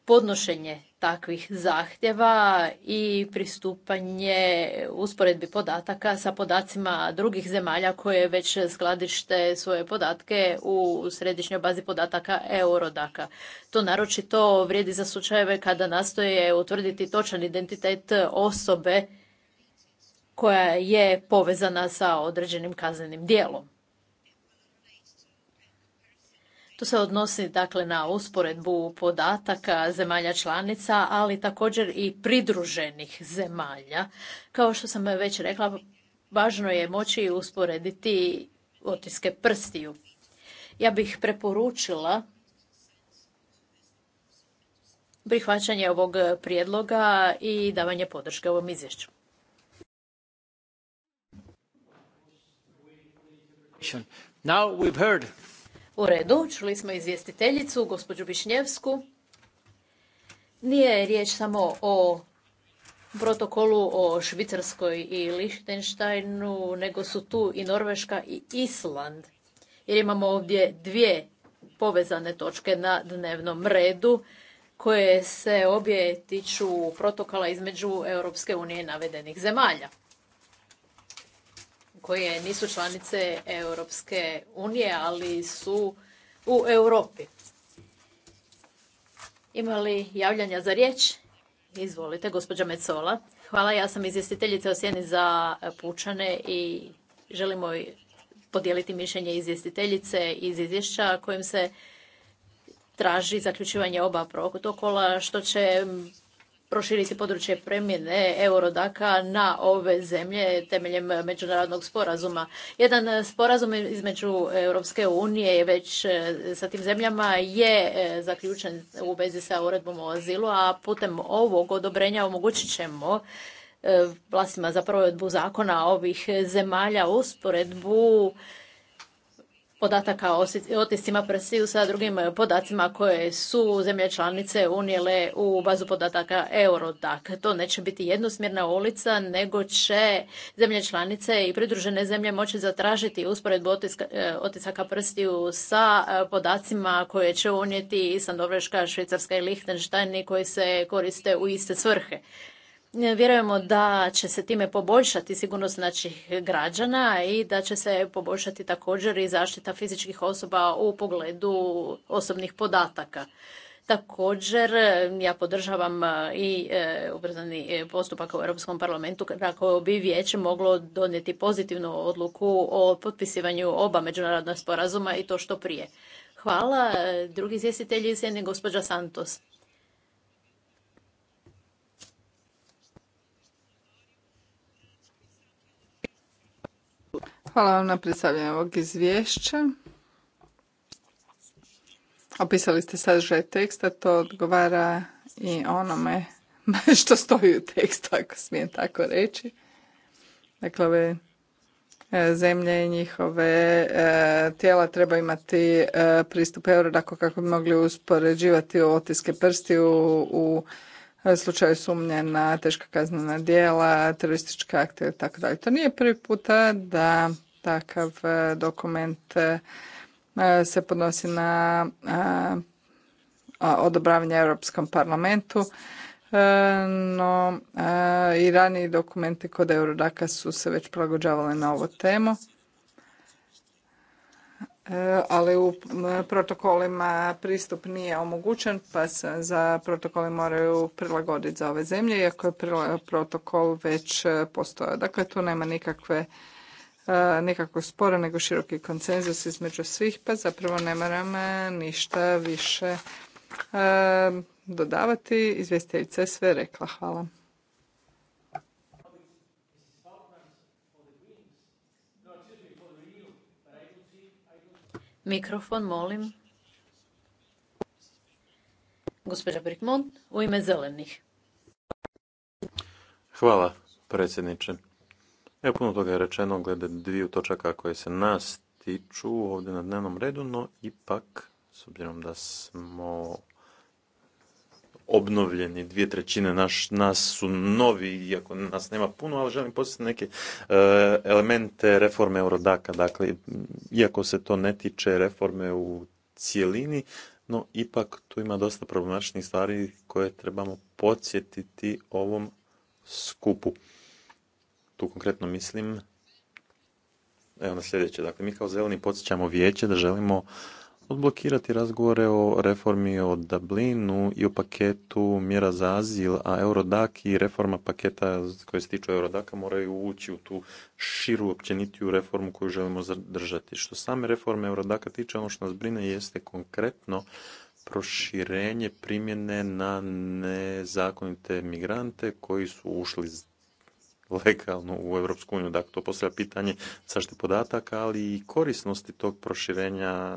podnošenje takvih zahtjeva i pristupanje usporedbi podataka sa podacima drugih zemalja koje već skladište svoje podatke u središnjoj bazi podataka Eurodaka. To naročito vrijedi za slučajeve kada nastoje utvrditi točan identitet osobe koja je povezana sa određenim kaznenim dijelom. To se odnosi dakle na usporedbu podataka zemalja članica, ali također i pridruženih zemalja. Kao što sam već rekla, važno je moći usporediti otiske prstiju. Ja bih preporučila prihvaćanje ovog prijedloga i davanje podrške ovom izvješću. U redu, čuli smo izvjestiteljicu, gospođu Višnjevsku. Nije riječ samo o protokolu o Švicarskoj i Lichtensteinu, nego su tu i Norveška i Island. Jer imamo ovdje dvije povezane točke na dnevnom redu koje se obje tiču protokola između Europske unije i navedenih zemalja koje nisu članice Europske unije, ali su u Europi. Ima li javljanja za riječ? Izvolite, gospođa Mecola. Hvala, ja sam izvjestiteljica o za pučane i želimo podijeliti mišljenje izvjestiteljice iz izvješća kojim se traži zaključivanje oba protokola, što će proširiti područje premjene Eurodaka na ove zemlje temeljem međunarodnog sporazuma. Jedan sporazum između Europske unije već e, sa tim zemljama je e, zaključen u vezi sa uredbom o azilu, a putem ovog odobrenja omogućit ćemo e, vlastima za provedbu zakona ovih zemalja usporedbu podataka o otiscima prstiju sa drugim e, podacima koje su zemlje članice unijele u bazu podataka Eurodac. To neće biti jednosmjerna ulica, nego će zemlje članice i pridružene zemlje moći zatražiti usporedbu e, otisaka prstiju sa e, podacima koje će unijeti i Sandovreška, Švicarska i Lichtenštajn koji se koriste u iste svrhe. Vjerujemo da će se time poboljšati sigurnost naših građana i da će se poboljšati također i zaštita fizičkih osoba u pogledu osobnih podataka. Također, ja podržavam e, i e, ubrzani e, postupak u Europskom parlamentu kako bi vijeće moglo donijeti pozitivnu odluku o potpisivanju oba međunarodna sporazuma i to što prije. Hvala. Drugi izvjestitelji je gospođa Santos. Hvala vam na predstavljanju ovog izvješća. Opisali ste sadržaj teksta, to odgovara i onome što stoji u tekstu, ako smijem tako reći. Dakle, ove e, zemlje i njihove e, tijela treba imati e, pristup tako dakle, kako bi mogli uspoređivati otiske prsti u, u slučaju sumnje na teška kaznena djela, terorističke akte i tako dalje. To nije prvi puta da takav e, dokument e, se podnosi na e, odobravanje Europskom parlamentu, no i raniji dokumenti kod Eurodaka su se već prilagođavali na ovu temu ali u protokolima pristup nije omogućen, pa se za protokole moraju prilagoditi za ove zemlje, iako je protokol već e, postojao. Dakle, tu nema nikakve e, nikakvog spora, nego široki konsenzus između svih, pa zapravo ne moram e, ništa više dodavati. Izvjestiteljica je sve rekla. Hvala. Mikrofon, molim. u ime zelenih. Hvala, predsjedniče. Evo puno toga je rečeno glede dviju točaka koje se nas tiču ovdje na dnevnom redu, no ipak, s obzirom da smo obnovljeni, dvije trećine naš, nas su novi, iako nas nema puno, ali želim posjetiti neke e, elemente reforme Eurodaka. Dakle, iako se to ne tiče reforme u cijelini, no ipak tu ima dosta problematičnih stvari koje trebamo podsjetiti ovom skupu. Tu konkretno mislim, evo na sljedeće, dakle mi kao zeleni podsjećamo vijeće da želimo odblokirati razgovore o reformi o Dublinu i o paketu mjera za azil, a Eurodac i reforma paketa koje se tiču Eurodaka moraju ući u tu širu općenitiju reformu koju želimo zadržati. Što same reforme Eurodaka tiče, ono što nas brine jeste konkretno proširenje primjene na nezakonite migrante koji su ušli legalno u Europsku uniju. Dakle, to postavlja pitanje zaštite podataka, ali i korisnosti tog proširenja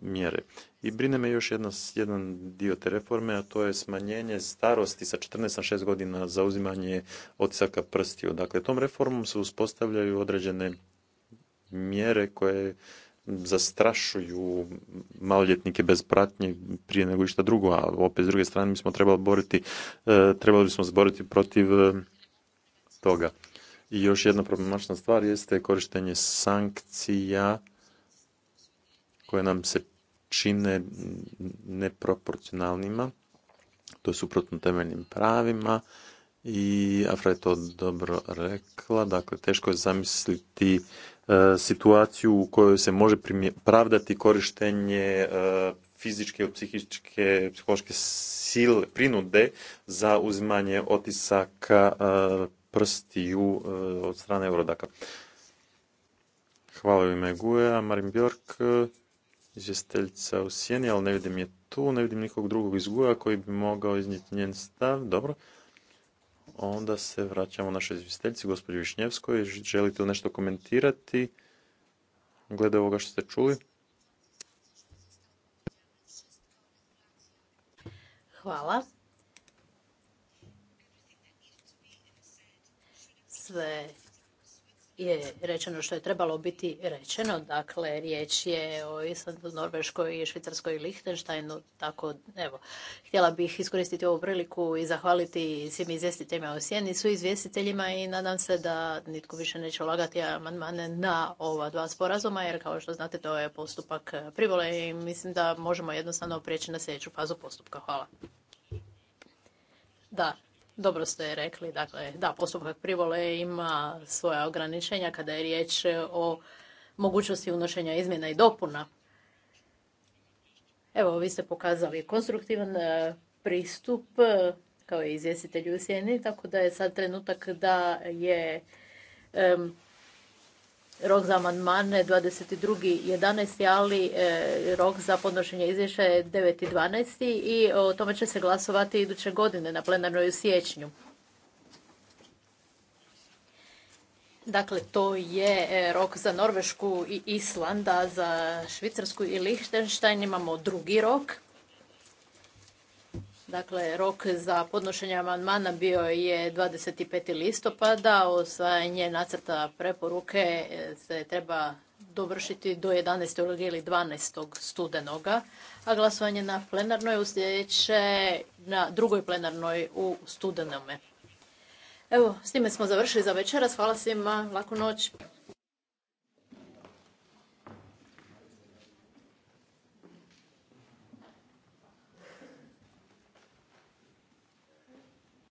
mjere. I brine me još jedna, jedan dio te reforme, a to je smanjenje starosti sa 14 na 6 godina za uzimanje otisaka prstiju. Dakle, tom reformom se uspostavljaju određene mjere koje zastrašuju maloljetnike bez pratnje prije nego išta drugo, a opet s druge strane mi smo trebali boriti, e, trebali bismo se protiv e, toga. I još jedna problematična stvar jeste korištenje sankcija koje nam se čine neproporcionalnima, to je suprotno temeljnim pravima i Afra je to dobro rekla, dakle teško je zamisliti e, situaciju u kojoj se može pravdati korištenje e, fizičke, psihičke, psihološke sile, prinude za uzimanje otisaka e, prstiju e, od strane Eurodaka. Hvala ime Guja, Marin Bjork izvjestiteljica u sjeni, ali ne vidim je tu, ne vidim nikog drugog izguja koji bi mogao iznijeti njen stav. Dobro. Onda se vraćamo našoj izvjestiteljici, gospođi Višnjevskoj. Želite li nešto komentirati glede ovoga što ste čuli? Hvala. Sve je rečeno što je trebalo biti rečeno. Dakle, riječ je o Islandu, Norveškoj, Švicarskoj i Lichtensteinu. Tako, evo, htjela bih iskoristiti ovu priliku i zahvaliti svim izvjestiteljima u Sjeni, su izvjestiteljima i nadam se da nitko više neće ulagati amandmane na ova dva sporazuma, jer kao što znate to je postupak privole i mislim da možemo jednostavno prijeći na sljedeću fazu postupka. Hvala. Da, dobro ste rekli, dakle, da, postupak privole ima svoja ograničenja kada je riječ o mogućnosti unošenja izmjena i dopuna. Evo, vi ste pokazali konstruktivan e, pristup e, kao i izvjestitelj u sjeni, tako da je sad trenutak da je rok za amandmane 22.11. ali e, rok za podnošenje izvješća je 9.12. i o tome će se glasovati iduće godine na plenarnoj u siječnju. Dakle, to je e, rok za Norvešku i Islanda, za Švicarsku i Lichtenstein imamo drugi rok. Dakle, rok za podnošenje amandmana bio je 25. listopada. Osvajanje nacrta preporuke e, se treba dovršiti do 11. ili 12. studenoga, a glasovanje na plenarnoj sljedeće na drugoj plenarnoj u studenome. Evo, s time smo završili za večeras. Hvala svima, laku noć.